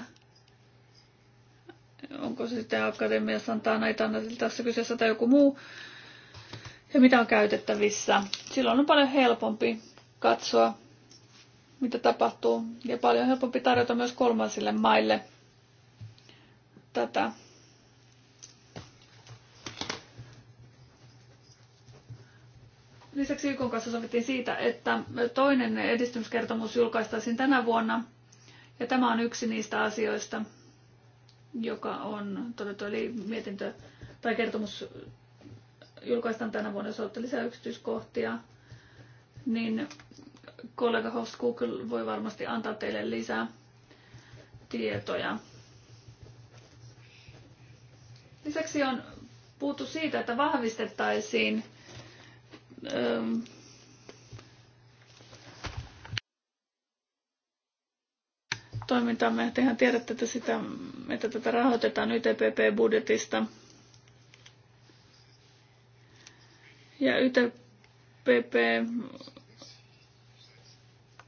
onko se sitten Akademia antaa näitä tässä kyseessä tai joku muu, ja mitä on käytettävissä. Silloin on paljon helpompi katsoa, mitä tapahtuu, ja paljon helpompi tarjota myös kolmansille maille tätä. Lisäksi YK kanssa sovittiin siitä, että toinen edistymiskertomus julkaistaisiin tänä vuonna, ja tämä on yksi niistä asioista, joka on todettu, eli mietintö tai kertomus julkaistaan tänä vuonna, jos olette lisää yksityiskohtia, niin kollega Google voi varmasti antaa teille lisää tietoja. Lisäksi on puhuttu siitä, että vahvistettaisiin ähm, toimintaamme. Tehän tiedätte, että, sitä, että tätä rahoitetaan YTPP-budjetista. E ja YTPP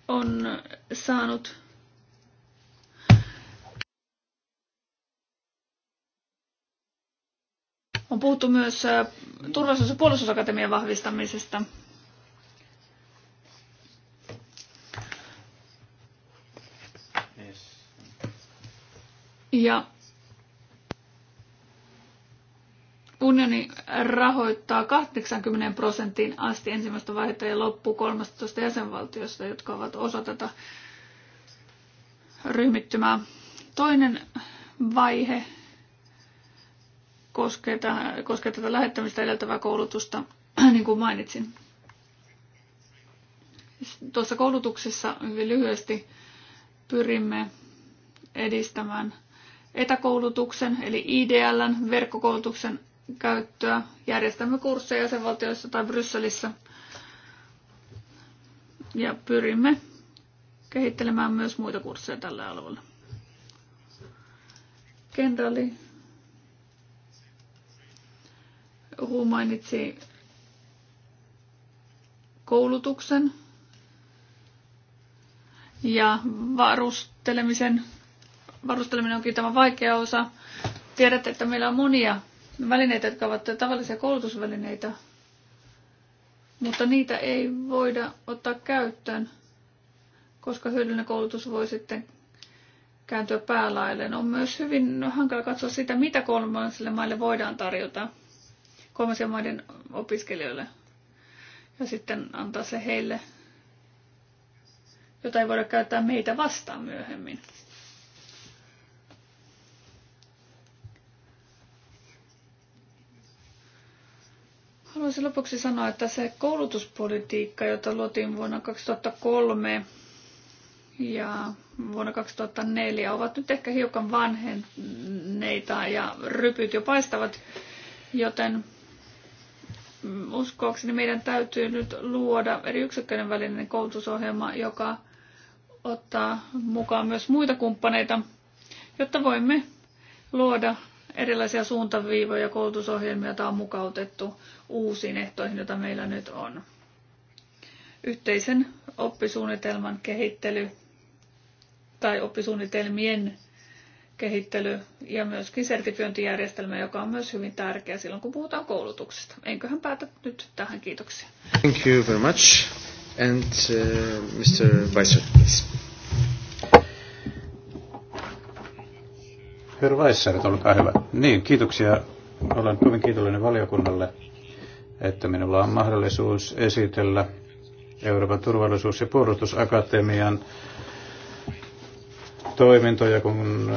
on saanut On puhuttu myös äh, turvallisuus- ja puolustusakatemian vahvistamisesta. Ja unioni rahoittaa 80 prosenttiin asti ensimmäistä vaihetta ja loppu 13 jäsenvaltiosta, jotka ovat osa tätä ryhmittymää. Toinen vaihe koskee, tähän, koskee tätä lähettämistä edeltävää koulutusta, niin kuin mainitsin. Tuossa koulutuksessa hyvin lyhyesti pyrimme edistämään – etäkoulutuksen eli IDLn verkkokoulutuksen käyttöä. Järjestämme kursseja jäsenvaltioissa tai Brysselissä ja pyrimme kehittelemään myös muita kursseja tällä alueella. Kenraali Hu mainitsi koulutuksen ja varustelemisen varusteleminen onkin tämä vaikea osa. Tiedätte, että meillä on monia välineitä, jotka ovat tavallisia koulutusvälineitä, mutta niitä ei voida ottaa käyttöön, koska hyödyllinen koulutus voi sitten kääntyä päälailleen. On myös hyvin hankala katsoa sitä, mitä kolmansille maille voidaan tarjota kolmansien maiden opiskelijoille ja sitten antaa se heille, jota ei voida käyttää meitä vastaan myöhemmin. Haluaisin lopuksi sanoa, että se koulutuspolitiikka, jota luotiin vuonna 2003 ja vuonna 2004, ovat nyt ehkä hiukan vanhenneita ja rypyt jo paistavat, joten uskoakseni meidän täytyy nyt luoda eri yksiköiden välinen koulutusohjelma, joka ottaa mukaan myös muita kumppaneita, jotta voimme luoda erilaisia suuntaviivoja, koulutusohjelmia, joita on mukautettu uusiin ehtoihin, joita meillä nyt on. Yhteisen oppisuunnitelman kehittely tai oppisuunnitelmien kehittely ja myöskin sertifiointijärjestelmä, joka on myös hyvin tärkeä silloin, kun puhutaan koulutuksesta. Enköhän päätä nyt tähän. Kiitoksia. Thank you very much. And uh, Mr. please. Herra Weisser, olkaa hyvä. Niin, kiitoksia. Olen kovin kiitollinen valiokunnalle, että minulla on mahdollisuus esitellä Euroopan turvallisuus- ja puolustusakatemian toimintoja, kun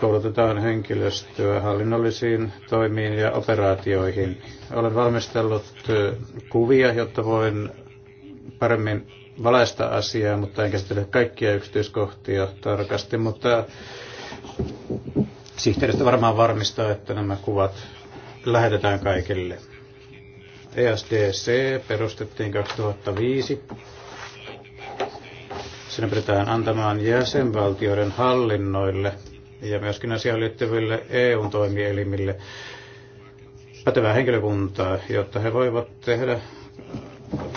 koulutetaan henkilöstöä hallinnollisiin toimiin ja operaatioihin. Olen valmistellut kuvia, jotta voin paremmin valaista asiaa, mutta en käsitellä kaikkia yksityiskohtia tarkasti, mutta Sihteeristö varmaan varmistaa, että nämä kuvat lähetetään kaikille. ESDC perustettiin 2005. Siinä pyritään antamaan jäsenvaltioiden hallinnoille ja myöskin asiaan liittyville EU-toimielimille pätevää henkilökuntaa, jotta he voivat tehdä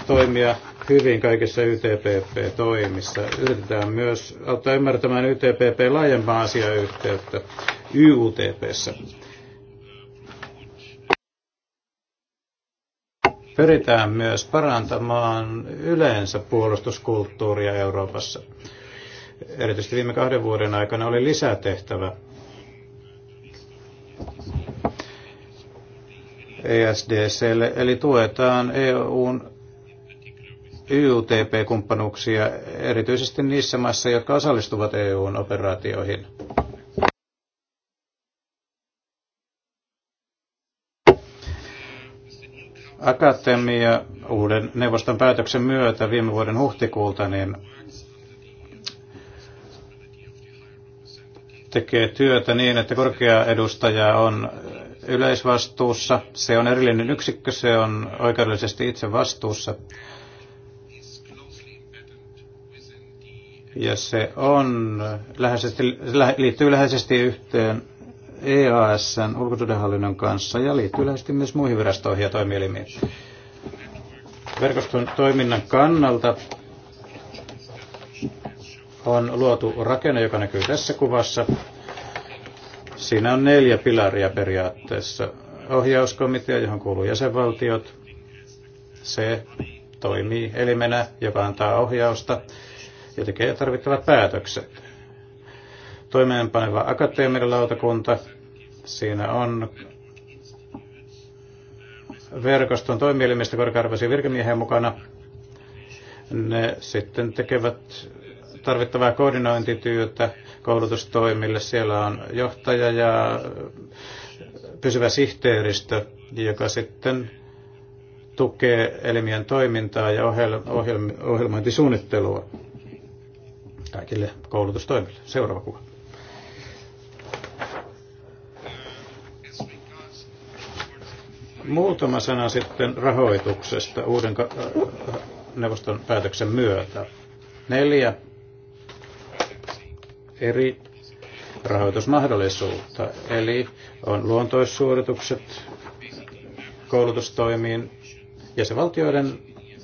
toimia hyvin kaikissa YTPP-toimissa. Yritetään myös auttaa ymmärtämään YTPP laajempaa asiayhteyttä YUTPssä. Pyritään myös parantamaan yleensä puolustuskulttuuria Euroopassa. Erityisesti viime kahden vuoden aikana oli lisätehtävä ESDClle, eli tuetaan EUn YUTP-kumppanuuksia, erityisesti niissä maissa, jotka osallistuvat EUn operaatioihin. Akatemia uuden neuvoston päätöksen myötä viime vuoden huhtikuulta niin tekee työtä niin, että korkea edustaja on yleisvastuussa. Se on erillinen yksikkö, se on oikeudellisesti itse vastuussa ja se on läheisesti, liittyy läheisesti yhteen EASn ulkosuhdehallinnon kanssa ja liittyy läheisesti myös muihin virastoihin ja toimielimiin. Verkoston toiminnan kannalta on luotu rakenne, joka näkyy tässä kuvassa. Siinä on neljä pilaria periaatteessa. Ohjauskomitea, johon kuuluu jäsenvaltiot. Se toimii elimenä, joka antaa ohjausta ja tekee tarvittavat päätökset. Toimeenpaneva akateeminen lautakunta, siinä on verkoston toimielimistä korkearvoisia virkamiehiä mukana. Ne sitten tekevät tarvittavaa koordinointityötä koulutustoimille. Siellä on johtaja ja pysyvä sihteeristö, joka sitten tukee elimien toimintaa ja ohjelmointisuunnittelua kaikille koulutustoimille. Seuraava kuva. Muutama sana sitten rahoituksesta uuden äh, neuvoston päätöksen myötä. Neljä eri rahoitusmahdollisuutta. Eli on luontoissuoritukset koulutustoimiin jäsenvaltioiden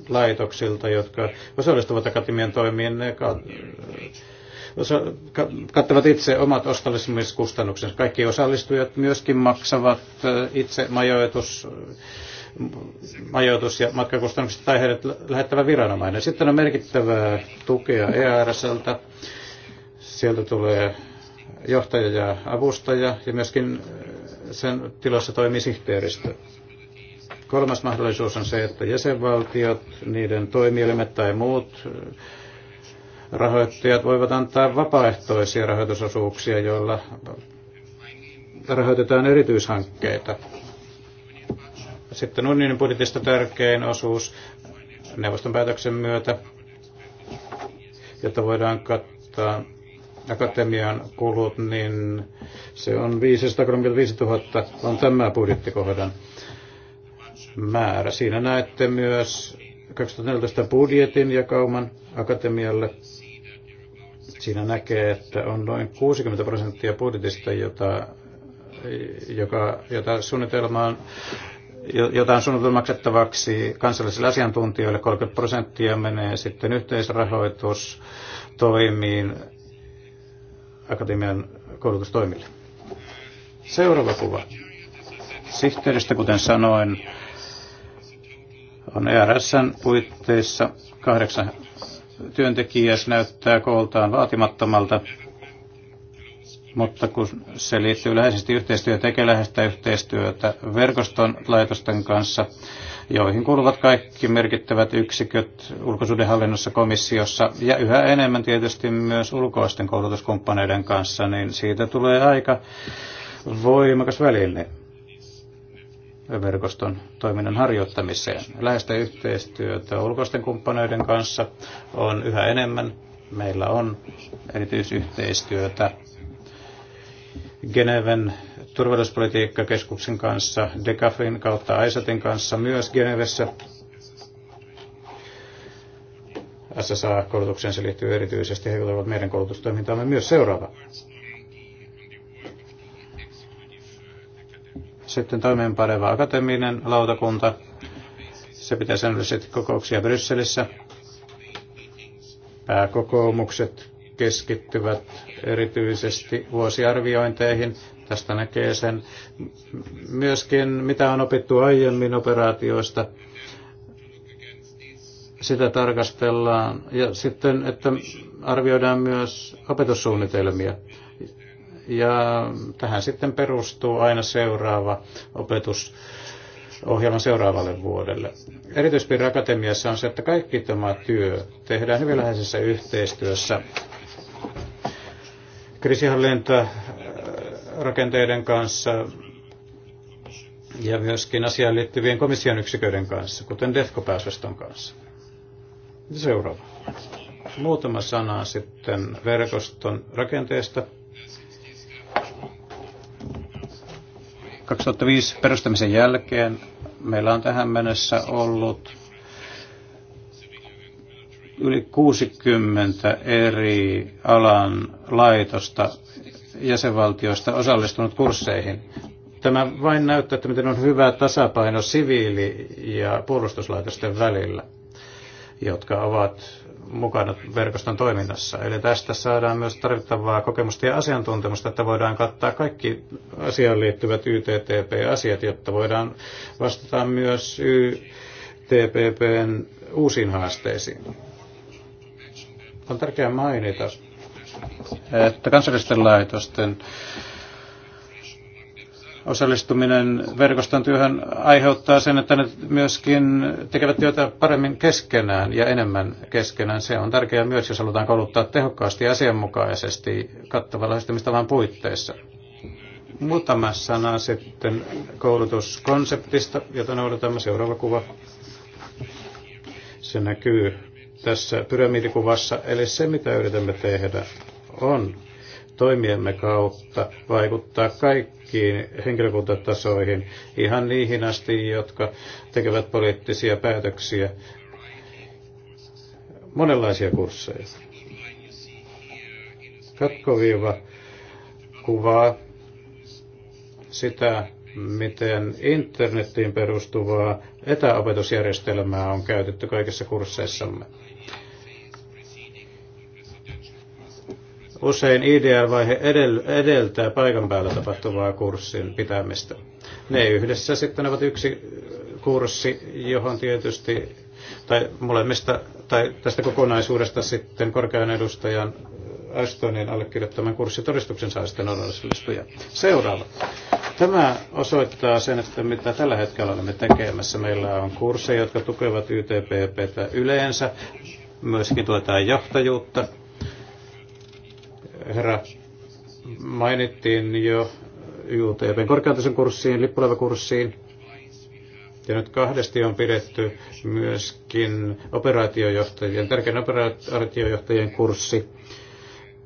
laitoksilta, jotka osallistuvat akatemian toimiin, ne kattavat itse omat osallistumiskustannuksensa. Kaikki osallistujat myöskin maksavat eh, itse majoitus, majoitus- ja matkakustannukset tai heidät lähettävä viranomainen. Sitten on merkittävää tukea EARSltä. Sieltä tulee johtaja ja avustaja ja myöskin sen tilassa toimii sihteeristö. Kolmas mahdollisuus on se, että jäsenvaltiot, niiden toimielimet tai muut rahoittajat voivat antaa vapaaehtoisia rahoitusosuuksia, joilla rahoitetaan erityishankkeita. Sitten unionin budjetista tärkein osuus neuvoston päätöksen myötä, jotta voidaan kattaa akatemian kulut, niin se on 535 000 on tämä budjettikohdan määrä. Siinä näette myös 2014 budjetin jakauman akatemialle. Siinä näkee, että on noin 60 prosenttia budjetista, jota, joka, jota suunnitelmaan on suunniteltu maksettavaksi kansallisille asiantuntijoille. 30 prosenttia menee sitten yhteisrahoitustoimiin akatemian koulutustoimille. Seuraava kuva. Sihteeristä, kuten sanoin, on ERSn puitteissa kahdeksan työntekijä näyttää kooltaan vaatimattomalta, mutta kun se liittyy läheisesti yhteistyötä, tekee läheistä yhteistyötä verkoston laitosten kanssa, joihin kuuluvat kaikki merkittävät yksiköt ulkosuudenhallinnossa, komissiossa ja yhä enemmän tietysti myös ulkoisten koulutuskumppaneiden kanssa, niin siitä tulee aika voimakas väline verkoston toiminnan harjoittamiseen. Läheistä yhteistyötä ulkoisten kumppaneiden kanssa on yhä enemmän. Meillä on erityisyhteistyötä Geneven turvallisuuspolitiikkakeskuksen kanssa, DECAFin kautta AISATin kanssa myös Genevessä. SSA-koulutukseen se liittyy erityisesti, he ovat meidän koulutustoimintaamme myös seuraava. Sitten toimeenpaneva akateeminen lautakunta. Se pitää säännöllisesti kokouksia Brysselissä. Pääkokoumukset keskittyvät erityisesti vuosiarviointeihin. Tästä näkee sen myöskin, mitä on opittu aiemmin operaatioista. Sitä tarkastellaan ja sitten, että arvioidaan myös opetussuunnitelmia ja tähän sitten perustuu aina seuraava opetus ohjelman seuraavalle vuodelle. Erityispiirre akatemiassa on se, että kaikki tämä työ tehdään hyvin läheisessä yhteistyössä kriisinhallintarakenteiden kanssa ja myöskin asiaan liittyvien komission yksiköiden kanssa, kuten DEFCO-pääosaston kanssa. Seuraava. Muutama sana sitten verkoston rakenteesta. 2005 perustamisen jälkeen meillä on tähän mennessä ollut yli 60 eri alan laitosta jäsenvaltioista osallistunut kursseihin. Tämä vain näyttää, että miten on hyvä tasapaino siviili- ja puolustuslaitosten välillä, jotka ovat mukana verkoston toiminnassa. Eli tästä saadaan myös tarvittavaa kokemusta ja asiantuntemusta, että voidaan kattaa kaikki asiaan liittyvät YTTP-asiat, jotta voidaan vastata myös YTPPn uusiin haasteisiin. On tärkeää mainita, että kansallisten laitosten osallistuminen verkoston työhön aiheuttaa sen, että ne myöskin tekevät työtä paremmin keskenään ja enemmän keskenään. Se on tärkeää myös, jos halutaan kouluttaa tehokkaasti ja asianmukaisesti lähestymistä vain puitteissa. Muutama sana sitten koulutuskonseptista, jota noudatamme. Seuraava kuva. Se näkyy tässä pyramidikuvassa. Eli se, mitä yritämme tehdä, on toimiemme kautta vaikuttaa kaikkiin henkilökuntatasoihin, ihan niihin asti, jotka tekevät poliittisia päätöksiä, monenlaisia kursseja. Katkoviiva kuvaa sitä, miten internetiin perustuvaa etäopetusjärjestelmää on käytetty kaikissa kursseissamme. Usein IDR-vaihe edeltää paikan päällä tapahtuvaa kurssin pitämistä. Ne yhdessä sitten ovat yksi äh, kurssi, johon tietysti, tai molemmista, tai tästä kokonaisuudesta sitten korkean edustajan äh, Ashtonin allekirjoittaman kurssitodistuksen saa sitten osallistuja. Seuraava. Tämä osoittaa sen, että mitä tällä hetkellä olemme tekemässä. Meillä on kursseja, jotka tukevat YTPPtä yleensä. Myöskin tuetaan johtajuutta, herra, mainittiin jo YUTPn korkeantaisen kurssiin, lippulevakurssiin. Ja nyt kahdesti on pidetty myöskin operaatiojohtajien, tärkeän operaatiojohtajien kurssi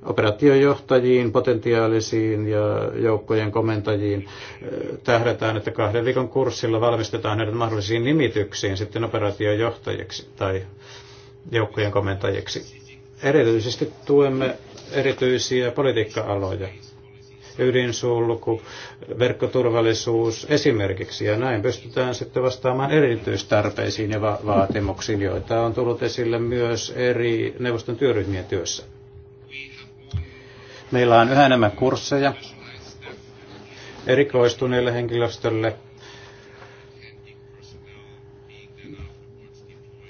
operaatiojohtajiin, potentiaalisiin ja joukkojen komentajiin äh, tähdätään, että kahden viikon kurssilla valmistetaan heidät mahdollisiin nimityksiin sitten operaatiojohtajiksi tai joukkojen komentajiksi. Erityisesti tuemme erityisiä politiikka-aloja. Ydinsulku, verkkoturvallisuus esimerkiksi, ja näin pystytään sitten vastaamaan erityistarpeisiin ja va- vaatimuksiin, joita on tullut esille myös eri neuvoston työryhmien työssä. Meillä on yhä enemmän kursseja erikoistuneille henkilöstölle –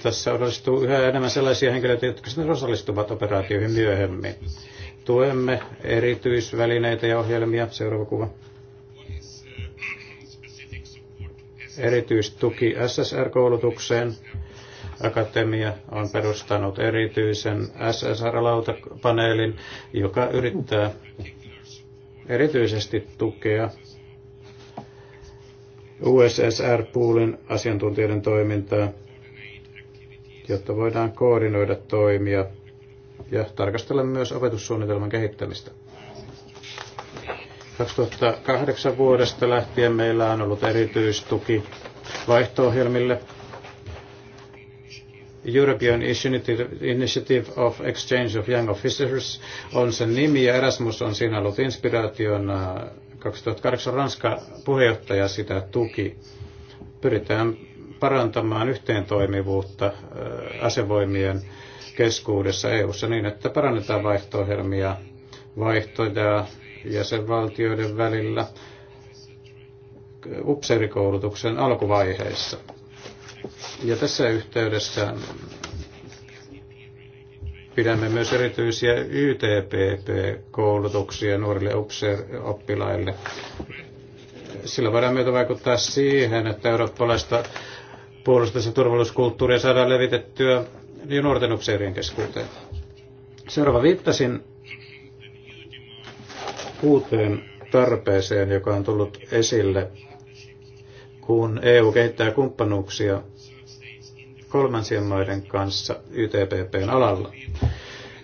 tässä osallistuu yhä enemmän sellaisia henkilöitä, jotka sitten osallistuvat operaatioihin myöhemmin. Tuemme erityisvälineitä ja ohjelmia. Seuraava kuva. Erityistuki SSR-koulutukseen. Akatemia on perustanut erityisen SSR-lautapaneelin, joka yrittää erityisesti tukea USSR-puulin asiantuntijoiden toimintaa jotta voidaan koordinoida toimia ja tarkastella myös opetussuunnitelman kehittämistä. 2008 vuodesta lähtien meillä on ollut erityistuki vaihto-ohjelmille. European Initiative of Exchange of Young Officers on sen nimi ja Erasmus on siinä ollut inspiraationa. Äh, 2008 Ranska puheenjohtaja sitä tuki. Pyritään parantamaan yhteentoimivuutta asevoimien keskuudessa EU:ssa niin, että parannetaan vaihtoehdelmia vaihtoja jäsenvaltioiden välillä upseerikoulutuksen alkuvaiheessa. Ja tässä yhteydessä pidämme myös erityisiä YTPP-koulutuksia nuorille upseer-oppilaille. Sillä voidaan myötä vaikuttaa siihen, että eurooppalaista puolustus- ja turvallisuuskulttuuria saadaan levitettyä jo nuorten upseerien keskuuteen. Seuraava viittasin uuteen tarpeeseen, joka on tullut esille, kun EU kehittää kumppanuuksia kolmansien maiden kanssa YTPPn alalla.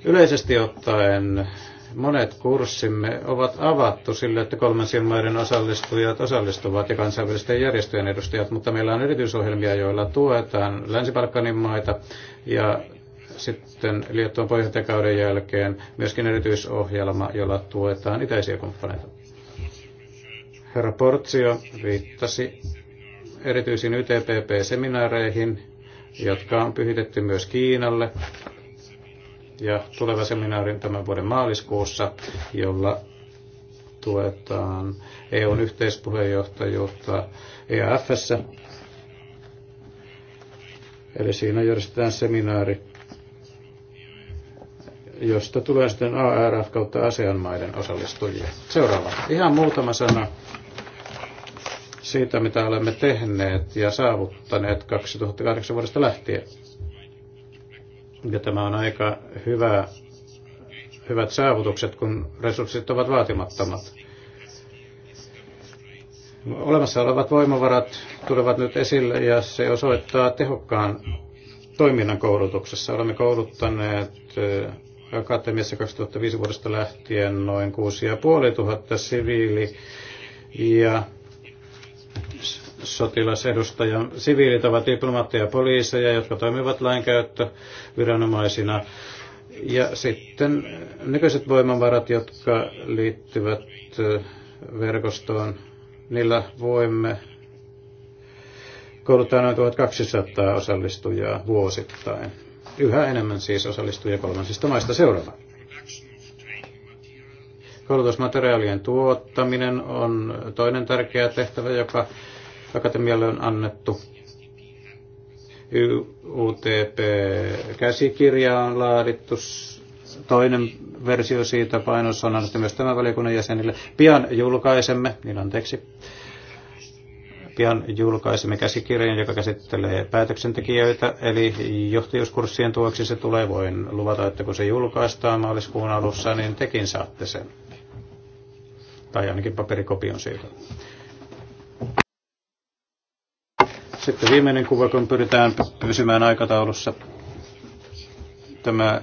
Yleisesti ottaen Monet kurssimme ovat avattu sille, että kolmansien maiden osallistujat osallistuvat ja kansainvälisten järjestöjen edustajat, mutta meillä on erityisohjelmia, joilla tuetaan Länsi-Balkanin maita ja sitten Liettuan pohjantekauden jälkeen myöskin erityisohjelma, jolla tuetaan itäisiä kumppaneita. Herra Portsio viittasi erityisiin YTPP-seminaareihin, jotka on pyhitetty myös Kiinalle ja tuleva seminaari tämän vuoden maaliskuussa, jolla tuetaan EUn yhteispuheenjohtajuutta EAFS. Eli siinä järjestetään seminaari, josta tulee sitten ARF kautta asianmaiden osallistujia. Seuraava. Ihan muutama sana siitä, mitä olemme tehneet ja saavuttaneet 2008 vuodesta lähtien ja tämä on aika hyvä, hyvät saavutukset, kun resurssit ovat vaatimattomat. Olemassa olevat voimavarat tulevat nyt esille ja se osoittaa tehokkaan toiminnan koulutuksessa. Olemme kouluttaneet äh, akatemiassa 2005 vuodesta lähtien noin 6500 siviili- ja sotilasedustaja. Siviilit ovat diplomaatteja ja poliiseja, jotka toimivat lainkäyttöviranomaisina. Ja sitten nykyiset voimavarat, jotka liittyvät eh, verkostoon, niillä voimme kouluttaa noin 1200 osallistujaa vuosittain. Yhä enemmän siis osallistujia kolmansista maista seuraava. Koulutusmateriaalien tuottaminen on toinen tärkeä tehtävä, joka akatemialle on annettu. UTP-käsikirja on laadittu, toinen versio siitä painossa on annettu myös tämän valiokunnan jäsenille. Pian julkaisemme, niin anteeksi, pian julkaisemme käsikirjan, joka käsittelee päätöksentekijöitä, eli johtajuuskurssien tueksi se tulee. Voin luvata, että kun se julkaistaan maaliskuun alussa, niin tekin saatte sen. Tai ainakin paperikopion siitä. Sitten viimeinen kuva, kun pyritään pysymään aikataulussa. Tämä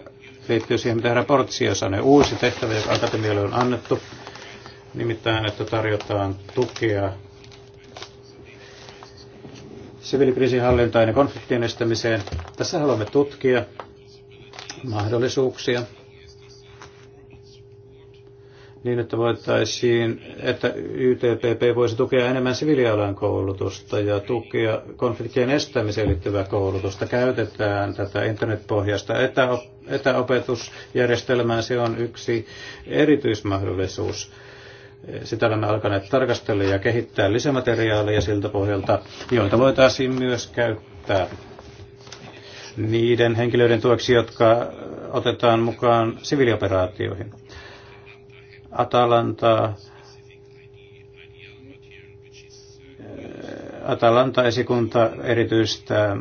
liittyy siihen, mitä herra Portsio sanoi. Uusi tehtävä, joka akatemialle on annettu, nimittäin, että tarjotaan tukea siviilikriisinhallintaan ja konfliktien estämiseen. Tässä haluamme tutkia mahdollisuuksia niin, että voitaisiin, että YTPP voisi tukea enemmän siviilialan koulutusta ja tukea konfliktien estämiseen liittyvää koulutusta. Käytetään tätä internetpohjaista etäopetusjärjestelmää. Se on yksi erityismahdollisuus. Sitä olemme alkaneet tarkastella ja kehittää lisämateriaaleja siltä pohjalta, joita voitaisiin myös käyttää niiden henkilöiden tueksi, jotka otetaan mukaan siviilioperaatioihin atalanta, Atalanta-esikunta erityistä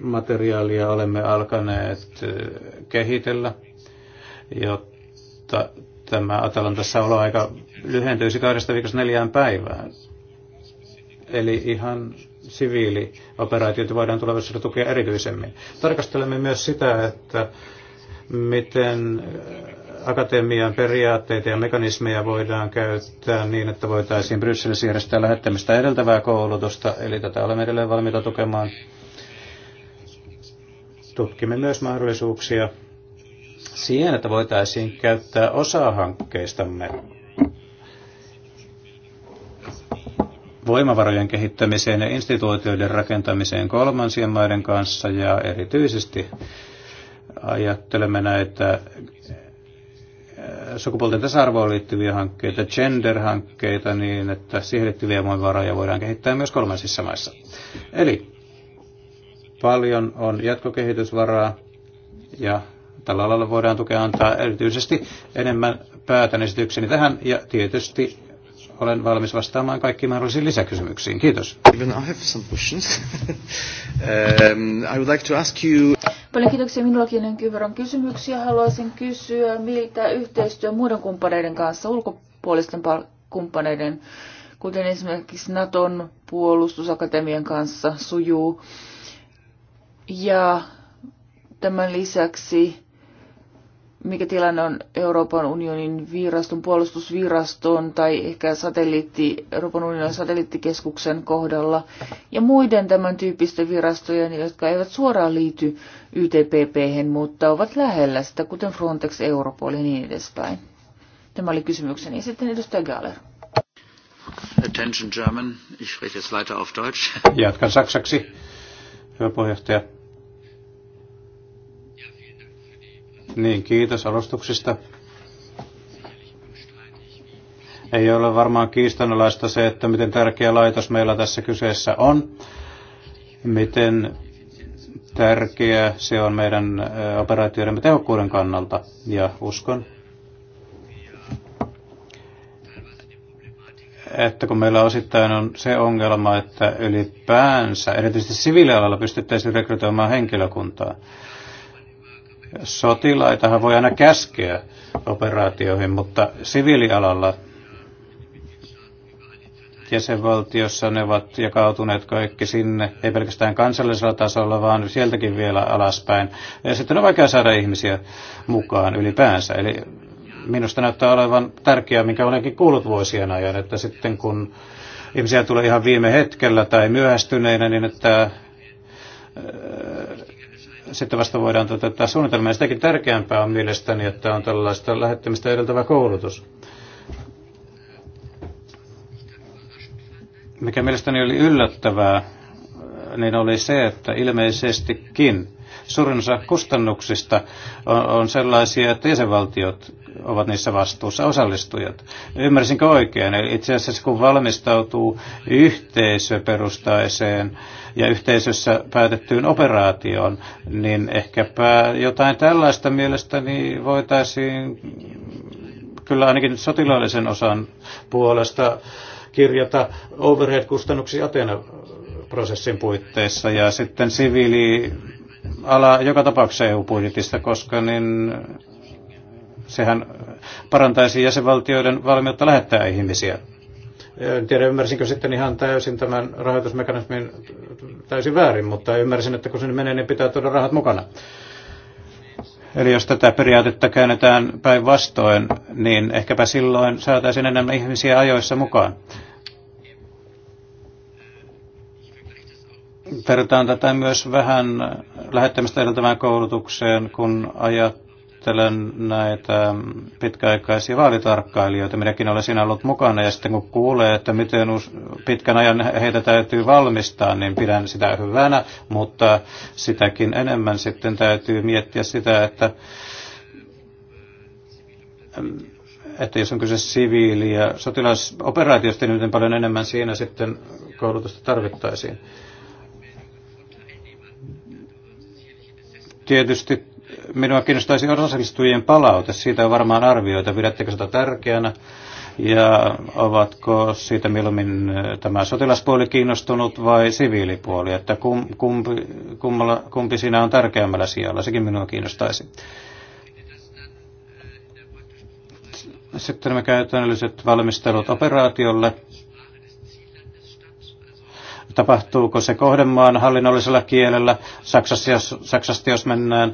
materiaalia olemme alkaneet kehitellä, jotta tämä Atalantassa aika lyhentyisi kahdesta viikosta neljään päivään. Eli ihan siviilioperaatioita voidaan tulevaisuudessa tukea erityisemmin. Tarkastelemme myös sitä, että miten akatemian periaatteita ja mekanismeja voidaan käyttää niin, että voitaisiin Brysselissä järjestää lähettämistä edeltävää koulutusta, eli tätä olemme edelleen valmiita tukemaan. Tutkimme myös mahdollisuuksia siihen, että voitaisiin käyttää osa hankkeistamme voimavarojen kehittämiseen ja instituutioiden rakentamiseen kolmansien maiden kanssa ja erityisesti ajattelemme näitä Äh, sukupuolten tasa-arvoon liittyviä hankkeita, gender-hankkeita, niin että siihen liittyviä voimavaroja voidaan kehittää myös kolmansissa maissa. Eli paljon on jatkokehitysvaraa ja tällä alalla voidaan tukea antaa erityisesti enemmän päätän esitykseni tähän ja tietysti olen valmis vastaamaan kaikkiin mahdollisiin lisäkysymyksiin. Kiitos. I have some questions. um, I would like to ask you... Paljon kiitoksia. Minullakin on kyvyrän kysymyksiä. Haluaisin kysyä, miltä yhteistyö muiden kumppaneiden kanssa, ulkopuolisten kumppaneiden, kuten esimerkiksi Naton puolustusakatemian kanssa, sujuu. Ja tämän lisäksi mikä tilanne on Euroopan unionin viraston, puolustusviraston tai ehkä satelliitti, Euroopan unionin satelliittikeskuksen kohdalla ja muiden tämän tyyppisten virastojen, jotka eivät suoraan liity ytpp mutta ovat lähellä sitä, kuten Frontex, Europol ja niin edespäin. Tämä oli kysymykseni. Sitten edustaja Galler. Attention German. Ich spreche jetzt weiter auf Deutsch. Jatkan saksaksi. Hyvä puheenjohtaja. Niin, kiitos alustuksista. Ei ole varmaan kiistanalaista se, että miten tärkeä laitos meillä tässä kyseessä on, miten tärkeä se on meidän operaatioidemme tehokkuuden kannalta. Ja uskon, että kun meillä osittain on se ongelma, että ylipäänsä, erityisesti siviilialalla pystyttäisiin rekrytoimaan henkilökuntaa, Sotilaitahan voi aina käskeä operaatioihin, mutta siviilialalla jäsenvaltiossa ne ovat jakautuneet kaikki sinne, ei pelkästään kansallisella tasolla, vaan sieltäkin vielä alaspäin. Ja sitten on vaikea saada ihmisiä mukaan ylipäänsä. Eli minusta näyttää olevan tärkeää, minkä olenkin kuullut vuosien ajan, että sitten kun ihmisiä tulee ihan viime hetkellä tai myöhästyneinä, niin että sitten vasta voidaan toteuttaa suunnitelmia. Ja sitäkin tärkeämpää on mielestäni, että on tällaista lähettämistä edeltävä koulutus. Mikä mielestäni oli yllättävää, niin oli se, että ilmeisestikin suurin osa kustannuksista on, on sellaisia, että jäsenvaltiot ovat niissä vastuussa osallistujat. Ymmärsinkö oikein? Eli itse asiassa kun valmistautuu yhteisöperustaiseen ja yhteisössä päätettyyn operaatioon, niin ehkäpä jotain tällaista mielestäni voitaisiin kyllä ainakin sotilaallisen osan puolesta kirjata overhead-kustannuksi Atena-prosessin puitteissa ja sitten siviili ala joka tapauksessa EU-budjetista, koska niin sehän parantaisi jäsenvaltioiden valmiutta lähettää ihmisiä en tiedä, ymmärsinkö sitten ihan täysin tämän rahoitusmekanismin täysin väärin, mutta ymmärsin, että kun sinne menee, niin pitää tuoda rahat mukana. Eli jos tätä periaatetta käännetään päinvastoin, niin ehkäpä silloin saataisiin enemmän ihmisiä ajoissa mukaan. Vertaan tätä myös vähän lähettämistä edeltävään koulutukseen, kun ajat tarkastelen näitä pitkäaikaisia vaalitarkkailijoita. Minäkin olen siinä ollut mukana ja sitten kun kuulee, että miten pitkän ajan heitä täytyy valmistaa, niin pidän sitä hyvänä, mutta sitäkin enemmän sitten täytyy miettiä sitä, että että jos on kyse siviili- ja sotilasoperaatiosta, niin paljon enemmän siinä sitten koulutusta tarvittaisiin. Tietysti minua kiinnostaisi osallistujien palaute. Siitä on varmaan arvioita. Pidättekö sitä tärkeänä? Ja ovatko siitä mieluummin tämä sotilaspuoli kiinnostunut vai siviilipuoli? Että kum, kumpi, kummalla, kumpi siinä on tärkeämmällä sijalla? Sekin minua kiinnostaisi. Sitten me käytännölliset valmistelut operaatiolle tapahtuuko se kohdemaan hallinnollisella kielellä. Saksassa, Saksasta jos mennään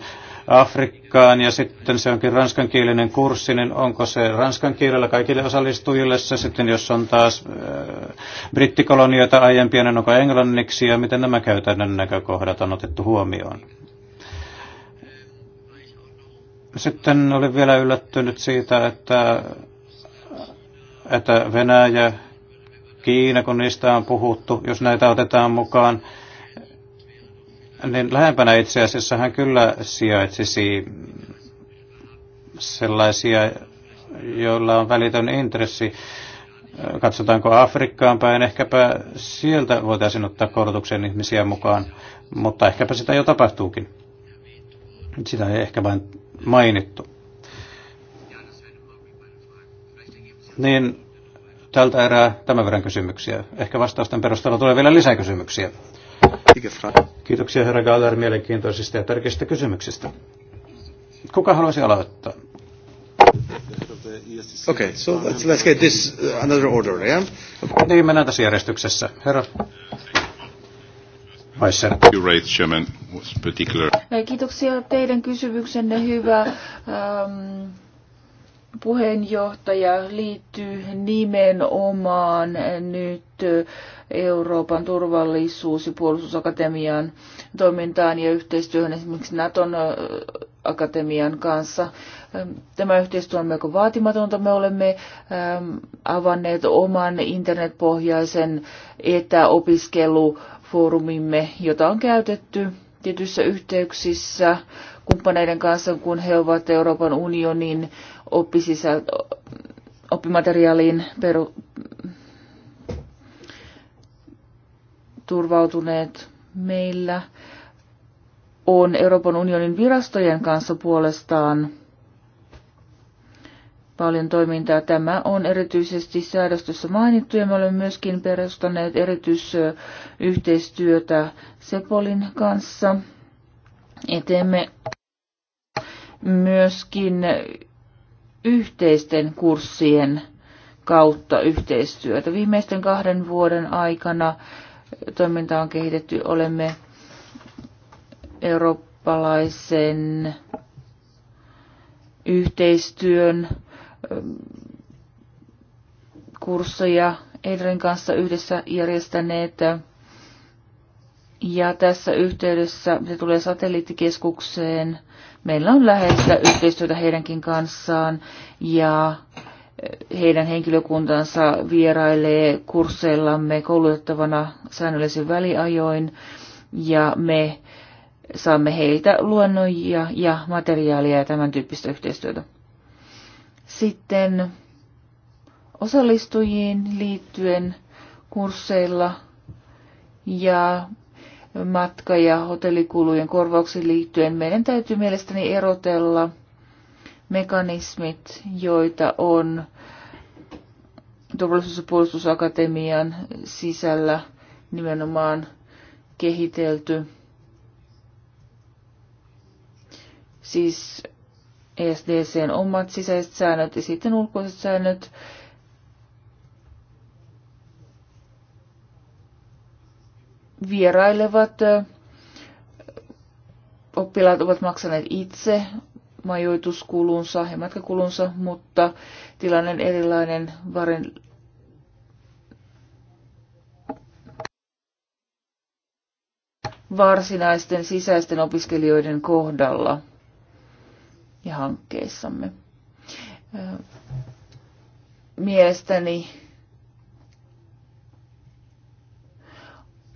Afrikkaan ja sitten se onkin ranskankielinen kurssi, niin onko se ranskan kielellä kaikille osallistujille se sitten, jos on taas äh, brittikolonioita aiempia, niin onko englanniksi ja miten nämä käytännön näkökohdat on otettu huomioon? Sitten olin vielä yllättynyt siitä, että, että Venäjä, Kiina, kun niistä on puhuttu, jos näitä otetaan mukaan, niin lähempänä itse asiassa hän kyllä sijaitsisi sellaisia, joilla on välitön intressi. Katsotaanko Afrikkaan päin, ehkäpä sieltä voitaisiin ottaa koulutuksen ihmisiä mukaan, mutta ehkäpä sitä jo tapahtuukin. Sitä ei ehkä vain mainittu. Niin tältä erää tämän verran kysymyksiä. Ehkä vastausten perusteella tulee vielä lisää kysymyksiä. Kiitoksia herra Galler mielenkiintoisista ja tärkeistä kysymyksistä. Kuka haluaisi aloittaa? Okay, so let's, let's get this uh, another order, yeah? Niin, mennään tässä järjestyksessä. Herra. Kiitoksia teidän kysymyksenne, hyvä. Um, puheenjohtaja liittyy nimenomaan nyt Euroopan turvallisuus- ja puolustusakatemian toimintaan ja yhteistyöhön esimerkiksi Naton akatemian kanssa. Tämä yhteistyö on melko vaatimatonta. Me olemme avanneet oman internetpohjaisen etäopiskelufoorumimme, jota on käytetty tietyissä yhteyksissä kumppaneiden kanssa, kun he ovat Euroopan unionin oppimateriaaliin peru, turvautuneet meillä on Euroopan unionin virastojen kanssa puolestaan paljon toimintaa. Tämä on erityisesti säädöstössä mainittu ja me olemme myöskin perustaneet erityisyhteistyötä Sepolin kanssa. etemme myöskin yhteisten kurssien kautta yhteistyötä. Viimeisten kahden vuoden aikana toiminta on kehitetty. Olemme eurooppalaisen yhteistyön ähm, kursseja Edrin kanssa yhdessä järjestäneet. Ja tässä yhteydessä se tulee satelliittikeskukseen – Meillä on läheistä yhteistyötä heidänkin kanssaan ja eh, heidän henkilökuntansa vierailee kursseillamme koulutettavana säännöllisin väliajoin ja me saamme heiltä luonnoja ja materiaalia ja tämän tyyppistä yhteistyötä. Sitten osallistujiin liittyen kursseilla ja matka- ja hotellikulujen korvauksiin liittyen meidän täytyy mielestäni erotella mekanismit, joita on turvallisuus- ja puolustusakatemian sisällä nimenomaan kehitelty. Siis ESDCn omat sisäiset säännöt ja sitten ulkoiset säännöt, vierailevat oppilaat ovat maksaneet itse majoituskulunsa ja matkakulunsa, mutta tilanne on erilainen varin varsinaisten sisäisten opiskelijoiden kohdalla ja hankkeissamme. Mielestäni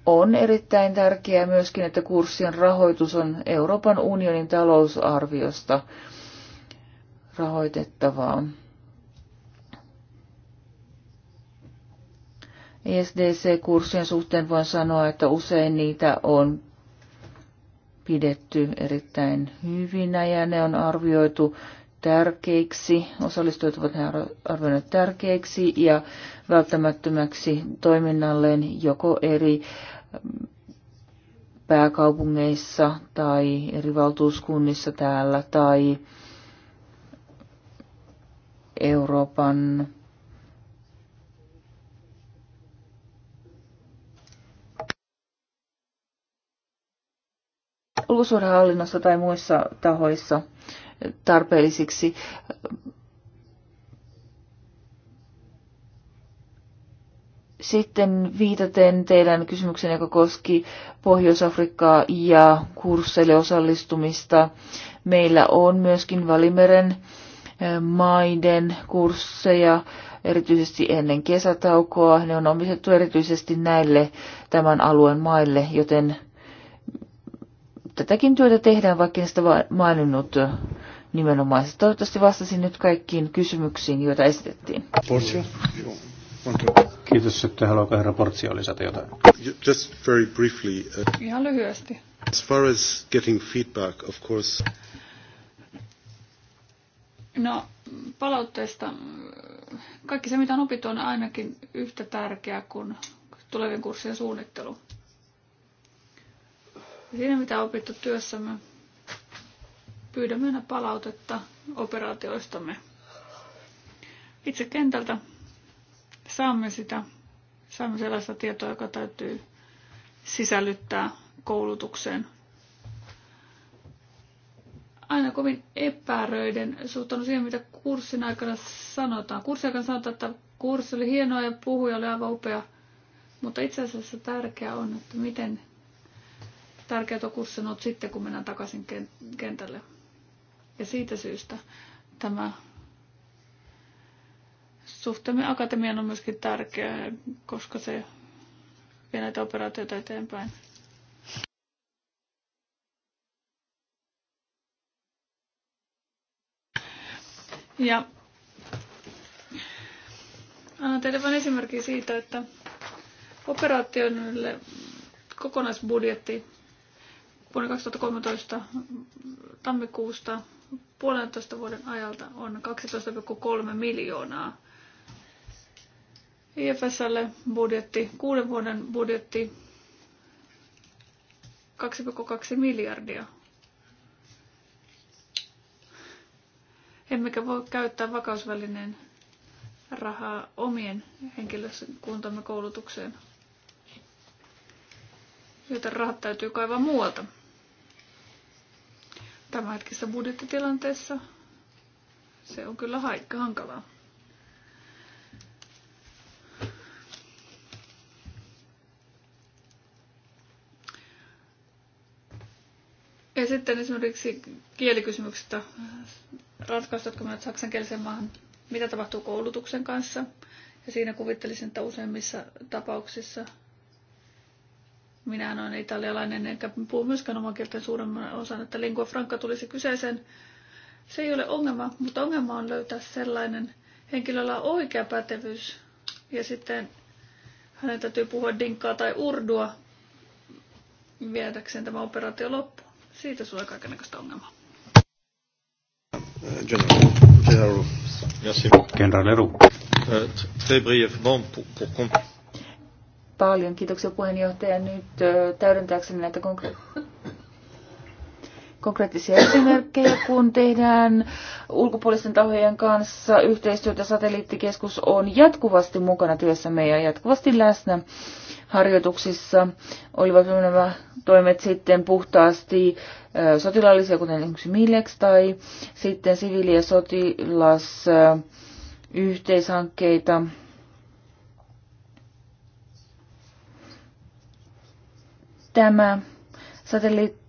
on erittäin tärkeää myöskin, että kurssin rahoitus on Euroopan unionin talousarviosta rahoitettavaa. ESDC-kurssien suhteen voin sanoa, että usein niitä on pidetty erittäin hyvinä ja ne on arvioitu tärkeiksi, osallistujat ovat arvioineet tärkeiksi ja välttämättömäksi toiminnalleen joko eri pääkaupungeissa tai eri valtuuskunnissa täällä tai Euroopan ulkosuhdehallinnossa tai muissa tahoissa tarpeellisiksi. Sitten viitaten teidän kysymykseen, joka koski Pohjois-Afrikkaa ja kursseille osallistumista, meillä on myöskin Välimeren eh, maiden kursseja, erityisesti ennen kesätaukoa. Ne on omistettu erityisesti näille tämän alueen maille, joten tätäkin työtä tehdään, vaikka en sitä maininnut nimenomaisesti. Toivottavasti vastasin nyt kaikkiin kysymyksiin, joita esitettiin. Portia. Kiitos, että haluatko herra Portsio lisätä jotain? Just very briefly. Uh, Ihan lyhyesti. As far as getting feedback, of course. No, palautteesta. Kaikki se, mitä on opittu, on ainakin yhtä tärkeää kuin tulevien kurssien suunnittelu. Siinä, mitä on opittu työssämme, pyydämme aina palautetta operaatioistamme itse kentältä saamme sitä, saamme sellaista tietoa, joka täytyy sisällyttää koulutukseen. Aina kovin epäröiden suhtaudun siihen, mitä kurssin aikana sanotaan. Kurssin aikana sanotaan, että kurssi oli hienoa ja puhuja oli aivan upea, mutta itse asiassa tärkeää on, että miten tärkeä tuo kurssi on sitten, kun mennään takaisin kentälle. Ja siitä syystä tämä Suhteemme akatemian on myöskin tärkeää, koska se vie näitä operaatioita eteenpäin. Ja annan teille vain esimerkki siitä, että operaatioille kokonaisbudjetti vuonna 2013 tammikuusta puolentoista vuoden ajalta on 12,3 miljoonaa IFSlle e budjetti, kuuden vuoden budjetti 2,2 miljardia. Emmekä voi käyttää vakausvälineen rahaa omien henkilökuntamme koulutukseen, joten rahat täytyy kaivaa muualta. Tämänhetkisessä budjettitilanteessa se on kyllä haikka hankalaa. Ja sitten esimerkiksi kielikysymyksestä Ranskastatko jotka menevät saksankieliseen maahan, mitä tapahtuu koulutuksen kanssa. Ja siinä kuvittelisin, että useimmissa tapauksissa minä olen italialainen, enkä puhu myöskään oman kielten suuremman osan, että lingua franca tulisi kyseeseen. Se ei ole ongelma, mutta ongelma on löytää sellainen henkilöllä on oikea pätevyys ja sitten hänen täytyy puhua dinkkaa tai urdua viedäkseen tämä operaatio loppu. Siitä sulla kaikenlaista ongelmaa. Äh, General, General. General Leroux. Äh, Paljon kiitoksia puheenjohtaja. Nyt äh, täydentääkseni näitä konkreettisia konkreettisia esimerkkejä, kun tehdään ulkopuolisten tahojen kanssa yhteistyötä. Satelliittikeskus on jatkuvasti mukana työssämme ja jatkuvasti läsnä harjoituksissa. Olivat nämä toimet sitten puhtaasti sotilaallisia, kuten esimerkiksi Milex, tai sitten siviili- ja sotilasyhteishankkeita. Tämä satelliitti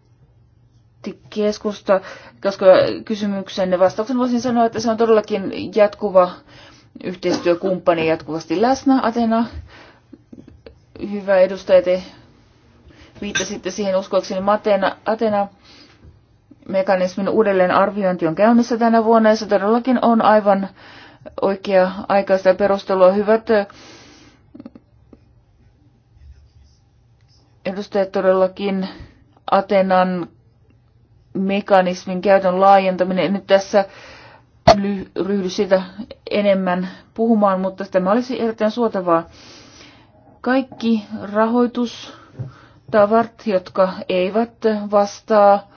keskusta, koska kysymyksen vastauksen voisin sanoa, että se on todellakin jatkuva yhteistyökumppani jatkuvasti läsnä. Atena, hyvä edustaja, te viittasitte siihen uskoakseni Matena, Atena mekanismin uudelleen arviointi on käynnissä tänä vuonna ja se todellakin on aivan oikea aikaista perustelua. Hyvät edustajat todellakin Atenan mekanismin käytön laajentaminen. En nyt tässä ryhdy sitä enemmän puhumaan, mutta tämä olisi erittäin suotavaa. Kaikki rahoitustavat, jotka eivät vastaa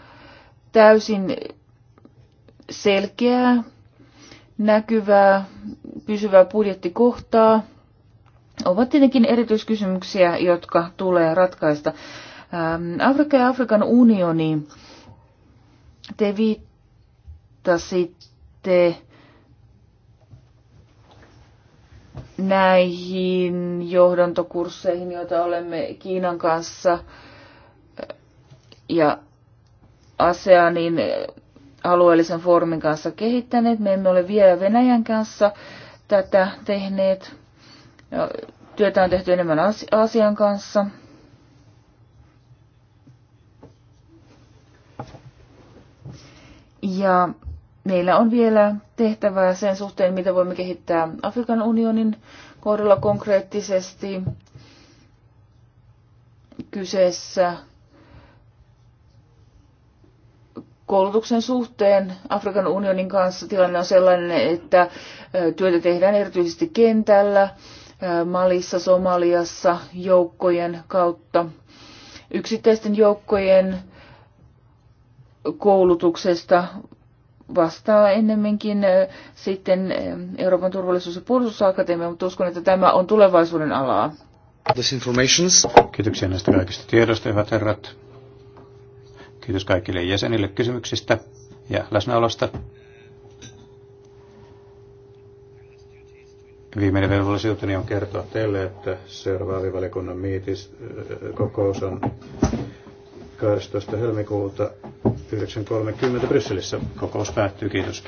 täysin selkeää, näkyvää, pysyvää budjettikohtaa, ovat tietenkin erityiskysymyksiä, jotka tulee ratkaista. Ähm, Afrikka ja Afrikan unioni te viittasitte näihin johdantokursseihin, joita olemme Kiinan kanssa ja ASEANin alueellisen foorumin kanssa kehittäneet. Me emme ole vielä Venäjän kanssa tätä tehneet. Työtä on tehty enemmän Aasian kanssa. Ja meillä on vielä tehtävää sen suhteen, mitä voimme kehittää Afrikan unionin kohdalla konkreettisesti. Kyseessä koulutuksen suhteen Afrikan unionin kanssa tilanne on sellainen, että työtä tehdään erityisesti kentällä, Malissa, Somaliassa joukkojen kautta, yksittäisten joukkojen koulutuksesta vastaa ennemminkin sitten Euroopan turvallisuus- ja puolustusakatemia, mutta uskon, että tämä on tulevaisuuden alaa. Kiitoksia näistä kaikista tiedoista, hyvät herrat. Kiitos kaikille jäsenille kysymyksistä ja läsnäolosta. Viimeinen velvollisuuteni on kertoa teille, että seuraava alivaliokunnan miitis, kokous on 12. helmikuuta 9.30 Brysselissä. Kokous päättyy. Kiitos.